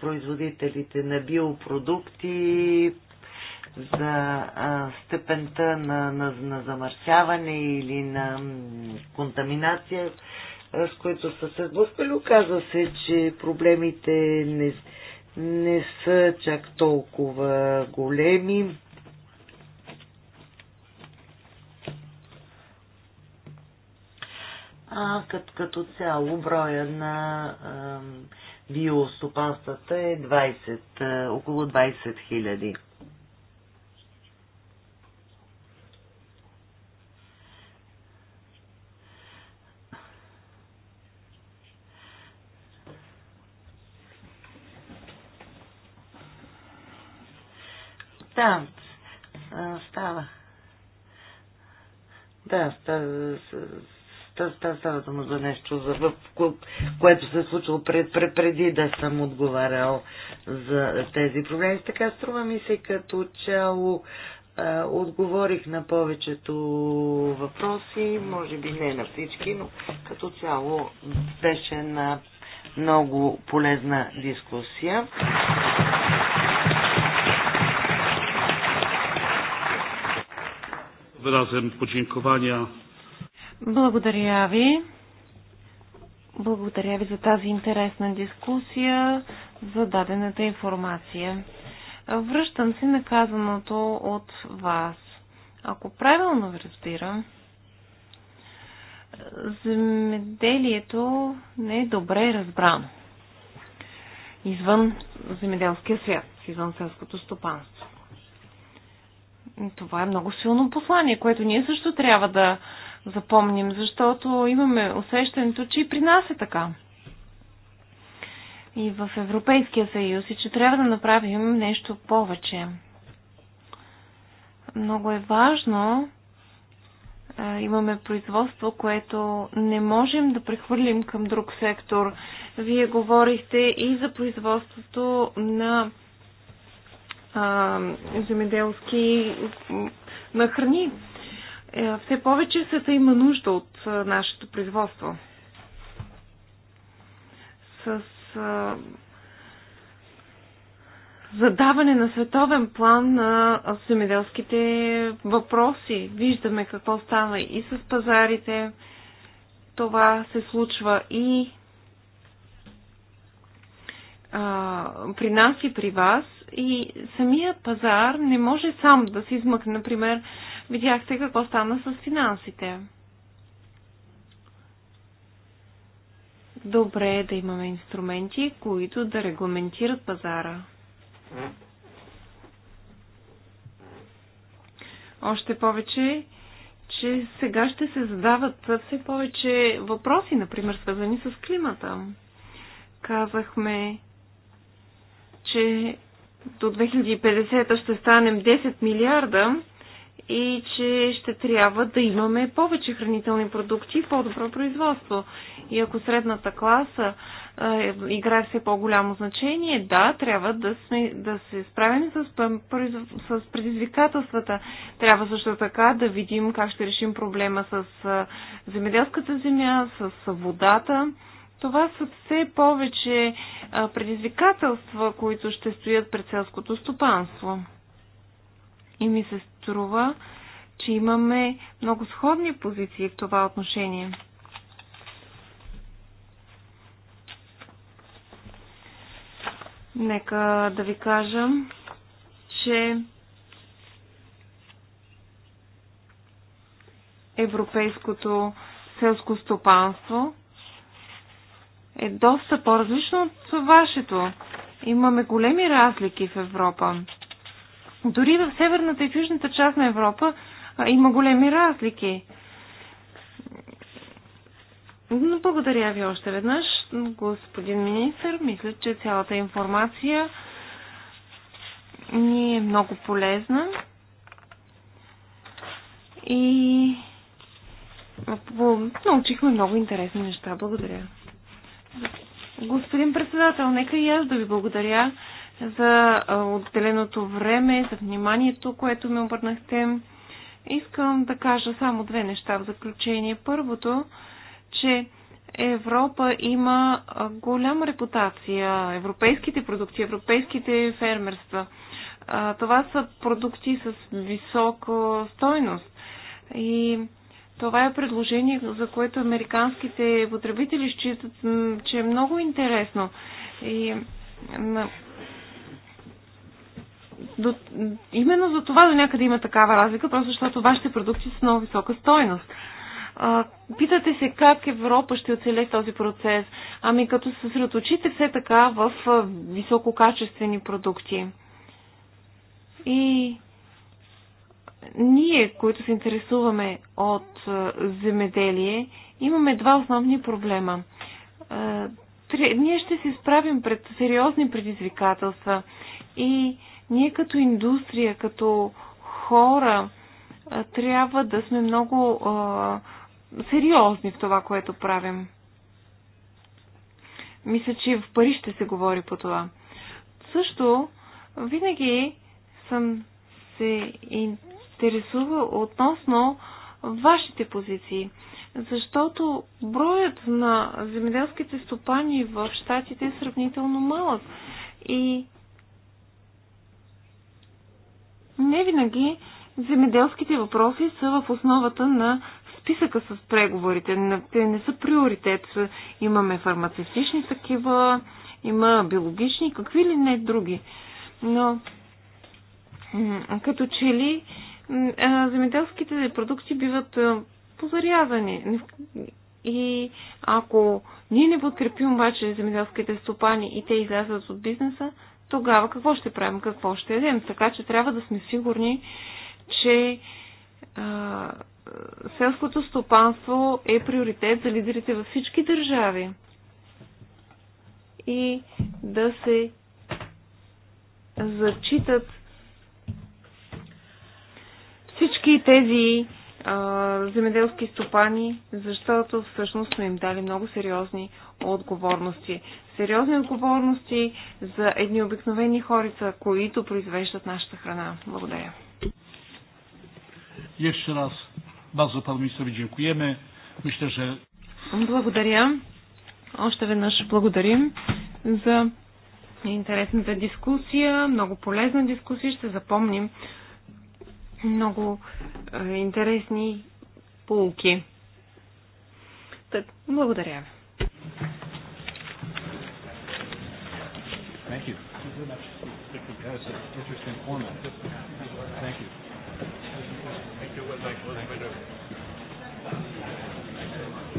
производителите на биопродукти за степента на, на, на замърсяване или на контаминация, с които са се сблъскали. Оказва се, че проблемите не, не са чак толкова големи а като, като цяло броя на а, биостопанствата е 20, а, около 20 хиляди. Да, става. Да, става, става дума за нещо, за, в, което се е случило пред, пред, преди да съм отговарял за тези проблеми. Така струва ми се като чало отговорих на повечето въпроси, може би не на всички, но като цяло беше на много полезна дискусия. Wyrazem podziękowania благодаря ви. Благодаря ви за тази интересна дискусия, за дадената информация. Връщам се на казаното от вас. Ако правилно ви разбирам, земеделието не е добре разбрано. Извън земеделския свят, извън селското стопанство. Това е много силно послание, което ние също трябва да запомним, защото имаме усещането, че и при нас е така. И в Европейския съюз, и че трябва да направим нещо повече. Много е важно. Имаме производство, което не можем да прехвърлим към друг сектор. Вие говорихте и за производството на а, земеделски на храни. Е, все повече света има нужда от нашето производство. С задаване на световен план на семеделските въпроси. Виждаме какво става и с пазарите. Това се случва и а, при нас и при вас. И самият пазар не може сам да се измъкне, например, Видяхте какво стана с финансите. Добре е да имаме инструменти, които да регламентират пазара. Още повече, че сега ще се задават все повече въпроси, например, свързани с климата. Казахме, че до 2050 ще станем 10 милиарда и че ще трябва да имаме повече хранителни продукти и по-добро производство. И ако средната класа е, играе все по-голямо значение, да, трябва да, сме, да се справим с, с предизвикателствата. Трябва също така да видим как ще решим проблема с земеделската земя, с водата. Това са все повече предизвикателства, които ще стоят пред селското стопанство. И ми се струва, че имаме много сходни позиции в това отношение. Нека да ви кажа, че европейското селско стопанство е доста по-различно от вашето. Имаме големи разлики в Европа. Дори в северната и в южната част на Европа а, има големи разлики. Но благодаря ви още веднъж, господин министр. Мисля, че цялата информация ни е много полезна. И научихме много интересни неща. Благодаря. Господин председател, нека и аз да ви благодаря за отделеното време, за вниманието, което ми обърнахте. Искам да кажа само две неща в заключение. Първото, че Европа има голяма репутация. Европейските продукти, европейските фермерства. Това са продукти с висока стойност. И това е предложение, за което американските потребители считат, че е много интересно. И до, именно за това до някъде има такава разлика, просто защото вашите продукти са много висока стойност. А, питате се как Европа ще оцеле в този процес. Ами като се съсредоточите все така в а, висококачествени продукти. И ние, които се интересуваме от а, земеделие, имаме два основни проблема. А, ние ще се справим пред сериозни предизвикателства и а, ние като индустрия, като хора, трябва да сме много а, сериозни в това, което правим. Мисля, че в Париж ще се говори по това. Също, винаги съм се интересувал относно вашите позиции, защото броят на земеделските стопани в щатите е сравнително малък. И не винаги земеделските въпроси са в основата на списъка с преговорите. Те не са приоритет. Имаме фармацевтични такива, има биологични, какви ли не други. Но като че ли земеделските продукти биват позарязани. И ако ние не подкрепим обаче земеделските стопани и те излязат от бизнеса, тогава какво ще правим, какво ще едем. Така че трябва да сме сигурни, че а, селското стопанство е приоритет за лидерите във всички държави. И да се зачитат всички тези земеделски стопани, защото всъщност сме им дали много сериозни отговорности. Сериозни отговорности за едни обикновени хорица, които произвеждат нашата храна. Благодаря. Еще раз, базо panu ministrowi dziękujemy. Myślę, Благодаря. Още веднъж благодарим за интересната дискусия, много полезна дискусия. Ще запомним много а, интересни полуки. Так, благодаря ви. Thank you. That was an interesting format. Thank you. Thank you.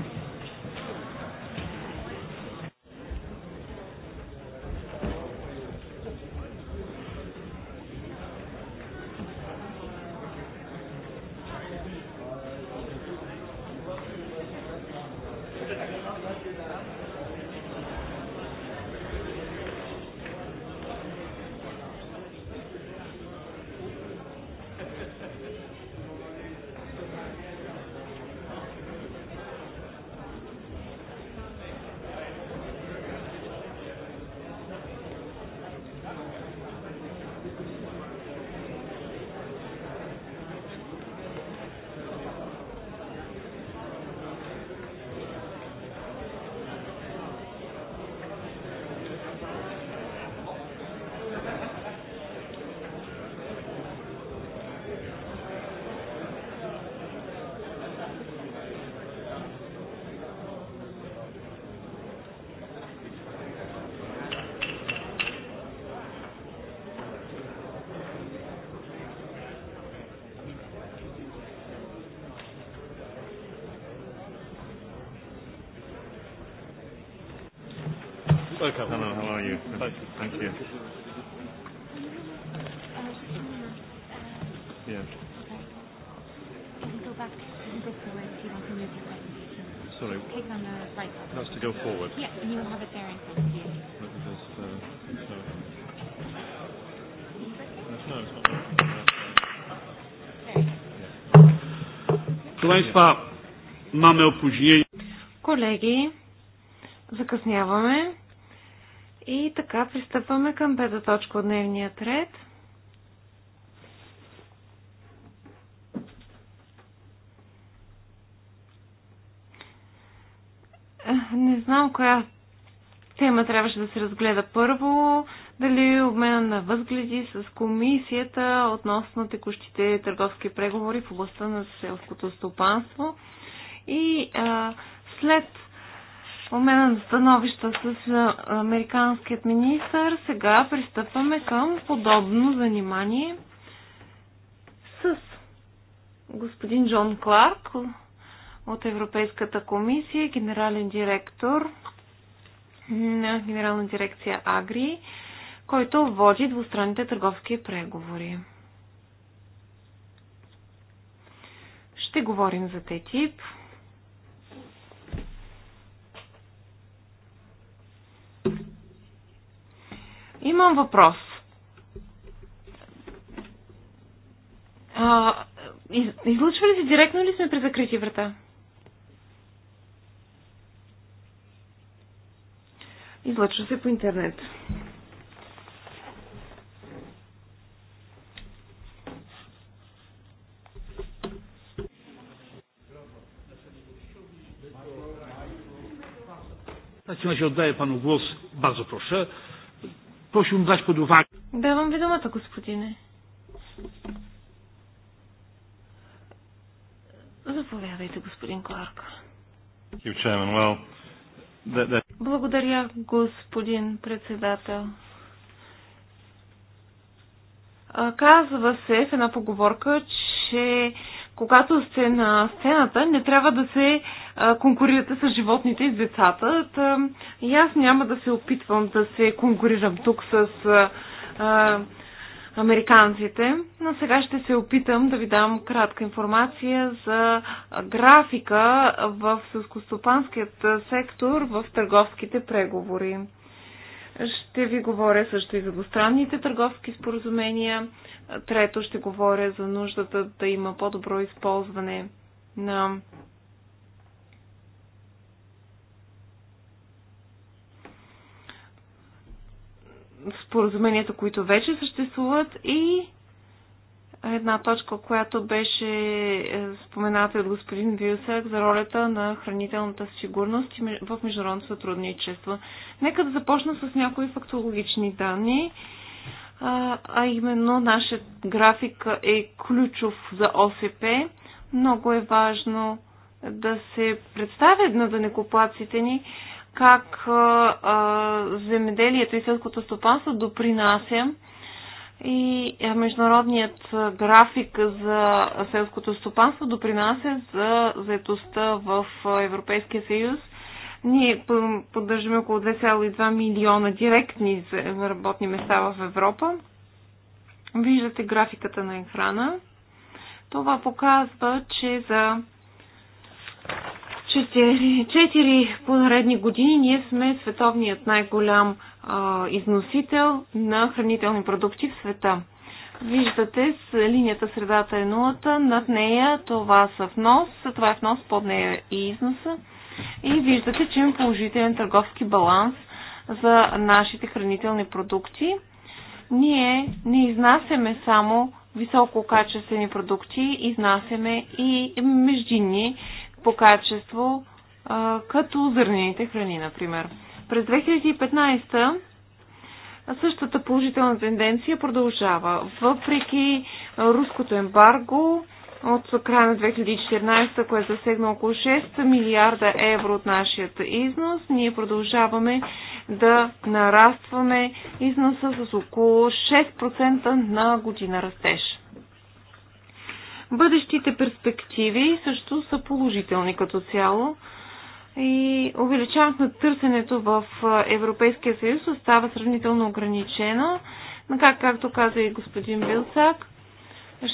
Okay, Hello, how are you? Thank you. Yeah. Sorry. That's to go forward. Yeah, and you will have it there in front of you. И така пристъпваме към пета точка от дневния ред. Е, не знам коя тема трябваше да се разгледа първо. Дали обмена на възгледи с комисията относно текущите търговски преговори в областта на селското стопанство. И а, след обмена на становища с американският министр, сега пристъпваме към подобно занимание с господин Джон Кларк от Европейската комисия, генерален директор на Генерална дирекция Агри, който води двустранните търговски преговори. Ще говорим за те тип. Имам въпрос. А, из, излучва ли се директно или сме при закрити врата? Излъчва се по интернет. W имаше от oddaję panu głos. проша му дать под увагу. Давам ви думата, господине. Заповядайте, господин Кларк. Благодаря, господин председател. Казва се в една поговорка, че когато сте на сцената, не трябва да се конкурирате с животните и с децата. и аз няма да се опитвам да се конкурирам тук с а, американците, но сега ще се опитам да ви дам кратка информация за графика в сълскостопанският сектор в търговските преговори. Ще ви говоря също и за двустранните търговски споразумения. Трето ще говоря за нуждата да има по-добро използване на споразуменията, които вече съществуват и една точка, която беше е, спомената от господин Вилсак за ролята на хранителната сигурност в международното сътрудничество. Нека да започна с някои фактологични данни, а именно нашият график е ключов за ОСП. Много е важно да се представят на данекоплаците ни как земеделието и селското стопанство допринася и международният график за селското стопанство допринася за заетостта в Европейския съюз. Ние поддържаме около 2,2 милиона директни работни места в Европа. Виждате графиката на екрана. Това показва, че за 4, 4 поредни години ние сме световният най-голям износител на хранителни продукти в света. Виждате с линията средата е нулата, над нея това са внос, това е внос, под нея е и износа. И виждате, че има положителен търговски баланс за нашите хранителни продукти. Ние не изнасяме само висококачествени продукти, изнасяме и междинни по качество, като зърнените храни, например. През 2015 същата положителна тенденция продължава. Въпреки руското ембарго от края на 2014, което е засегна около 6 милиарда евро от нашия износ, ние продължаваме да нарастваме износа с около 6% на година растеж. Бъдещите перспективи също са положителни като цяло и увеличаването на търсенето в Европейския съюз остава сравнително ограничено. Но как, както каза и господин Билсак,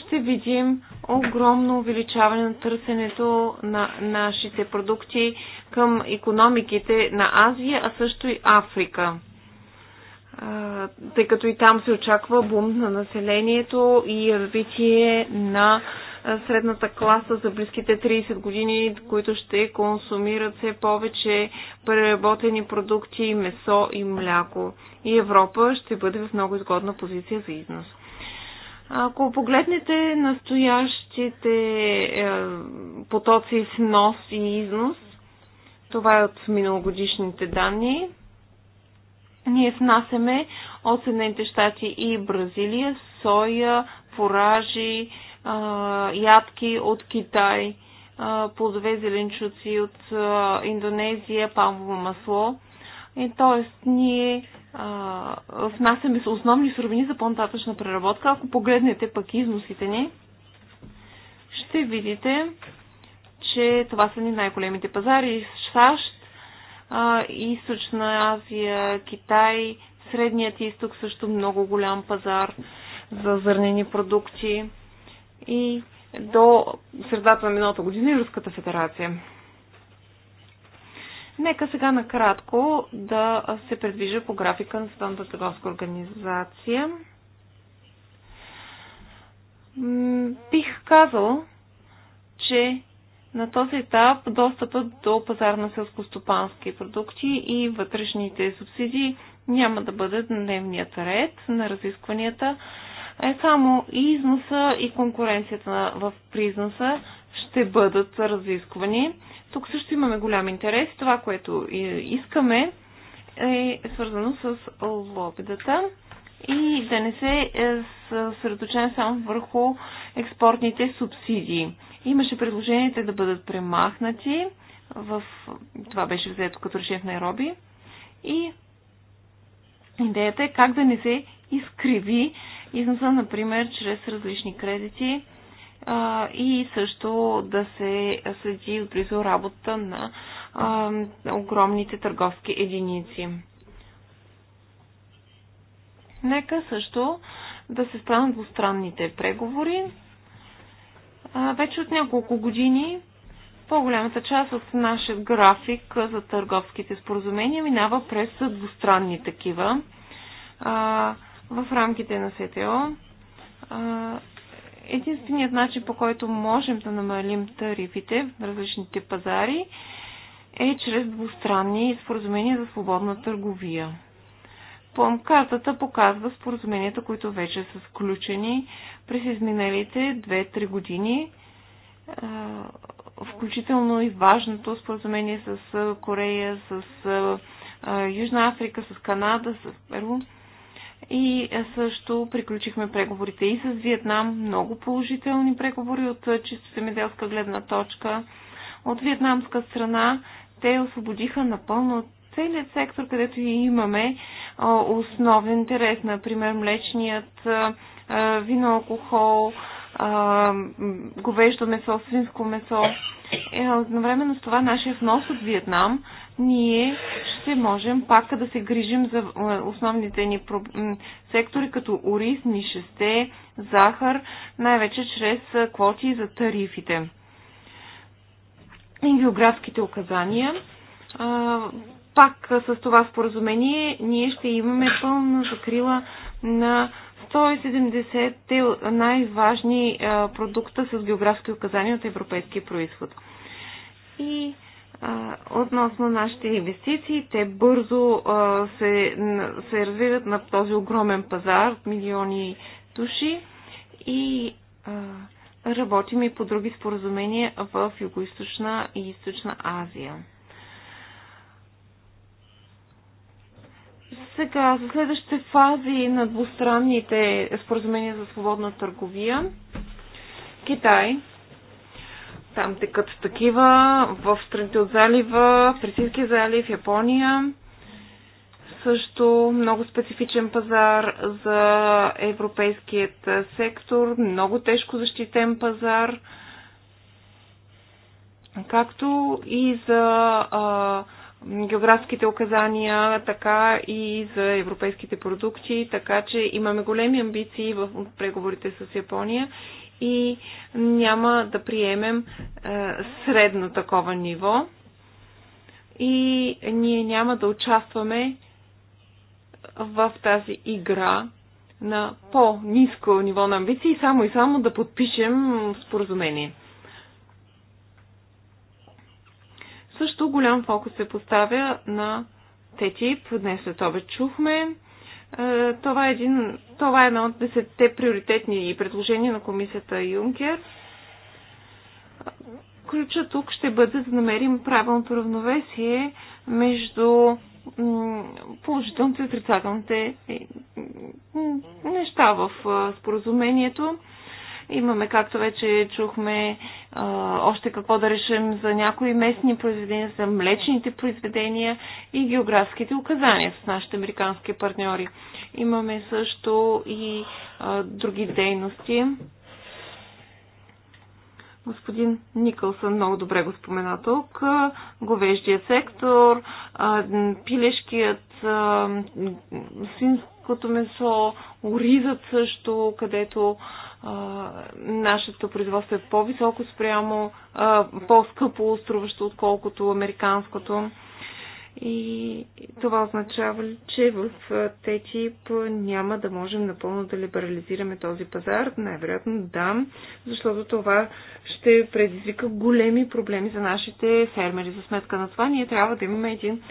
ще видим огромно увеличаване на търсенето на нашите продукти към економиките на Азия, а също и Африка. Тъй като и там се очаква бум на населението и развитие на средната класа за близките 30 години, които ще консумират все повече преработени продукти, месо и мляко. И Европа ще бъде в много изгодна позиция за износ. Ако погледнете настоящите е, потоци с нос и износ, това е от миналогодишните данни, ние внасяме от Съединените щати и Бразилия соя, фуражи, ядки от Китай, плодове зеленчуци от Индонезия, палмово масло. И, т.е. ние а, внасяме основни суровини за по-нататъчна преработка. Ако погледнете пък износите ни, ще видите, че това са ни най-големите пазари. САЩ, а, Източна Азия, Китай, Средният изток също много голям пазар за зърнени продукти и до средата на миналата година и Руската федерация. Нека сега накратко да се предвижа по графика на Съдната търговска организация. Бих казал, че на този етап достъпът до пазар на селскостопански продукти и вътрешните субсидии няма да бъдат дневният ред на разискванията е само и износа и конкуренцията в призноса ще бъдат разисквани. Тук също имаме голям интерес. Това, което искаме е свързано с лобидата и да не се е, съсредоточен само върху експортните субсидии. Имаше предложенията да бъдат премахнати. В... Това беше взето като решение в Найроби. И Идеята е как да не се изкриви износа, например, чрез различни кредити а, и също да се следи отблизо работа на а, огромните търговски единици. Нека също да се станат двустранните преговори. А, вече от няколко години по-голямата част от нашия график за търговските споразумения минава през двустранни такива а, в рамките на СТО. А, единственият начин по който можем да намалим тарифите в различните пазари е чрез двустранни споразумения за свободна търговия. Плъм картата показва споразуменията, които вече са сключени през изминалите 2-3 години включително и важното споразумение с Корея, с Южна Африка, с Канада, с Перу. И също приключихме преговорите и с Виетнам. Много положителни преговори от чисто земеделска гледна точка. От виетнамска страна те освободиха напълно целият сектор, където и имаме основен интерес, например млечният, вино, алкохол, а, говеждо месо, свинско месо. Е, едновременно с това нашия внос от Виетнам, ние ще можем пак да се грижим за основните ни сектори, като ориз, нишесте, захар, най-вече чрез квоти за тарифите. И географските указания. Пак с това споразумение ние ще имаме пълна закрила на 170 е най-важни продукта с географски указания от европейски происход. И а, относно нашите инвестиции, те бързо а, се, се развиват на този огромен пазар от милиони души и а, работим и по други споразумения в Юго-Источна и Източна Азия. Сега, за следващите фази на двустранните споразумения за свободна търговия, Китай, там текат такива, в страните от залива, в Персийския залив, Япония, също много специфичен пазар за европейският сектор, много тежко защитен пазар, както и за а, географските указания, така и за европейските продукти, така че имаме големи амбиции в преговорите с Япония и няма да приемем е, средно такова ниво и ние няма да участваме в тази игра на по-низко ниво на амбиции, само и само да подпишем споразумение. Също голям фокус се поставя на ТТИП. Днес след това чухме. Е, това е, един, това е едно от десетте приоритетни предложения на комисията Юнкер. Ключа тук ще бъде да намерим правилното равновесие между положителните и отрицателните е, неща в е, споразумението Имаме, както вече чухме, още какво да решим за някои местни произведения, за млечните произведения и географските указания с нашите американски партньори. Имаме също и други дейности. Господин Никълсън много добре го спомена тук. Говеждият сектор, пилешкият, свинското месо, оризът също, където нашето производство е по-високо спрямо, по-скъпо струващо, отколкото американското. И това означава, че в ТТИП няма да можем напълно да либерализираме този пазар. Най-вероятно да, защото това ще предизвика големи проблеми за нашите фермери. За сметка на това ние трябва да имаме един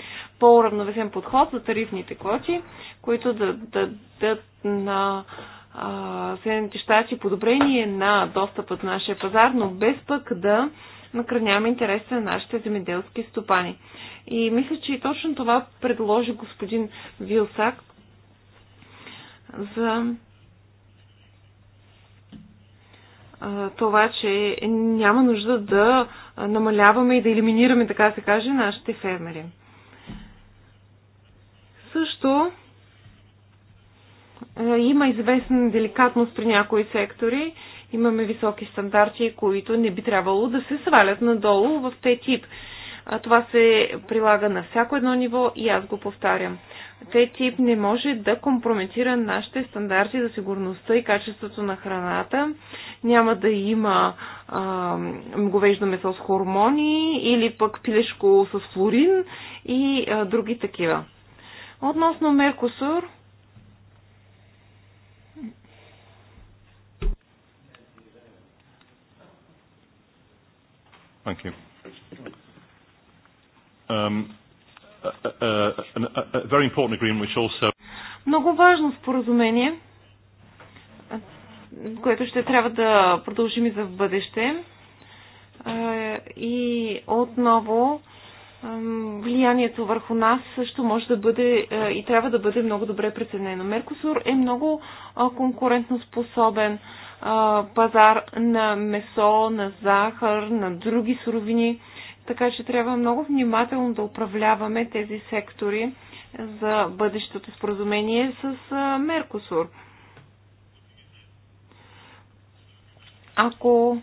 по-уравновесен подход за тарифните квоти, които да дадат на Съединените щати подобрение на достъпът на нашия пазар, но без пък да накърняваме интереса на нашите земеделски стопани. И мисля, че и точно това предложи господин Вилсак за това, че няма нужда да намаляваме и да елиминираме, така се каже, нашите фермери. Също е, има известна деликатност при някои сектори. Имаме високи стандарти, които не би трябвало да се свалят надолу в те тип. Това се прилага на всяко едно ниво и аз го повтарям. Те тип не може да компрометира нашите стандарти за сигурността и качеството на храната. Няма да има а, говеждо месо с хормони или пък пилешко с флорин и а, други такива. Относно Меркосур, Thank you. Um, a, a, a which also... Много важно споразумение, което ще трябва да продължим и за в бъдеще. И отново влиянието върху нас също може да бъде и трябва да бъде много добре преценено. Меркосур е много конкурентно способен пазар на месо, на захар, на други суровини. Така че трябва много внимателно да управляваме тези сектори за бъдещото споразумение с Меркосур. Ако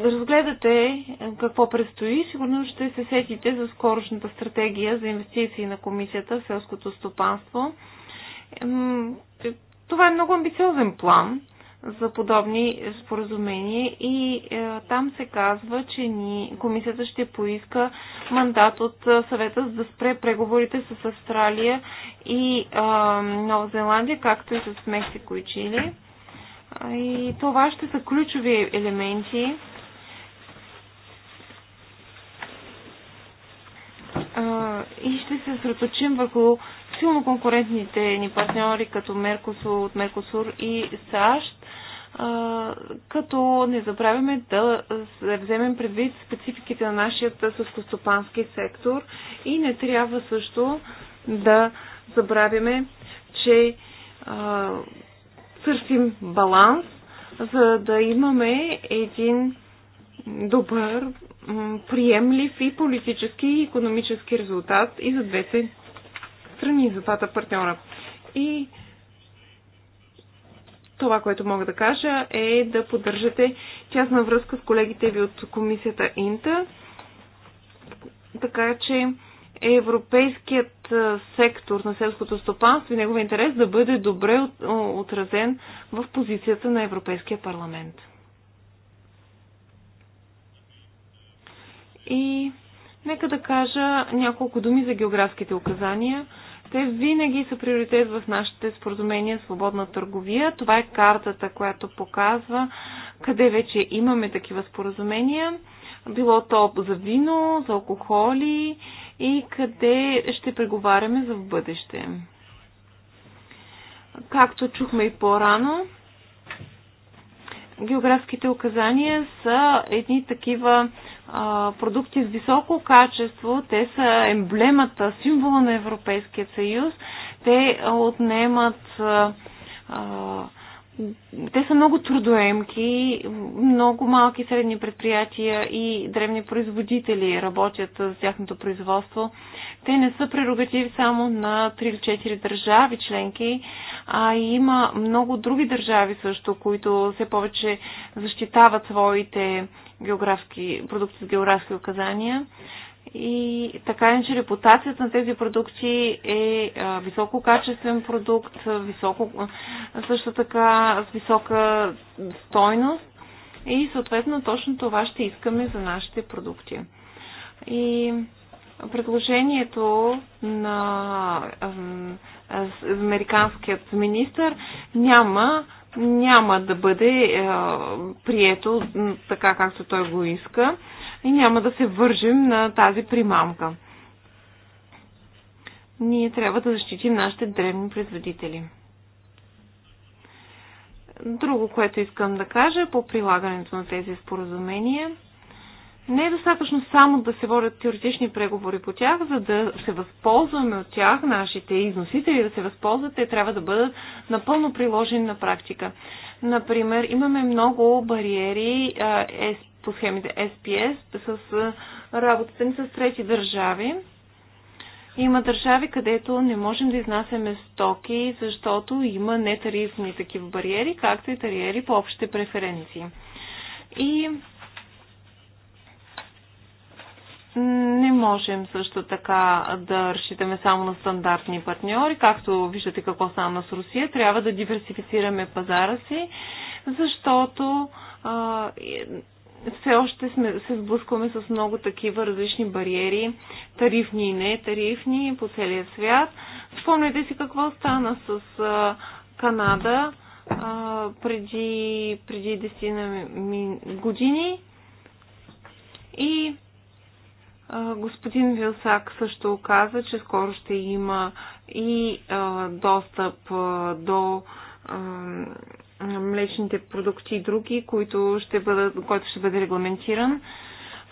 разгледате какво предстои, сигурно ще се сетите за скорошната стратегия за инвестиции на Комисията в селското стопанство. Това е много амбициозен план за подобни споразумения и е, там се казва, че ни, комисията ще поиска мандат от е, съвета за да спре преговорите с Австралия и е, Нова Зеландия, както и с Мексико и Чили. И това ще са ключови елементи. Е, и ще се сръточим върху силно конкурентните ни партньори, като Меркосур, от Меркосур и САЩ, като не забравяме да вземем предвид спецификите на нашия съскостопански сектор и не трябва също да забравяме, че а, търсим баланс, за да имаме един добър, приемлив и политически и економически резултат и за двете страни, за двата партньора. И това, което мога да кажа е да поддържате тясна връзка с колегите ви от комисията Инта, така че европейският сектор на селското стопанство и неговия интерес да бъде добре отразен в позицията на Европейския парламент. И нека да кажа няколко думи за географските указания – те винаги са приоритет в нашите споразумения свободна търговия. Това е картата, която показва къде вече имаме такива споразумения. Било то за вино, за алкохоли и къде ще преговаряме за в бъдеще. Както чухме и по-рано, географските указания са едни такива продукти с високо качество, те са емблемата, символа на Европейския съюз, те отнемат а, те са много трудоемки, много малки средни предприятия и древни производители работят за тяхното производство. Те не са прерогативи само на 3 или 4 държави членки, а има много други държави също, които все повече защитават своите географски, продукти с географски указания. И така иначе репутацията на тези продукти е, е висококачествен продукт, високо, също така с висока стойност и съответно точно това ще искаме за нашите продукти. И предложението на американският министр няма, няма да бъде прието така както той го иска и няма да се вържим на тази примамка. Ние трябва да защитим нашите древни производители. Друго, което искам да кажа по прилагането на тези споразумения – не е достатъчно само да се водят теоретични преговори по тях, за да се възползваме от тях, нашите износители да се възползват, те трябва да бъдат напълно приложени на практика. Например, имаме много бариери по схемите SPS с работата ни с трети държави. Има държави, където не можем да изнасяме стоки, защото има нетарифни такива бариери, както и тариери по общите преференции. И не можем също така да разчитаме само на стандартни партньори, както виждате какво стана с Русия. Трябва да диверсифицираме пазара си, защото все още сме, се сблъскваме с много такива различни бариери, тарифни и не тарифни по целия свят. Спомняте си какво стана с а, Канада а, преди, преди 10 години и а, господин Вилсак също каза, че скоро ще има и а, достъп а, до а, млечните продукти и други, които ще бъдат, който ще бъде регламентиран.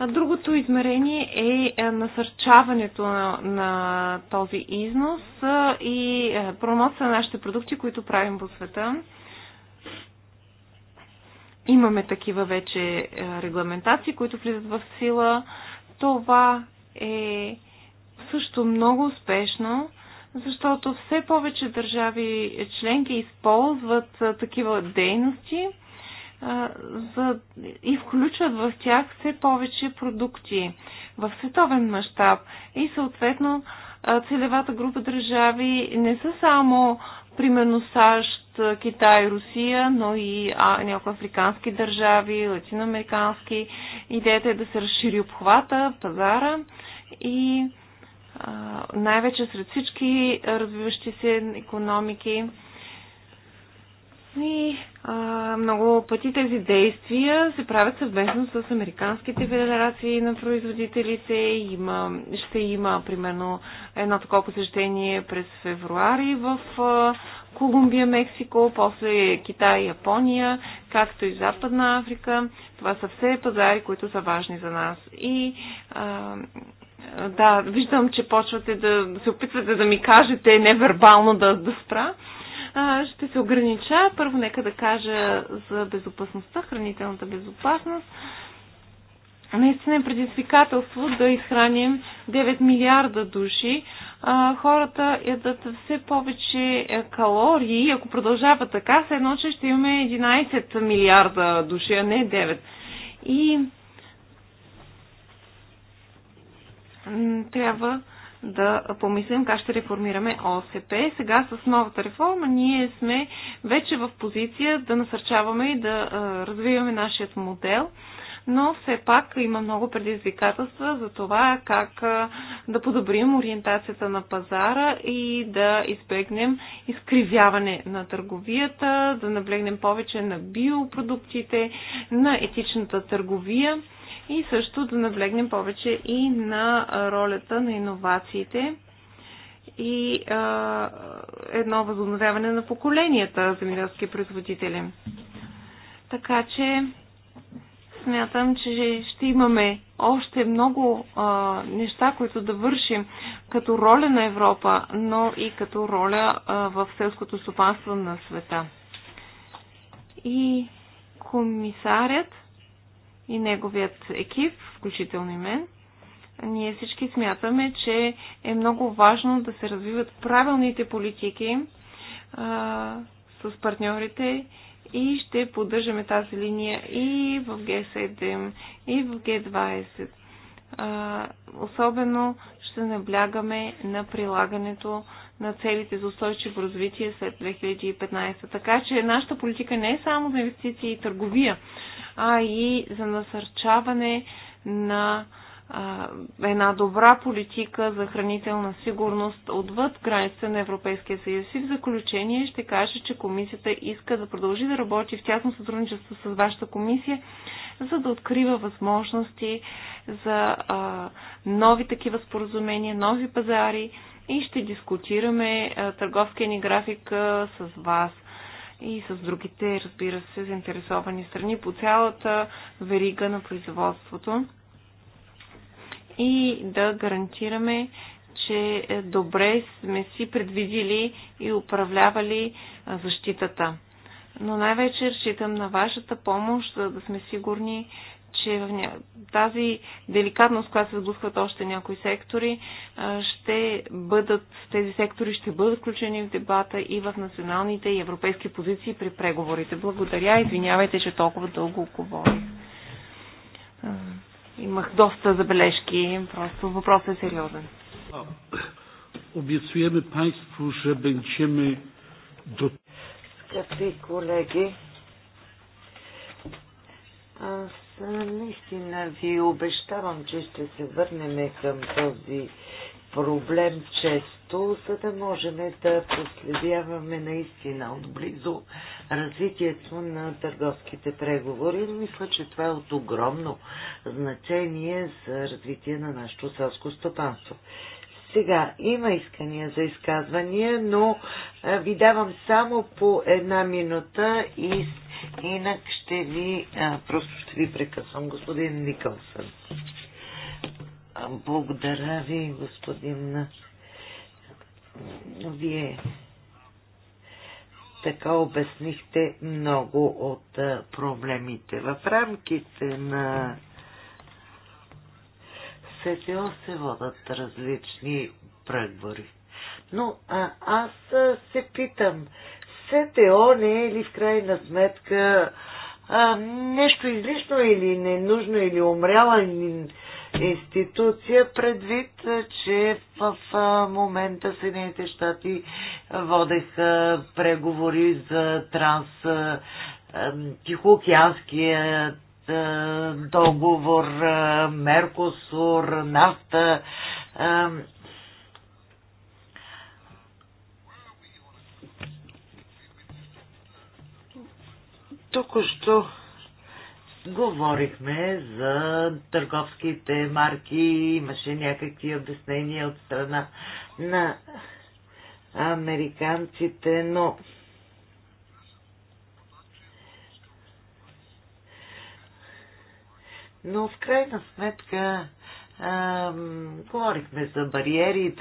Другото измерение е насърчаването на, на този износ и промоция на нашите продукти, които правим по света. Имаме такива вече регламентации, които влизат в сила. Това е също много успешно защото все повече държави членки използват такива дейности за, и включват в тях все повече продукти в световен мащаб. И съответно целевата група държави не са само примерно САЩ, Китай, Русия, но и някои африкански държави, латиноамерикански. Идеята е да се разшири обхвата, пазара и най-вече сред всички развиващи се економики. И а, много пъти тези действия се правят съвместно с американските федерации на производителите. Има, ще има, примерно, едно такова посещение през февруари в а, Колумбия, Мексико, после Китай, Япония, както и Западна Африка. Това са все пазари, които са важни за нас. И а, да, виждам, че почвате да се опитвате да ми кажете невербално да, да спра. А, ще се огранича. Първо нека да кажа за безопасността, хранителната безопасност. Наистина е предизвикателство да изхраним 9 милиарда души. А, хората ядат все повече е, калории. Ако продължава така, след едно, че ще имаме 11 милиарда души, а не 9. И трябва да помислим как ще реформираме ОСП. Сега с новата реформа ние сме вече в позиция да насърчаваме и да развиваме нашият модел, но все пак има много предизвикателства за това как да подобрим ориентацията на пазара и да избегнем изкривяване на търговията, да наблегнем повече на биопродуктите, на етичната търговия и също да навлегнем повече и на ролята на иновациите и а, едно възобновяване на поколенията земеделски производители. Така че смятам, че ще имаме още много а, неща, които да вършим като роля на Европа, но и като роля а, в селското стопанство на света. И комисарят и неговият екип, включително и мен, ние всички смятаме, че е много важно да се развиват правилните политики а, с партньорите и ще поддържаме тази линия и в г 7 и в г 20 А, особено ще наблягаме на прилагането на целите за устойчиво развитие след 2015. Така че нашата политика не е само за инвестиции и търговия, а и за насърчаване на една добра политика за хранителна сигурност отвъд границата на Европейския съюз. И в заключение ще кажа, че комисията иска да продължи да работи в тясно сътрудничество с вашата комисия, за да открива възможности за а, нови такива споразумения, нови пазари и ще дискутираме а, търговския ни график а, с вас и с другите, разбира се, заинтересовани страни по цялата верига на производството и да гарантираме, че е, добре сме си предвидили и управлявали е, защитата. Но най-вече разчитам на вашата помощ, за да сме сигурни, че в ня... тази деликатност, която се сблъскват още някои сектори, ще бъдат, тези сектори ще бъдат включени в дебата и в националните и европейски позиции при преговорите. Благодаря. Извинявайте, че толкова дълго говорих. Имах доста забележки, просто въпросът е сериозен. Obiecujemy пайство, ще бенчеме до. Скъпи колеги, наистина ви обещавам, че ще се върнем към този проблем често, за да можем да проследяваме наистина отблизо развитието на търговските преговори. Мисля, че това е от огромно значение за развитие на нашето селско стопанство. Сега има искания за изказвания, но а, ви давам само по една минута и инак ще ви, а, просто ще ви прекъсвам, господин Никълсън. Благодаря ви, господин. Вие така обяснихте много от проблемите. В рамките на СТО се водат различни преговори. Но а, аз се питам, СТО не е ли в крайна сметка а, нещо излишно или ненужно или умряла институция предвид, че в, в момента Съединените щати водеха преговори за транс Тихоокеанския е, договор, е, Меркосур, нафта. Е, току-що говорихме за търговските марки, имаше някакви обяснения от страна на американците, но Но в крайна сметка говорихме за бариери,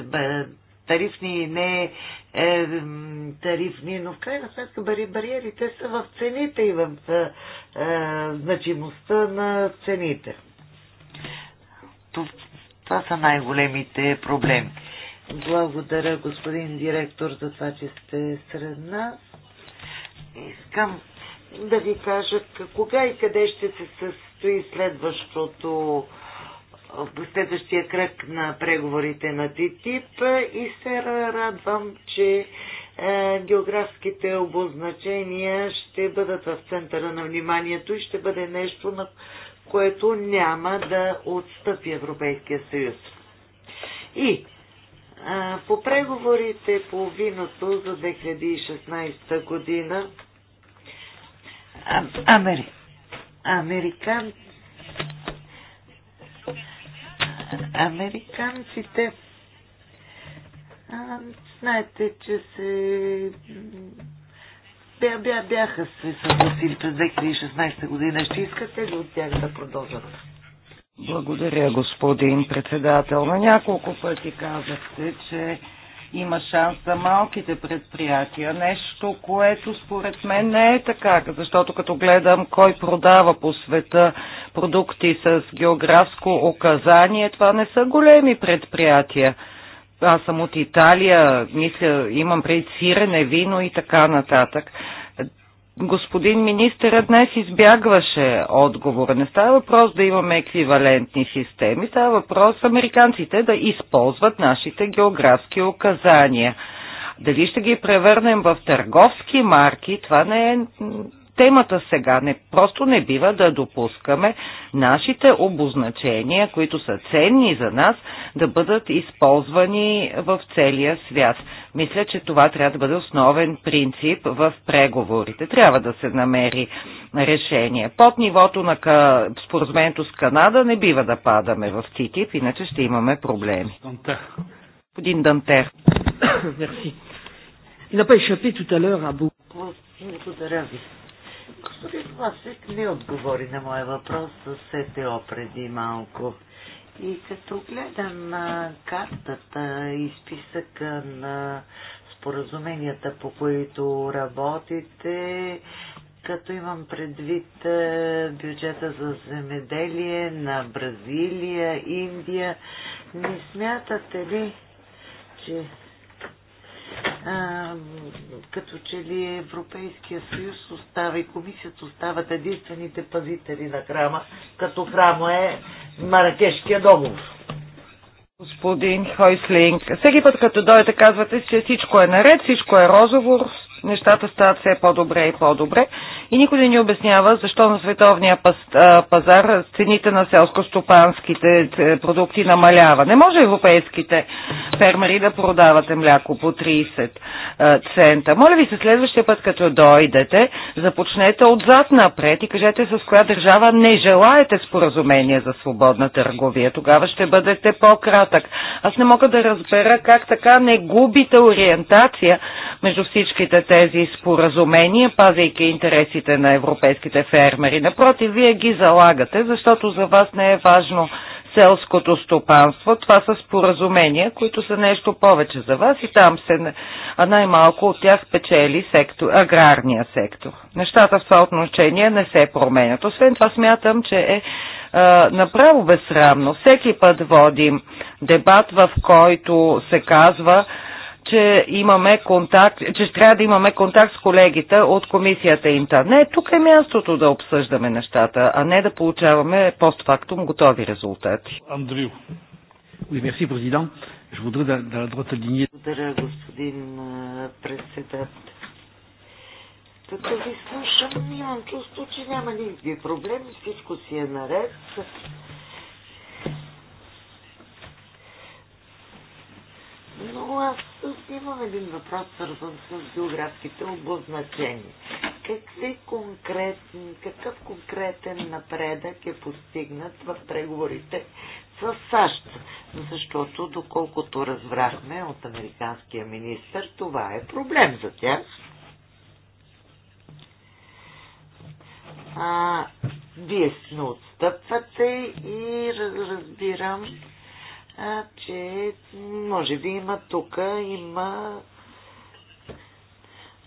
тарифни, и не е, тарифни, но в крайна сметка бари, бариерите са в цените и в е, е значимостта на цените. Това са най-големите проблеми. Благодаря, господин директор, за това, че сте сред нас. Искам да ви кажа кога и къде ще се състои и следващото следващия кръг на преговорите на ТИТИП и се радвам, че е, географските обозначения ще бъдат в центъра на вниманието и ще бъде нещо, на което няма да отстъпи Европейския съюз. И по преговорите по виното за 2016 година Америка. Американ... Американците а, знаете, че се бя, бя, бяха се съгласили през 2016 година. Ще искате ли от тях да продължат? Благодаря, господин председател. На няколко пъти казахте, че има шанс за малките предприятия. Нещо, което според мен не е така, защото като гледам кой продава по света продукти с географско указание, това не са големи предприятия. Аз съм от Италия, мисля, имам пред сирене, вино и така нататък господин министъра днес избягваше отговора. Не става въпрос да имаме еквивалентни системи, става въпрос американците да използват нашите географски указания. Дали ще ги превърнем в търговски марки, това не е темата сега. Не, просто не бива да допускаме нашите обозначения, които са ценни за нас, да бъдат използвани в целия свят. Мисля, че това трябва да бъде основен принцип в преговорите. Трябва да се намери решение. Под нивото на споразумението с Канада не бива да падаме в Титип, иначе ще имаме проблеми. Господин Дантер. Merci. Il n'a pas échappé tout à l'heure à beaucoup. Oh, Господин Власек не отговори на моя въпрос за СТО преди малко. И като гледам на картата и списъка на споразуменията, по които работите, като имам предвид бюджета за земеделие на Бразилия, Индия, не смятате ли, че като че ли Европейския съюз остава и комисията остават единствените пазители на храма, като храма е Маракешкия договор. Господин Хойслинг, всеки път като дойдете казвате, че всичко е наред, всичко е розово, нещата стават все по-добре и по-добре и никой не ни обяснява защо на световния пазар цените на селско-стопанските е, продукти намалява. Не може европейските фермери да продавате мляко по 30 цента. Моля ви се следващия път, като дойдете, започнете отзад напред и кажете с коя държава не желаете споразумение за свободна търговия. Тогава ще бъдете по-кратък. Аз не мога да разбера как така не губите ориентация между всичките тези споразумения, пазейки интереси интересите на европейските фермери. Напротив, вие ги залагате, защото за вас не е важно селското стопанство. Това са споразумения, които са нещо повече за вас и там се, а най-малко от тях печели сектор, аграрния сектор. Нещата в това отношение не се променят. Освен това смятам, че е направо безсрамно. Всеки път водим дебат, в който се казва, че имаме контакт, че трябва да имаме контакт с колегите от комисията Инта. Не, тук е мястото да обсъждаме нещата, а не да получаваме постфактум готови резултати. Андрю. Oui, merci, président. Je voudrais, dans, dans la droite lignée... Благодаря, господин председател. Като ви слушам, имам чувство, че няма никакви проблеми, всичко си е наред. Но аз имам един въпрос, свързан с географските обозначения. Какви конкретни, какъв конкретен напредък е постигнат в преговорите с САЩ? Защото, доколкото разбрахме от американския министр, това е проблем за тях. А, вие не отстъпвате и разбирам, а, че може би има тук, има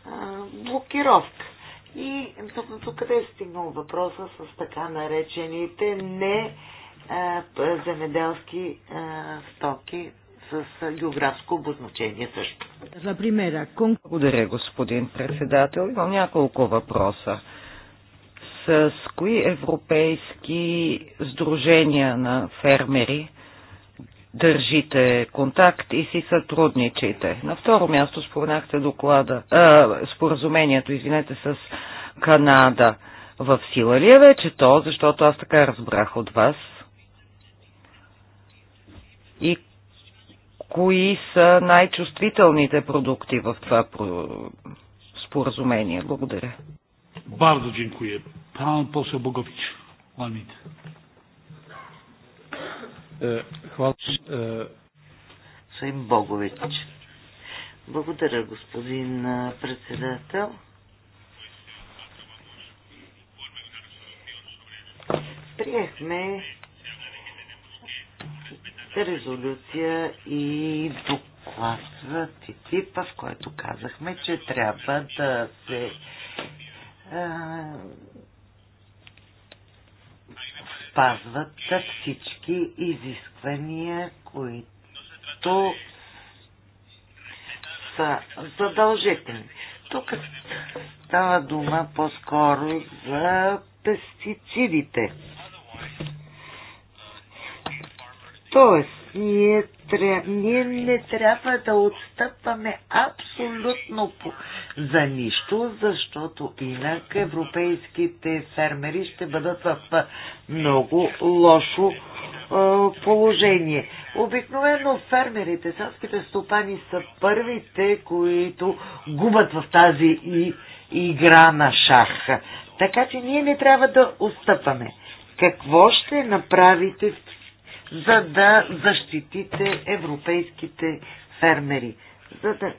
а, блокировка. И тук къде е стигнал въпроса с така наречените не а, земеделски а, стоки с географско обозначение също. За примера, кон... Благодаря, господин председател. Имам няколко въпроса. С кои европейски сдружения на фермери държите контакт и си сътрудничите. На второ място споменахте доклада, а, споразумението, извинете, с Канада. В сила ли е вече то, защото аз така разбрах от вас? И кои са най-чувствителните продукти в това споразумение? Благодаря. Бардо dziękuję. Pan Посел Богович, Łamit. Е, Хвала. Е. Богович. Благодаря, господин председател. Приехме резолюция и доклад за ТТИП, в който казахме, че трябва да се спазват всички изисквания, които са задължителни. Тук става дума по-скоро за пестицидите. Тоест, ние, тря... ние не трябва да отстъпваме абсолютно по... за нищо, защото инак европейските фермери ще бъдат в много лошо е, положение. Обикновено фермерите, селските стопани са първите, които губят в тази и, игра на шах. Така че ние не трябва да отстъпваме. Какво ще направите в за да защитите европейските фермери, за да,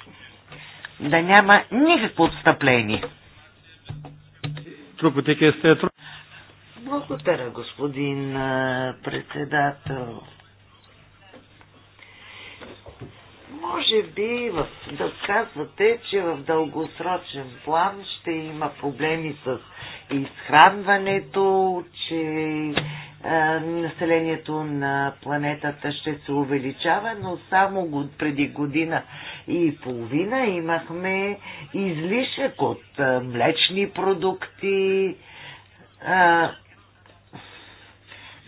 да няма никакво отстъпление. Е Благодаря, господин председател. Може би в, да казвате, че в дългосрочен план ще има проблеми с изхранването, че населението на планетата ще се увеличава, но само преди година и половина имахме излишък от млечни продукти,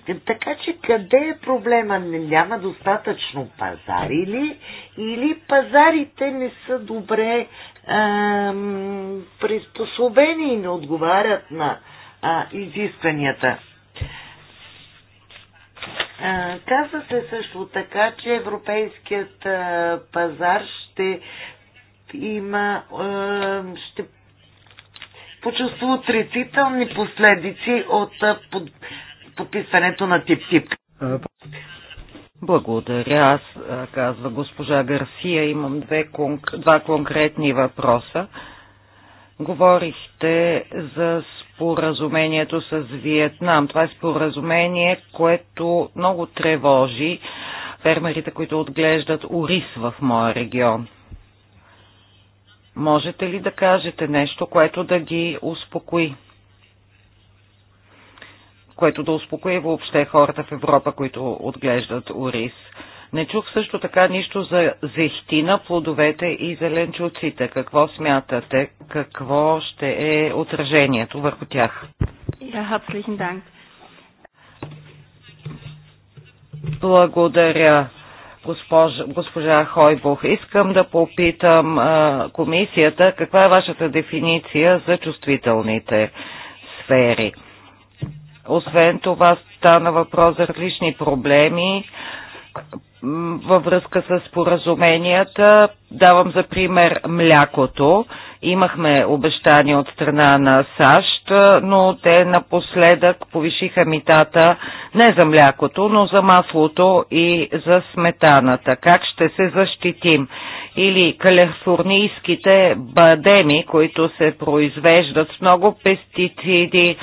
така че къде е проблема? Няма достатъчно пазари или, или пазарите не са добре ам, приспособени и не отговарят на а, изискванията? А, се също така, че европейският а, пазар ще има, а, ще почувства отрицителни последици от а, под, подписването на тип-тип. Благодаря. Аз, казва госпожа Гарсия, имам две, два конкретни въпроса. Говорихте за споразумението с Виетнам. Това е споразумение, което много тревожи фермерите, които отглеждат ориз в моя регион. Можете ли да кажете нещо, което да ги успокои? което да успокои въобще хората в Европа, които отглеждат ориз. Не чух също така нищо за зехтина, плодовете и зеленчуците. Какво смятате? Какво ще е отражението върху тях? Благодаря, госпожа, госпожа Хойбух. Искам да попитам а, комисията каква е вашата дефиниция за чувствителните сфери. Освен това стана въпрос за различни проблеми във връзка с поразуменията. Давам за пример млякото. Имахме обещания от страна на САЩ, но те напоследък повишиха митата не за млякото, но за маслото и за сметаната. Как ще се защитим? Или калифорнийските бадеми, които се произвеждат с много пестициди,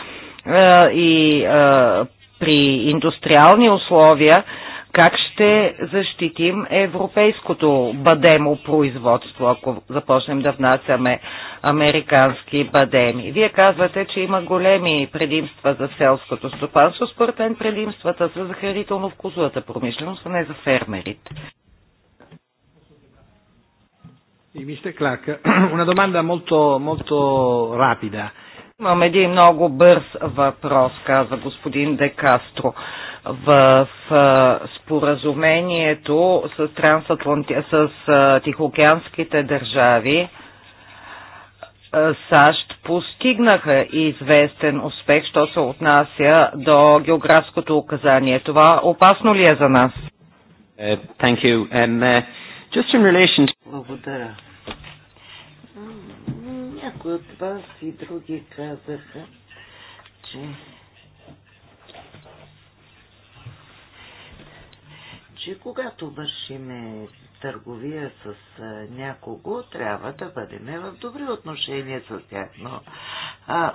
е, и е, при индустриални условия, как ще защитим европейското бадемо производство, ако започнем да внасяме американски бадеми. Вие казвате, че има големи предимства за селското стопанство. Според мен предимствата са за хранително-вкусовата промишленост, а не за фермерите. Mr. Clark, <clears throat> una domanda molto, molto rapida. Имам един много бърз въпрос, каза господин Де Кастро. В споразумението с, трансатланти... с тихоокеанските държави САЩ постигнаха известен успех, що се отнася до географското указание. Това опасно ли е за нас? Е, uh, Благодаря. uh, някои от вас и други казаха, че че когато вършиме търговия с някого, трябва да бъдем в добри отношения с тях. Но, а,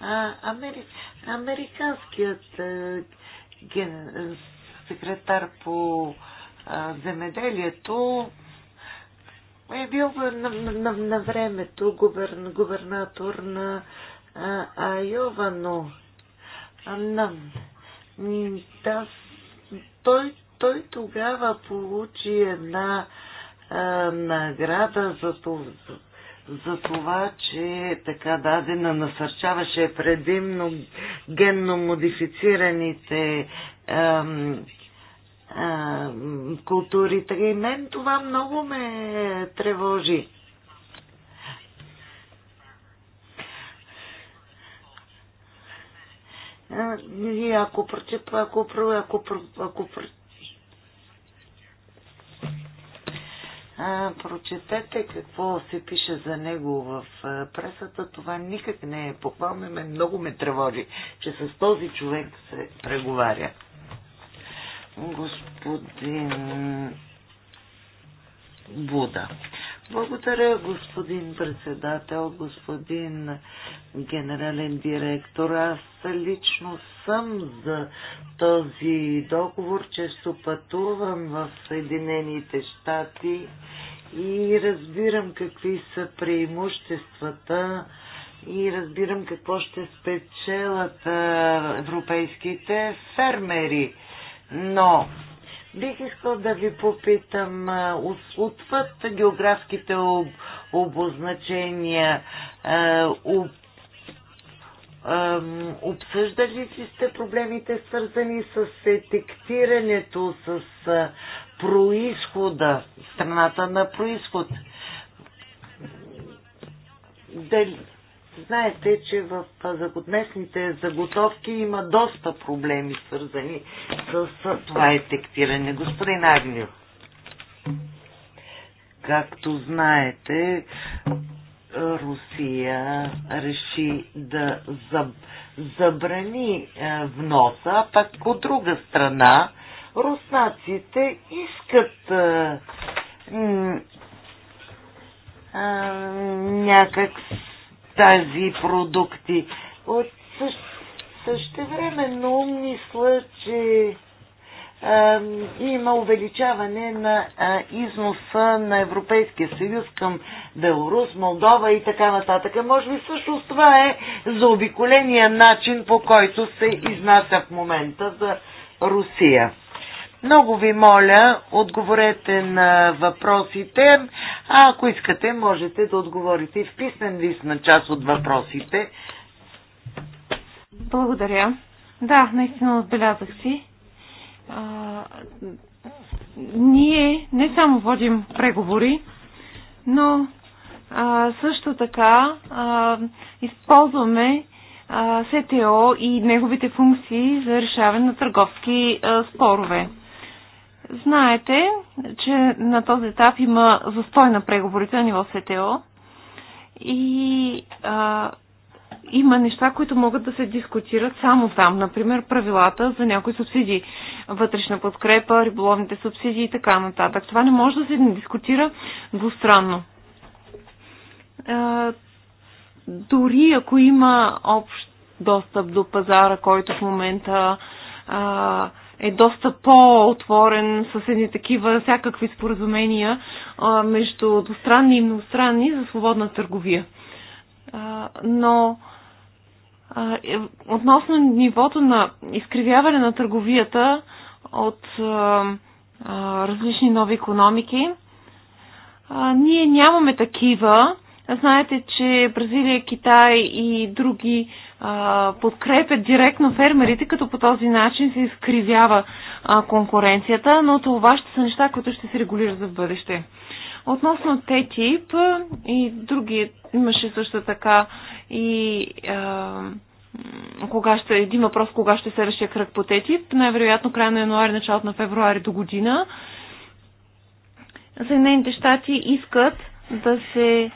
а, амери, американският а, ген, секретар по а, земеделието е бил на, на, на времето губерн, губернатор на а, Айова, но а, на, да, той, той тогава получи една а, награда за това, за това, че така дадена насърчаваше предимно генно модифицираните ам, културите. И мен това много ме тревожи. И ако, ако, ако, ако прочетете какво се пише за него в пресата, това никак не е похвално и много ме тревожи, че с този човек се преговаря господин Буда. Благодаря, господин председател, господин генерален директор. Аз лично съм за този договор, се пътувам в Съединените щати и разбирам какви са преимуществата и разбирам какво ще спечелят европейските фермери но бих искал да ви попитам, отвъд географските об, обозначения, об, обсъждали ли сте проблемите свързани с етиктирането, с происхода, страната на происход? Дали, Знаете, че в заготнесните заготовки има доста проблеми, свързани с това етектиране. Господин Агнил, както знаете, Русия реши да забрани е, вноса, а пък от друга страна руснаците искат е, е, някак тези продукти. От също, същевременно мисля, че а, има увеличаване на а, износа на Европейския съюз към Беларус, Молдова и така нататък. Може би всъщност това е обиколения начин, по който се изнася в момента за Русия. Много ви моля, отговорете на въпросите, а ако искате, можете да отговорите и в писмен лист на част от въпросите. Благодаря. Да, наистина отбелязах си. А, ние не само водим преговори, но а, също така а, използваме СТО и неговите функции за решаване на търговски спорове. Знаете, че на този етап има застой на преговорите на ниво СТО и а, има неща, които могат да се дискутират само там. Например, правилата за някои субсидии, вътрешна подкрепа, риболовните субсидии и така нататък. Това не може да се дискутира двустранно. А, дори ако има общ достъп до пазара, който в момента а, е доста по-отворен с едни такива всякакви споразумения а, между двустранни и многостранни за свободна търговия. А, но а, е, относно нивото на изкривяване на търговията от а, а, различни нови економики, а, ние нямаме такива. Знаете, че Бразилия, Китай и други а, подкрепят директно фермерите, като по този начин се изкривява конкуренцията, но това ще са неща, които ще се регулират за бъдеще. Относно ТТИП и други, имаше също така и а, кога ще, един въпрос, кога ще се реши кръг по ТТИП, най-вероятно края на януари, началото на февруари до година. Съединените щати искат да се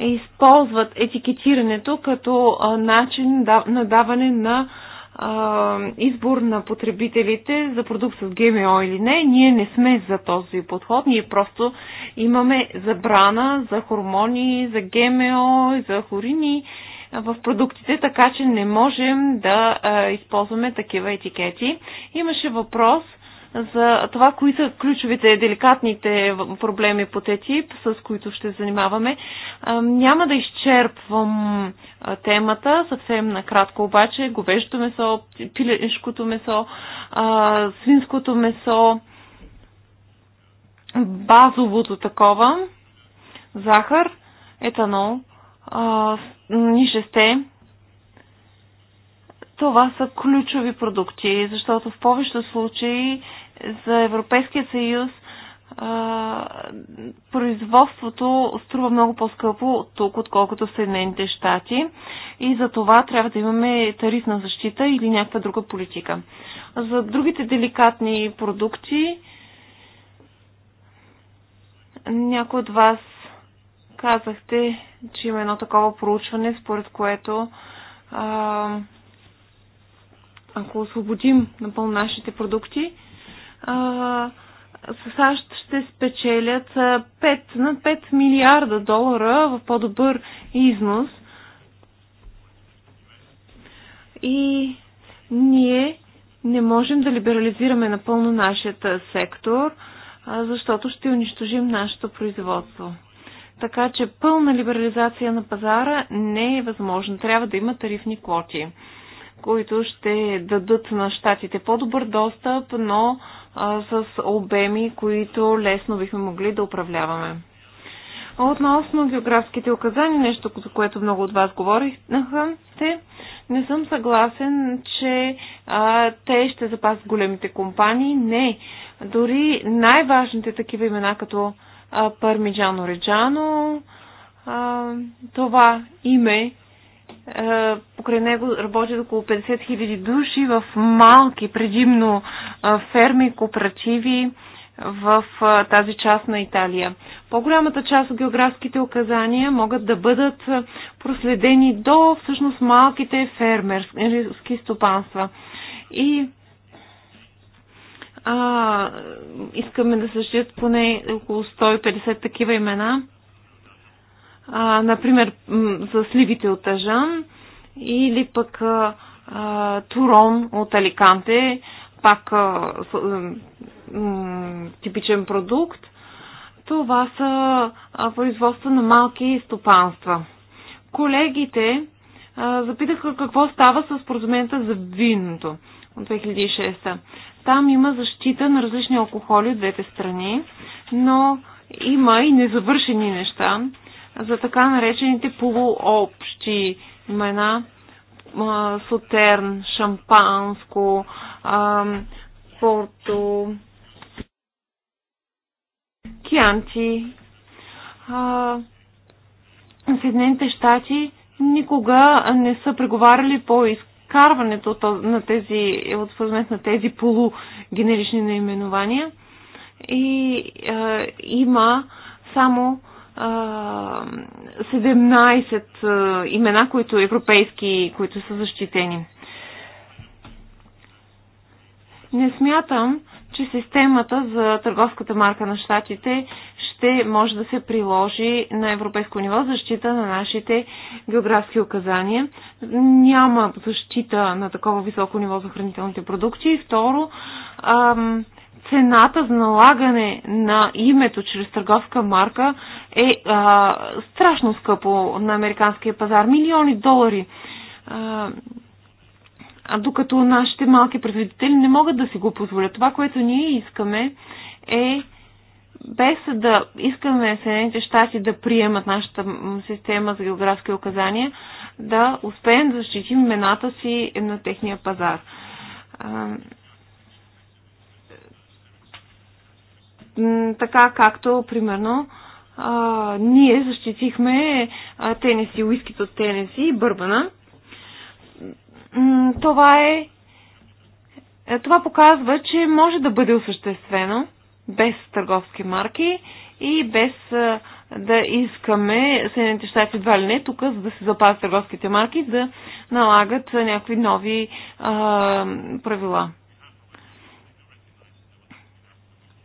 използват етикетирането като начин на даване на избор на потребителите за продукт с ГМО или не. Ние не сме за този подход. Ние просто имаме забрана за хормони, за ГМО и за хорини в продуктите, така че не можем да използваме такива етикети. Имаше въпрос за това, кои са ключовите, деликатните проблеми по ТТИП, с които ще занимаваме. Няма да изчерпвам темата, съвсем накратко обаче, говеждото месо, пилешкото месо, свинското месо, базовото такова, захар, етанол, нишесте, това са ключови продукти, защото в повечето случаи за Европейския съюз а, производството струва много по-скъпо тук, отколкото в Съединените щати и за това трябва да имаме тарифна защита или някаква друга политика. За другите деликатни продукти, някой от вас казахте, че има едно такова проучване, според което а, ако освободим напълно нашите продукти, а, САЩ ще спечелят 5, над 5 милиарда долара в по-добър износ. И ние не можем да либерализираме напълно нашият сектор, защото ще унищожим нашето производство. Така че пълна либерализация на пазара не е възможно. Трябва да има тарифни квоти които ще дадат на щатите по-добър достъп, но а, с обеми, които лесно бихме могли да управляваме. Относно географските указания, нещо, за което много от вас говорихте, не съм съгласен, че а, те ще запазят големите компании. Не. Дори най-важните такива имена, като Пармиджано Реджано, това име е, покрай него работят около 50 хиляди души в малки, предимно е, ферми кооперативи в е, тази част на Италия. По-голямата част от географските указания могат да бъдат проследени до всъщност малките фермерски стопанства. И а, искаме да съществуват поне около 150 такива имена – а, например, за сливите от Ажан или пък а, а, Турон от Аликанте, пак а, с, а, типичен продукт. Това са производства на малки стопанства. Колегите а, запитаха какво става с прозумента за виното от 2006. Там има защита на различни алкохоли от двете страни, но има и незавършени неща за така наречените полуобщи имена Сотерн, Шампанско, Порто, Кианти. Съединените щати никога не са преговаряли по изкарването на тези, от на тези полугенерични наименования. И а, има само 17 имена, които европейски, които са защитени. Не смятам, че системата за търговската марка на щатите ще може да се приложи на европейско ниво защита на нашите географски указания. Няма защита на такова високо ниво за хранителните продукти. И второ, ам, цената за налагане на името чрез търговска марка е а, страшно скъпо на американския пазар. Милиони долари. А, а докато нашите малки производители не могат да си го позволят. Това, което ние искаме е без да искаме Съединените щати да приемат нашата система за географски указания, да успеем да защитим имената си на техния пазар. така както, примерно, а, ние защитихме а, Тенеси, уискито от Тенеси и Бърбана. Това е, е това показва, че може да бъде осъществено без търговски марки и без да искаме Съединените щати едва ли не тук, за да се запазят търговските марки, да налагат някакви нови а, правила.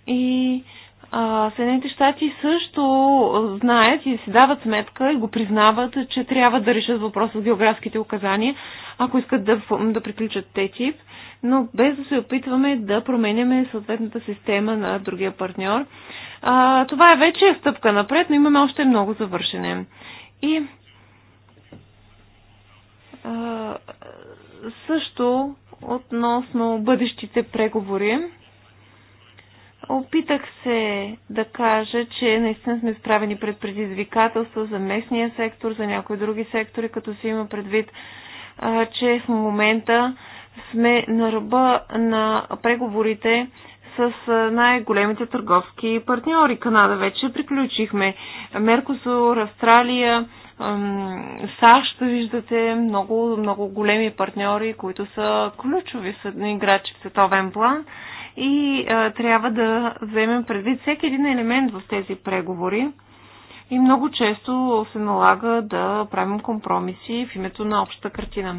И а, Съединените щати също знаят и си дават сметка и го признават, че трябва да решат въпроса с географските указания, ако искат да, да приключат ТТИП, но без да се опитваме да променяме съответната система на другия партньор. А, това е вече стъпка напред, но имаме още много завършене. И а, също относно бъдещите преговори, Опитах се да кажа, че наистина сме справени пред предизвикателства за местния сектор, за някои други сектори, като се има предвид, че в момента сме на ръба на преговорите с най-големите търговски партньори. Канада вече приключихме. Меркосур, Австралия, САЩ, виждате, много, много големи партньори, които са ключови играчи в световен план и а, трябва да вземем предвид всеки един елемент в тези преговори. И много често се налага да правим компромиси в името на общата картина.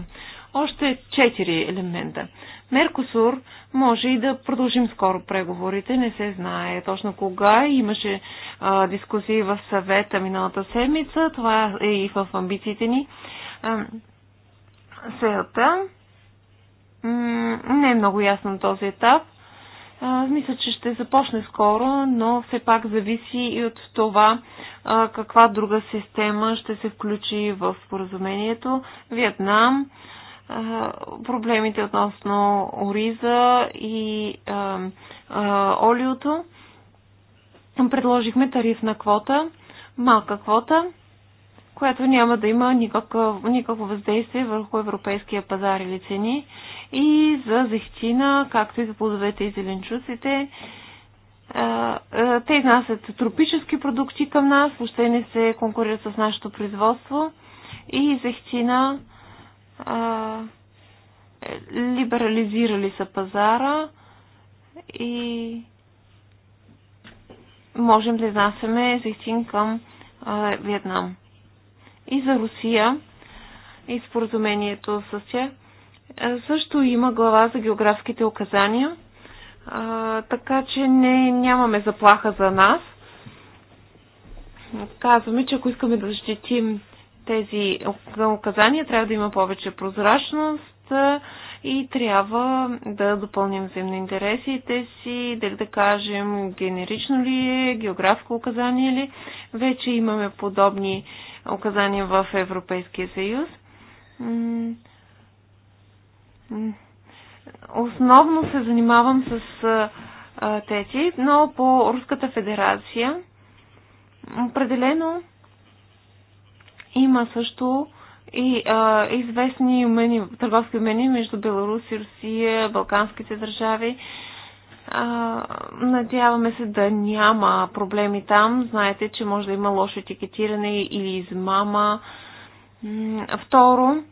Още четири елемента. Меркосур може и да продължим скоро преговорите, не се знае точно кога. Имаше а, дискусии в съвета миналата седмица, това е и в амбициите ни. А, М- не е много ясно на този етап. А, мисля, че ще започне скоро, но все пак зависи и от това а, каква друга система ще се включи в споразумението. Виетнам, а, проблемите относно ориза и а, а, олиото. Предложихме тарифна квота, малка квота, която няма да има никакво, никакво въздействие върху европейския пазар или цени и за зехтина, както и за плодовете и зеленчуците. Те изнасят тропически продукти към нас, въобще не се конкурират с нашето производство. И зехтина либерализирали са пазара и можем да изнасяме зехтин към Виетнам. И за Русия и споразумението с тях е, също има глава за географските указания, а, така че не, нямаме заплаха за нас. Казваме, че ако искаме да защитим тези указания, трябва да има повече прозрачност е, и трябва да допълним взаимно интересите си, дали да кажем генерично ли е, географско указание ли. Вече имаме подобни указания в Европейския съюз основно се занимавам с а, тети, но по Руската федерация определено има също и а, известни умени, търговски умени между Беларус и Русия, Балканските държави. А, надяваме се да няма проблеми там. Знаете, че може да има лошо етикетиране или измама. Второ,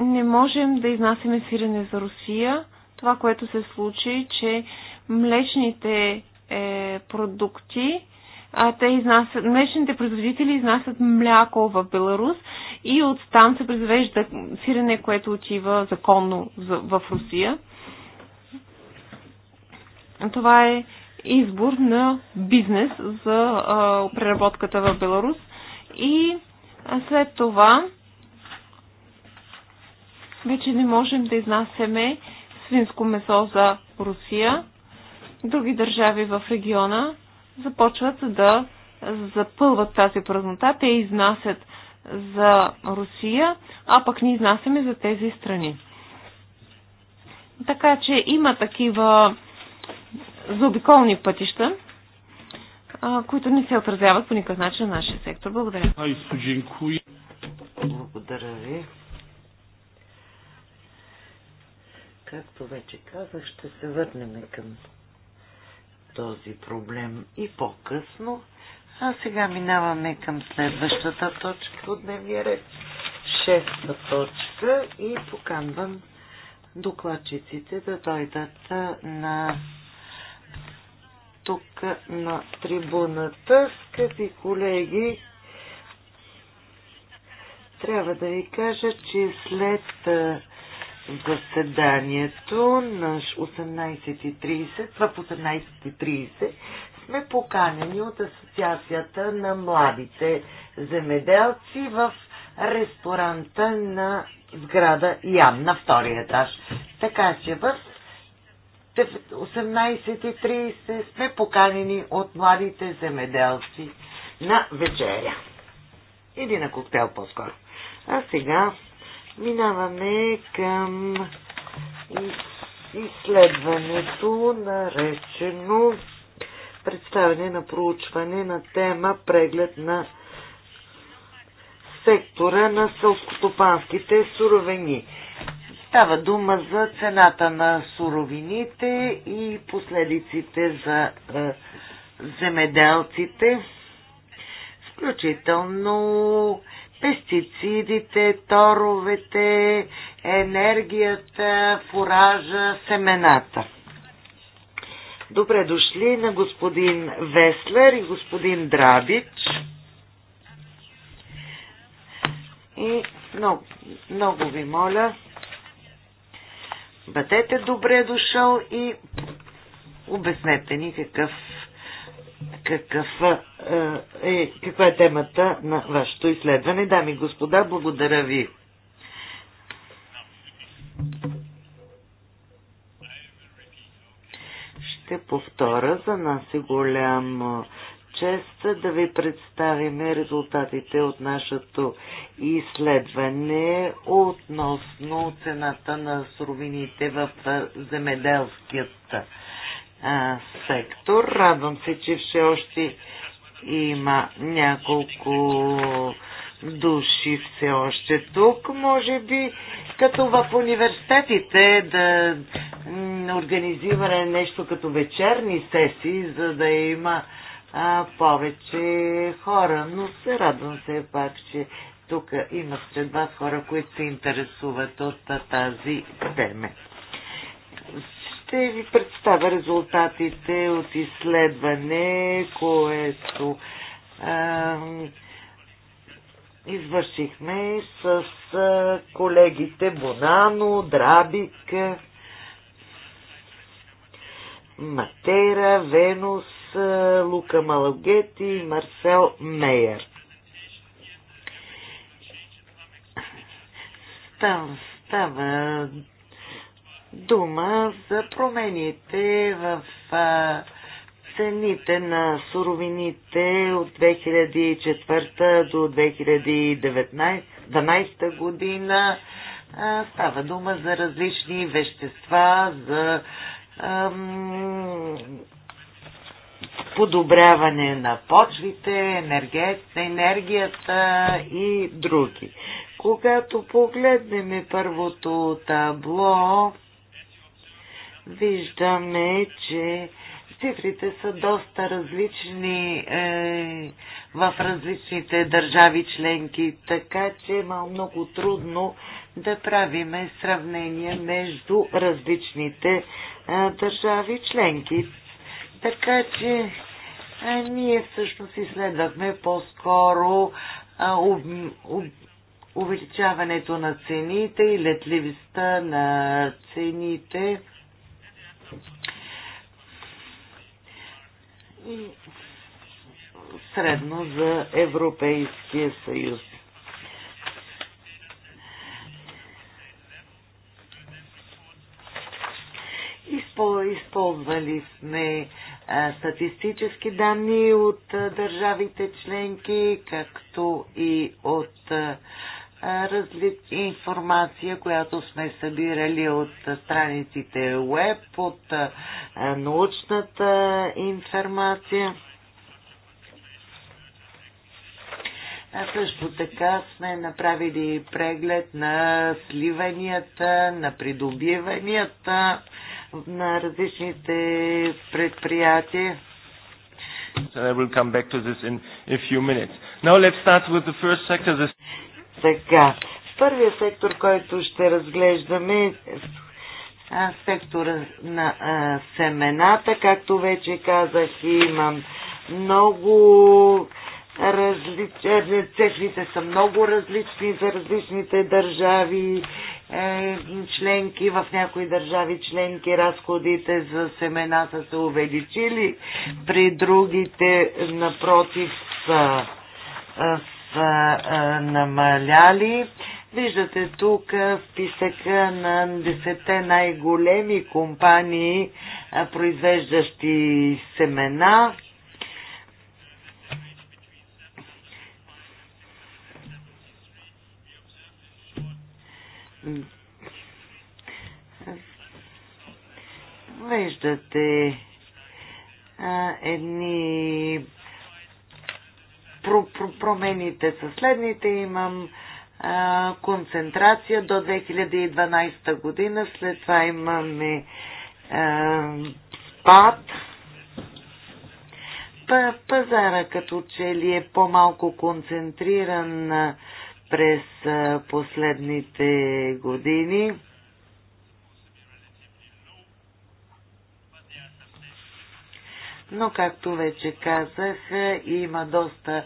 не можем да изнасяме сирене за Русия. Това, което се случи, че млечните е, продукти, а те изнасят, млечните производители изнасят мляко в Беларус и оттам се произвежда сирене, което отива законно в Русия. Това е избор на бизнес за а, преработката в Беларус. И след това вече не можем да изнасяме свинско месо за Русия. Други държави в региона започват да запълват тази празнота. Те изнасят за Русия, а пък ни изнасяме за тези страни. Така че има такива заобиколни пътища, които не се отразяват по никакъв начин на нашия сектор. Благодаря. Благодаря ви. Както вече казах, ще се върнем към този проблем и по-късно. А сега минаваме към следващата точка от дневния ред. Шеста точка и поканвам докладчиците да дойдат на тук на трибуната. Скъпи колеги, трябва да ви кажа, че след заседанието на 18.30, в 18.30 сме поканени от Асоциацията на младите земеделци в ресторанта на сграда Ям на втория етаж. Така че в 18.30 сме поканени от младите земеделци на вечеря. Или на е коктейл по-скоро. А сега Минаваме към изследването, наречено представяне на проучване на тема преглед на сектора на селскостопанските суровини. Става дума за цената на суровините и последиците за е, земеделците, включително пестицидите, торовете, енергията, фуража, семената. Добре дошли на господин Веслер и господин Драбич. И много, много ви моля, бъдете добре дошъл и обяснете ни какъв какъв е, е, каква е темата на вашето изследване. Дами и господа, благодаря ви. Ще повторя, за нас е голям чест да ви представим резултатите от нашето изследване относно цената на суровините в земеделският а, сектор. Радвам се, че все още има няколко души все още тук. Може би като в университетите да организираме нещо като вечерни сесии, за да има а, повече хора. Но се радвам се пак, че тук има сред вас хора, които се интересуват от тази теме. Ще ви представя резултатите от изследване, което а, извършихме с а, колегите Бонано, Драбик, Матера, Венус, Лука Малагети и Марсел Мейер. Там, става дума за промените в а, цените на суровините от 2004 до 2012 година. А, става дума за различни вещества, за ам, подобряване на почвите, енергията, енергията и други. Когато погледнем първото табло, виждаме, че цифрите са доста различни е, в различните държави членки, така че е много трудно да правиме сравнение между различните е, държави членки. Така че е, ние всъщност изследвахме по-скоро е, об, об, увеличаването на цените и летливостта на цените средно за Европейския съюз. Използвали сме статистически данни от държавите членки, както и от разли... информация, която сме събирали от страниците Web, от научната информация. А също така сме направили преглед на сливанията, на придобиванията на различните предприятия. So I will come back to this in a few minutes. Now let's start with the first sector. This така, първият сектор, който ще разглеждаме е сектора на а, семената. Както вече казах, имам много различни, е, цехните са много различни за различните държави е, членки. В някои държави членки разходите за семената са увеличили, при другите напротив са намаляли. Виждате тук писъка на 10 най-големи компании, произвеждащи семена. Виждате а, едни про, про, промените са следните. Имам а, концентрация до 2012 година, след това имаме спад. Пазара като че ли е по-малко концентриран през последните години но както вече казах, е, има доста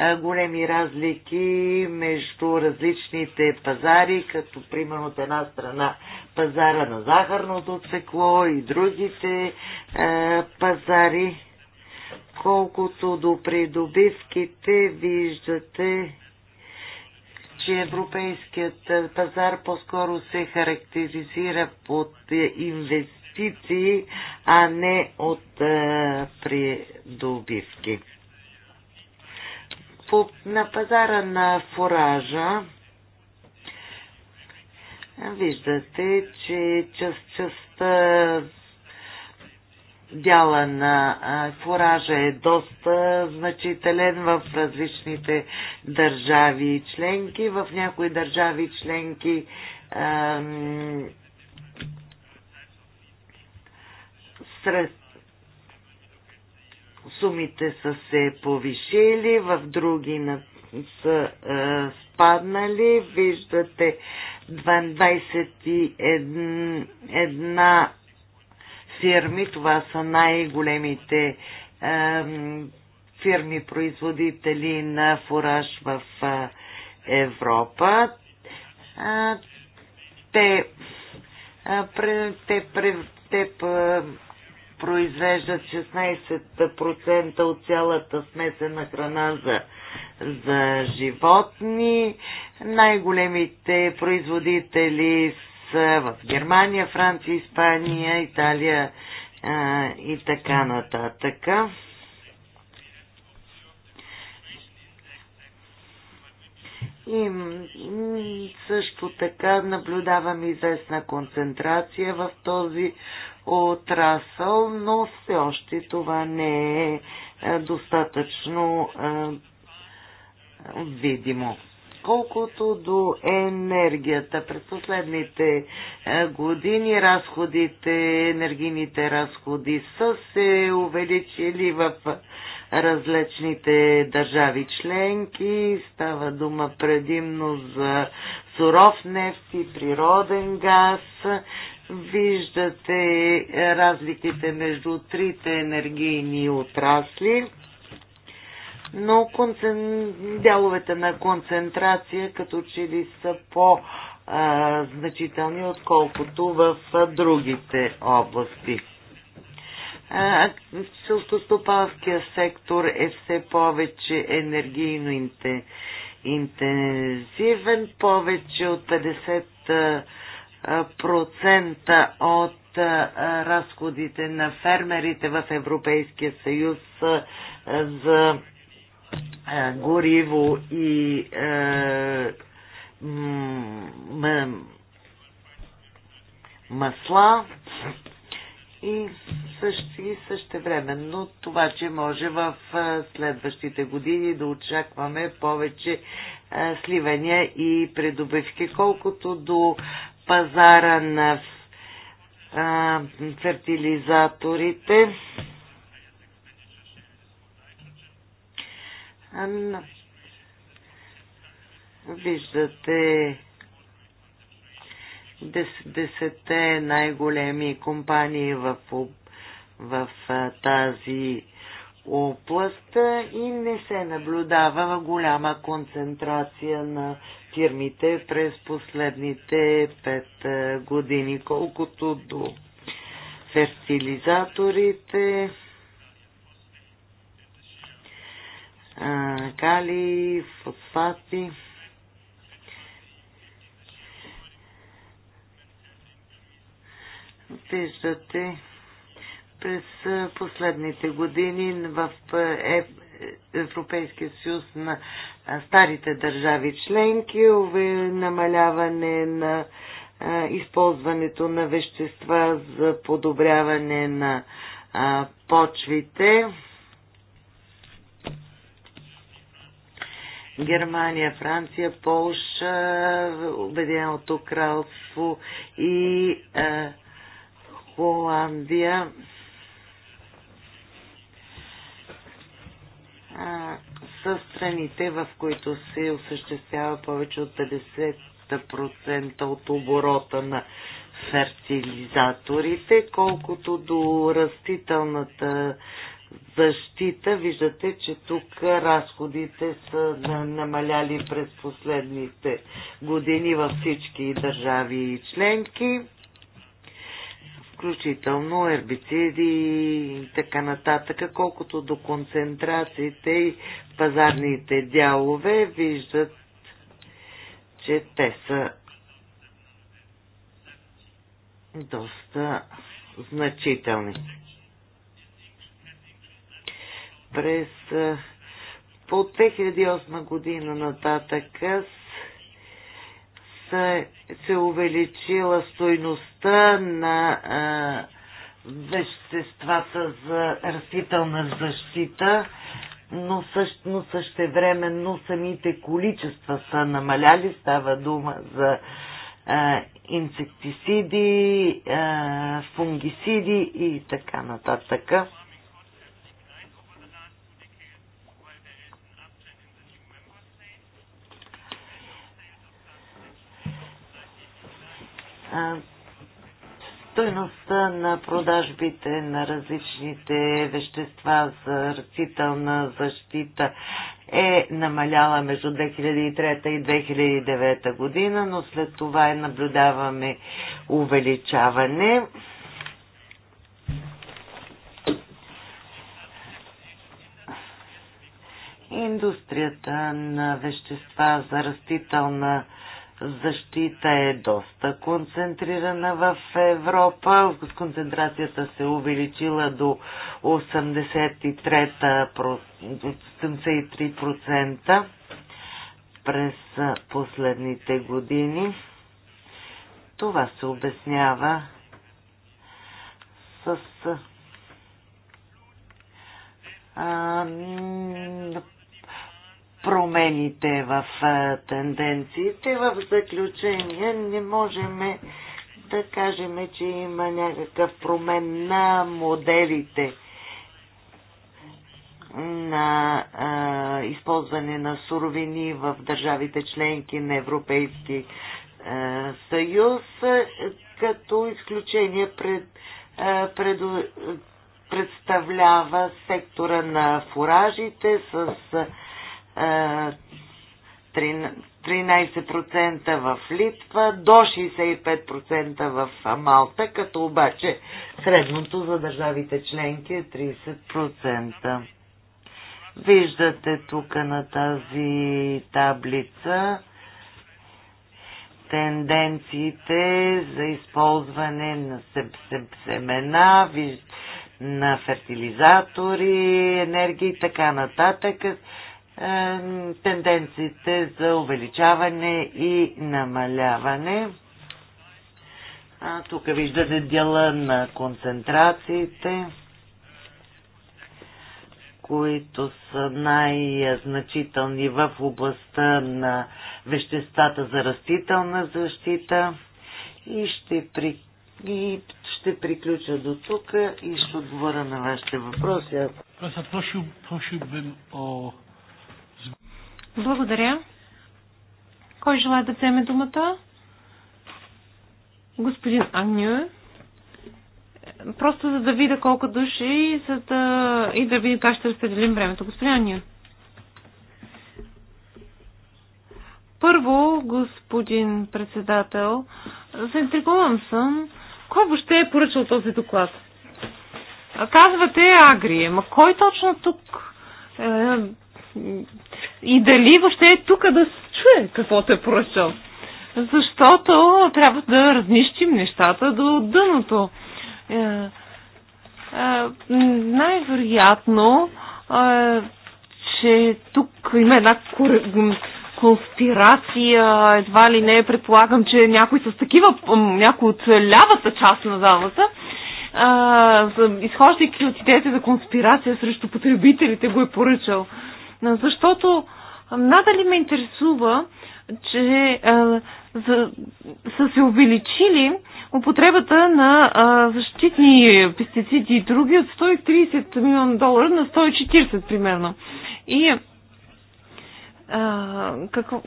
е, големи разлики между различните пазари, като примерно от една страна пазара на захарното цекло и другите е, пазари. Колкото до придобивките, виждате, че европейският пазар по-скоро се характеризира под инвестиции инвестиции, а не от а, е, придобивки. По, на пазара на фуража виждате, че част, част е, дяла на е, фуража е доста значителен в различните държави и членки. В някои държави членки средства сумите са се повишили, в други на, са е, спаднали. Виждате 21 фирми, това са най-големите е, фирми-производители на фураж в е, Европа. Е, те, те, те, те произвеждат 16% от цялата смесена храна за, за животни. Най-големите производители са в Германия, Франция, Испания, Италия а, и така нататък. И също така наблюдавам известна концентрация в този отрасъл, но все още това не е, е достатъчно е, видимо. Колкото до енергията, през последните е, години разходите, енергийните разходи са се увеличили в различните държави членки. Става дума предимно за суров нефт и природен газ. Виждате разликите между трите енергийни отрасли, но концен... дяловете на концентрация като че ли са по- значителни, отколкото в другите области. Селтостопанския сектор е все повече енергийно интензивен, повече от 50 процента от разходите на фермерите в Европейския съюз за гориво и масла и също, и също време. Но това, че може в следващите години да очакваме повече сливания и предобивки, колкото до пазара на а, фертилизаторите. Виждате 10 най-големи компании в, в тази област и не се наблюдава голяма концентрация на фирмите през последните 5 е, години. Колкото до фертилизаторите, е, кали, фосфати, виждате през последните години в е, Европейския съюз на старите държави членки, намаляване на използването на вещества за подобряване на почвите. Германия, Франция, Полша, Обединеното кралство и е, Холандия са страните, в които се осъществява повече от 50% от оборота на фертилизаторите, колкото до растителната защита. Виждате, че тук разходите са намаляли през последните години във всички държави и членки включително ербициди и така нататък, колкото до концентрациите и пазарните дялове виждат, че те са доста значителни. През по 2008 година нататък се увеличила стойността на а, веществата за растителна защита, но, също, но същевременно самите количества са намаляли. Става дума за а, инсектициди, а, фунгициди и така нататък. стойността на продажбите на различните вещества за растителна защита е намаляла между 2003 и 2009 година, но след това и наблюдаваме увеличаване. Индустрията на вещества за растителна защита защита е доста концентрирана в Европа. Концентрацията се увеличила до 83% през последните години. Това се обяснява с а, промените в тенденциите. В заключение не можем да кажем, че има някакъв промен на моделите на а, използване на суровини в държавите членки на Европейски а, съюз, като изключение пред, а, пред, представлява сектора на фуражите с а, 13% в Литва, до 65% в Малта, като обаче средното за държавите членки е 30%. Виждате тук на тази таблица тенденциите за използване на семена, на фертилизатори, енергия и така нататък тенденциите за увеличаване и намаляване. тук виждате дела на концентрациите, които са най-значителни в областта на веществата за растителна защита. И ще, при... и ще приключа до тук и ще отговоря на вашите въпроси. прошу, прошу бим о благодаря. Кой желая да вземе думата? Господин Агню. Просто за да видя колко души за да... и да видя как ще разпределим времето. Господин Агню. Първо, господин председател, заинтригуван съм. Кой въобще е поръчал този доклад? Казвате Агрие. Ма кой точно тук? Е, и дали въобще е тук да се чуе каквото е поръчал. Защото трябва да разнищим нещата до дъното. Е, е, най-вероятно, е, че тук има една конспирация, едва ли не, предполагам, че някой с такива, някой от лявата част на залата, е, изхождайки от идеята за конспирация срещу потребителите, го е поръчал защото надали ме интересува, че а, е, за, са се увеличили употребата на а, защитни пестициди и други от 130 милиона долара на 140 примерно. И е, а, какво,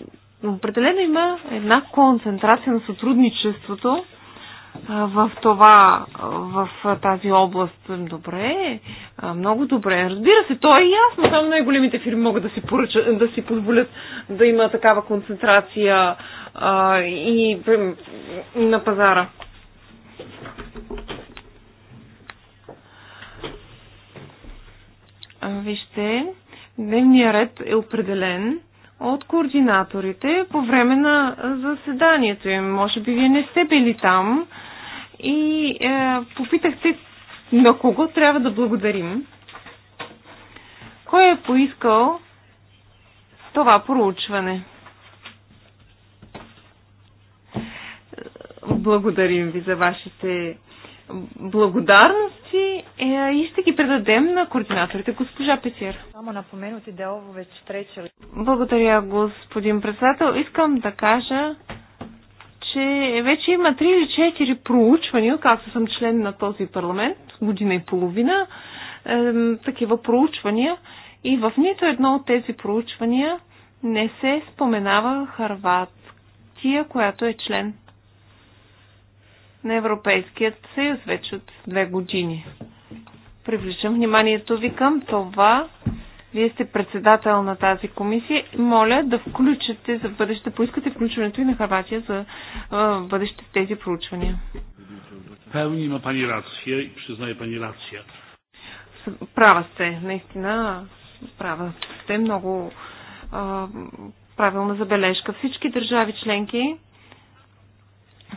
определено има една концентрация на сътрудничеството в това, в тази област. Добре, много добре. Разбира се, то е ясно. Само най-големите фирми могат да си, поръча, да си позволят да има такава концентрация а, и на пазара. Вижте, дневният ред е определен от координаторите по време на заседанието им. Може би вие не сте били там и е, попитахте на кого трябва да благодарим. Кой е поискал това проучване? Благодарим ви за вашите благодарности е, и ще ги предадем на координаторите. Госпожа Петер. Само напоменути делово вече трече. Благодаря, господин председател. Искам да кажа, че вече има 3 или 4 проучвания, както съм член на този парламент, година и половина, е, такива проучвания. И в нито едно от тези проучвания не се споменава Харватия, която е член на Европейският съюз вече от две години. Привличам вниманието ви към това. Вие сте председател на тази комисия. Моля да включите за бъдеще, поискате включването и на Харватия за а, бъдеще в тези проучвания. Пълни има пани рация и признае пани рация. Права сте, наистина. Права сте много а, правилна забележка. Всички държави членки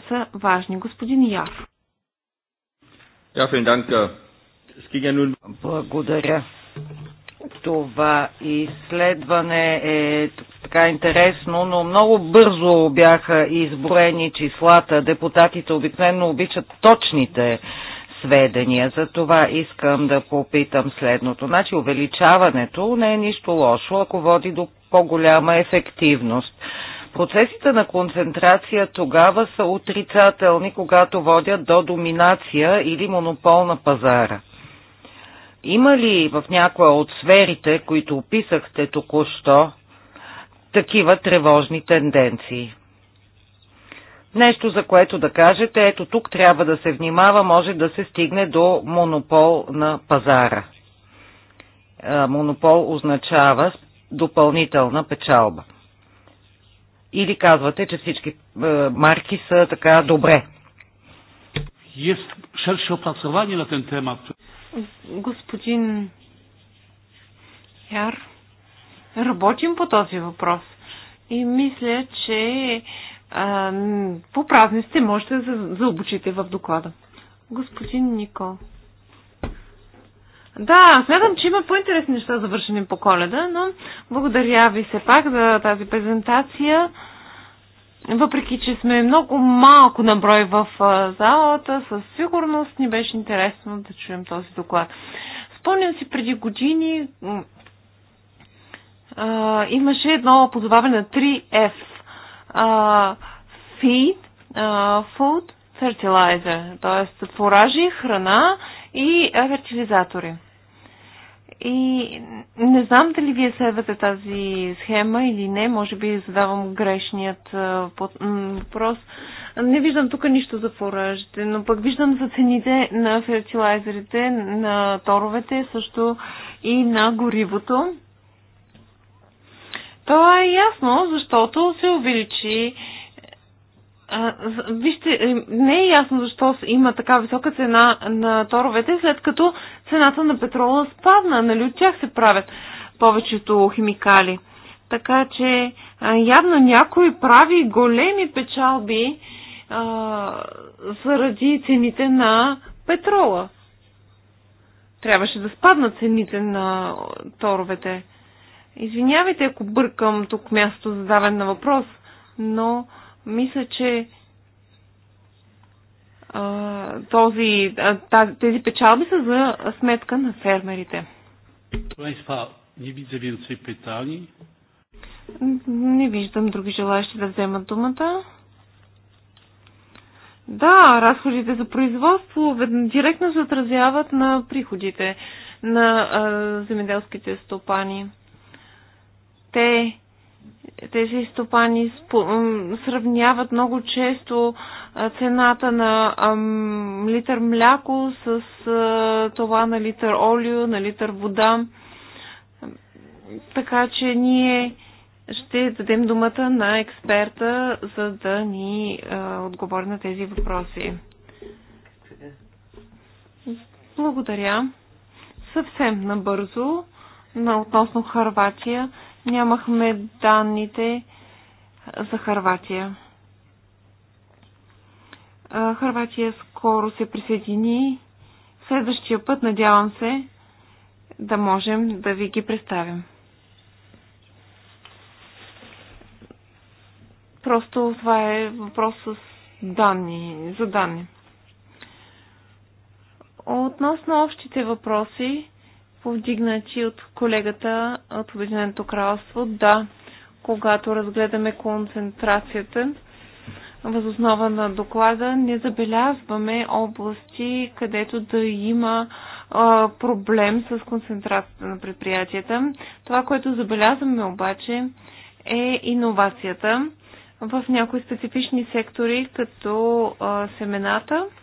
са важни. Господин Яр. Äh, Благодаря. Това изследване е така интересно, но много бързо бяха изброени числата. Депутатите обикновено обичат точните сведения. За това искам да попитам следното. Значи увеличаването не е нищо лошо, ако води до по-голяма ефективност. Процесите на концентрация тогава са отрицателни, когато водят до доминация или монопол на пазара. Има ли в някоя от сферите, които описахте току-що, такива тревожни тенденции? Нещо, за което да кажете, ето тук трябва да се внимава, може да се стигне до монопол на пазара. Монопол означава допълнителна печалба или казвате, че всички е, марки са така добре? Господин Яр, работим по този въпрос и мисля, че по празниците можете да заобучите в доклада. Господин Никол. Да, смятам, че има по-интересни неща завършени по коледа, но благодаря ви все пак за тази презентация. Въпреки, че сме много малко наброй в залата, със сигурност ни беше интересно да чуем този доклад. Спомням си преди години а, имаше едно позоваване на 3F. А, feed, а, food, fertilizer, т.е. фуражи, храна и фертилизатори. И не знам дали вие следвате тази схема или не, може би задавам грешният въпрос. Не виждам тук нищо за фуражите, но пък виждам за цените на фертилайзерите, на торовете, също и на горивото. Това е ясно, защото се увеличи вижте, е, не е ясно защо има така висока цена на торовете, след като цената на петрола спадна. Нали от тях се правят повечето химикали. Така че явно някой прави големи печалби а, заради цените на петрола. Трябваше да спаднат цените на торовете. Извинявайте, ако бъркам тук място за даден на въпрос, но мисля, че този, тези печалби са за сметка на фермерите. Не виждам други желаящи да вземат думата. Да, разходите за производство директно се отразяват на приходите на а, земеделските стопани. Те тези стопани сравняват много често цената на литър мляко с това на литър олио, на литър вода. Така че ние ще дадем думата на експерта, за да ни а, отговори на тези въпроси. Благодаря. Съвсем набързо на относно Харватия нямахме данните за Харватия. Харватия скоро се присъедини. Следващия път, надявам се, да можем да ви ги представим. Просто това е въпрос с данни, за данни. Относно общите въпроси, повдигнати от колегата от Обединеното кралство. Да, когато разгледаме концентрацията, възоснова на доклада не забелязваме области, където да има а, проблем с концентрацията на предприятията. Това, което забелязваме обаче е иновацията в някои специфични сектори, като а, семената –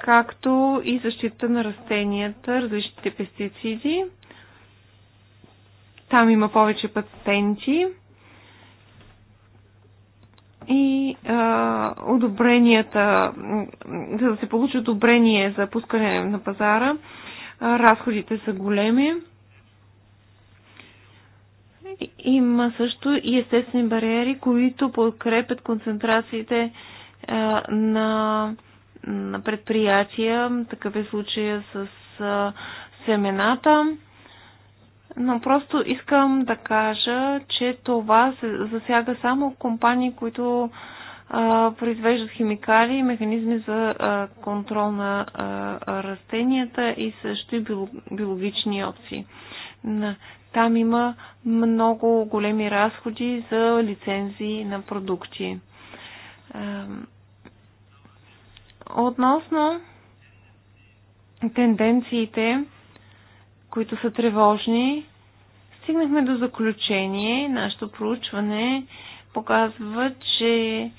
както и защита на растенията, различните пестициди. Там има повече патенти и а, одобренията, за да се получи одобрение за пускане на пазара, а, разходите са големи. Има също и естествени бариери, които подкрепят концентрациите а, на на предприятия. Такъв е случая с семената. Но просто искам да кажа, че това се засяга само компании, които а, произвеждат химикали и механизми за а, контрол на а, растенията и също и биологични опции. Там има много големи разходи за лицензии на продукти. Относно тенденциите, които са тревожни, стигнахме до заключение. Нашето проучване показва, че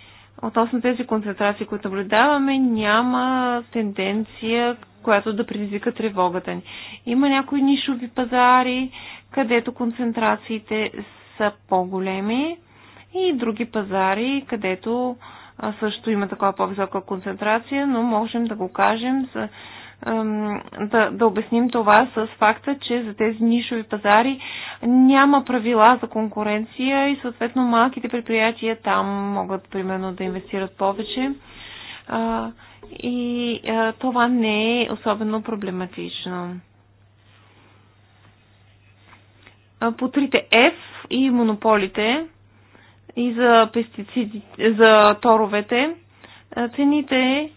относно тези концентрации, които наблюдаваме, няма тенденция, която да предизвика тревогата ни. Има някои нишови пазари, където концентрациите са по-големи и други пазари, където а също има такава по-висока концентрация, но можем да го кажем, за, да, да обясним това с факта, че за тези нишови пазари няма правила за конкуренция и съответно малките предприятия там могат примерно да инвестират повече. И е, това не е особено проблематично. По трите F и монополите и за пестициди, за торовете. Цените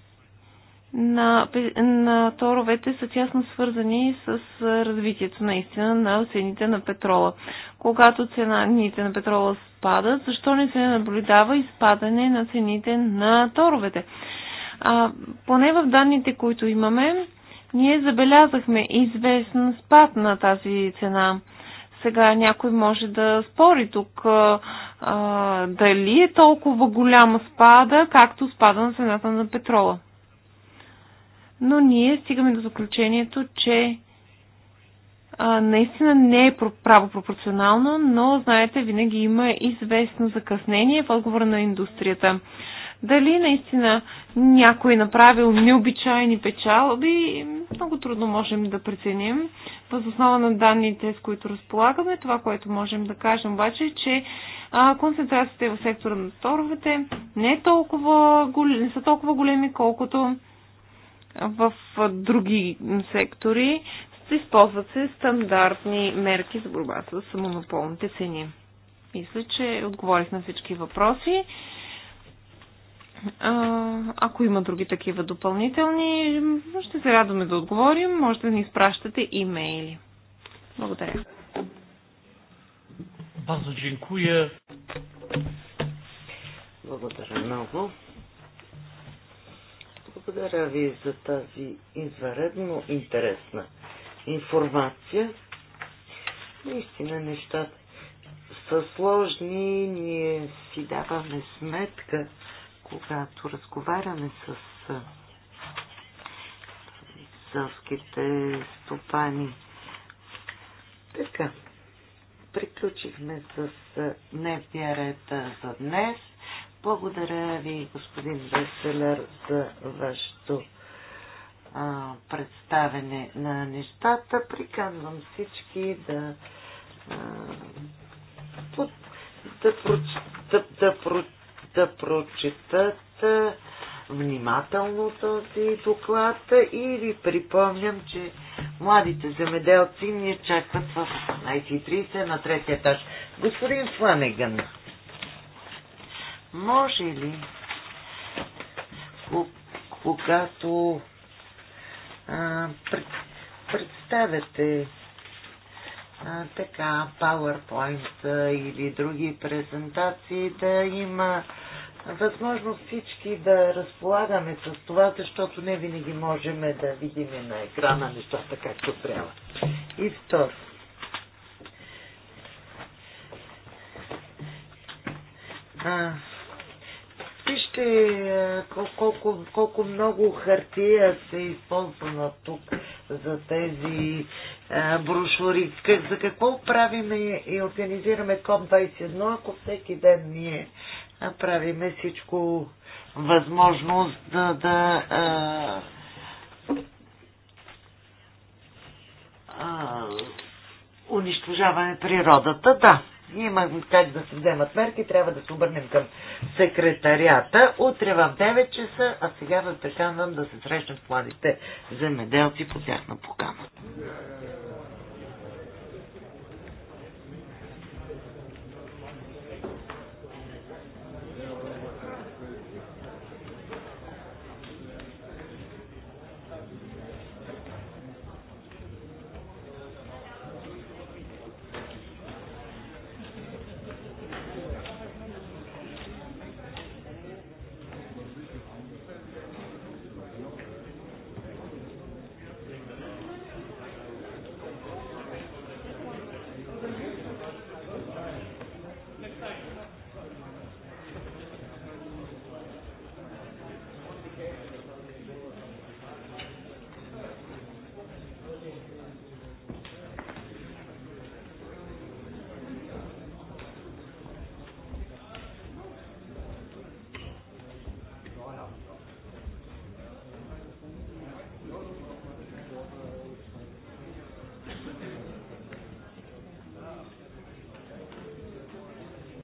на, на торовете са тясно свързани с развитието наистина на цените на петрола. Когато цените на петрола спадат, защо не се наблюдава изпадане на цените на торовете? А, поне в данните, които имаме, ние забелязахме известен спад на тази цена. Сега някой може да спори тук а, а, дали е толкова голяма спада, както спада на цената на петрола. Но ние стигаме до заключението, че а, наистина не е право пропорционално, но знаете, винаги има известно закъснение в отговора на индустрията. Дали наистина някой направил необичайни печалби, много трудно можем да преценим. Въз основа на данните, с които разполагаме, това, което можем да кажем обаче е, че а, концентрацията е в сектора на торовете не, е толкова, не са толкова големи, колкото в други сектори. Използват се стандартни мерки за борба с самонополните цени. Мисля, че отговорих на всички въпроси. Ако има други такива допълнителни, ще се радваме да отговорим. Може да ни изпращате имейли. Благодаря. Базо dziękuję. Благодаря много. Благодаря ви за тази извънредно интересна информация. Наистина нещата са сложни, ние си даваме сметка когато разговаряме с селските стопани. Така, приключихме с дневния ред за днес. Благодаря ви, господин Веселер, за вашето а, представене на нещата. Приказвам всички да, а, да, да, да, проч, да прочитат внимателно този доклад и ви припомням, че младите земеделци ни чакат в 18.30 на третия етаж. Господин Фланеган, може ли, когато а, пред, представяте а, така PowerPoint а, или други презентации, да има възможност всички да разполагаме с това, защото не винаги можем да видим на екрана нещата както трябва. И второ. А, вижте колко, колко много хартия се използва тук за тези брошури. За какво правиме и организираме КОП-21, ако всеки ден ние правиме всичко възможност да, да а, а, унищожаваме природата. Да, има как да се вземат мерки, трябва да се обърнем към секретарията. Утре в 9 часа, а сега ви приканвам да се срещнат младите земеделци по тяхна покана.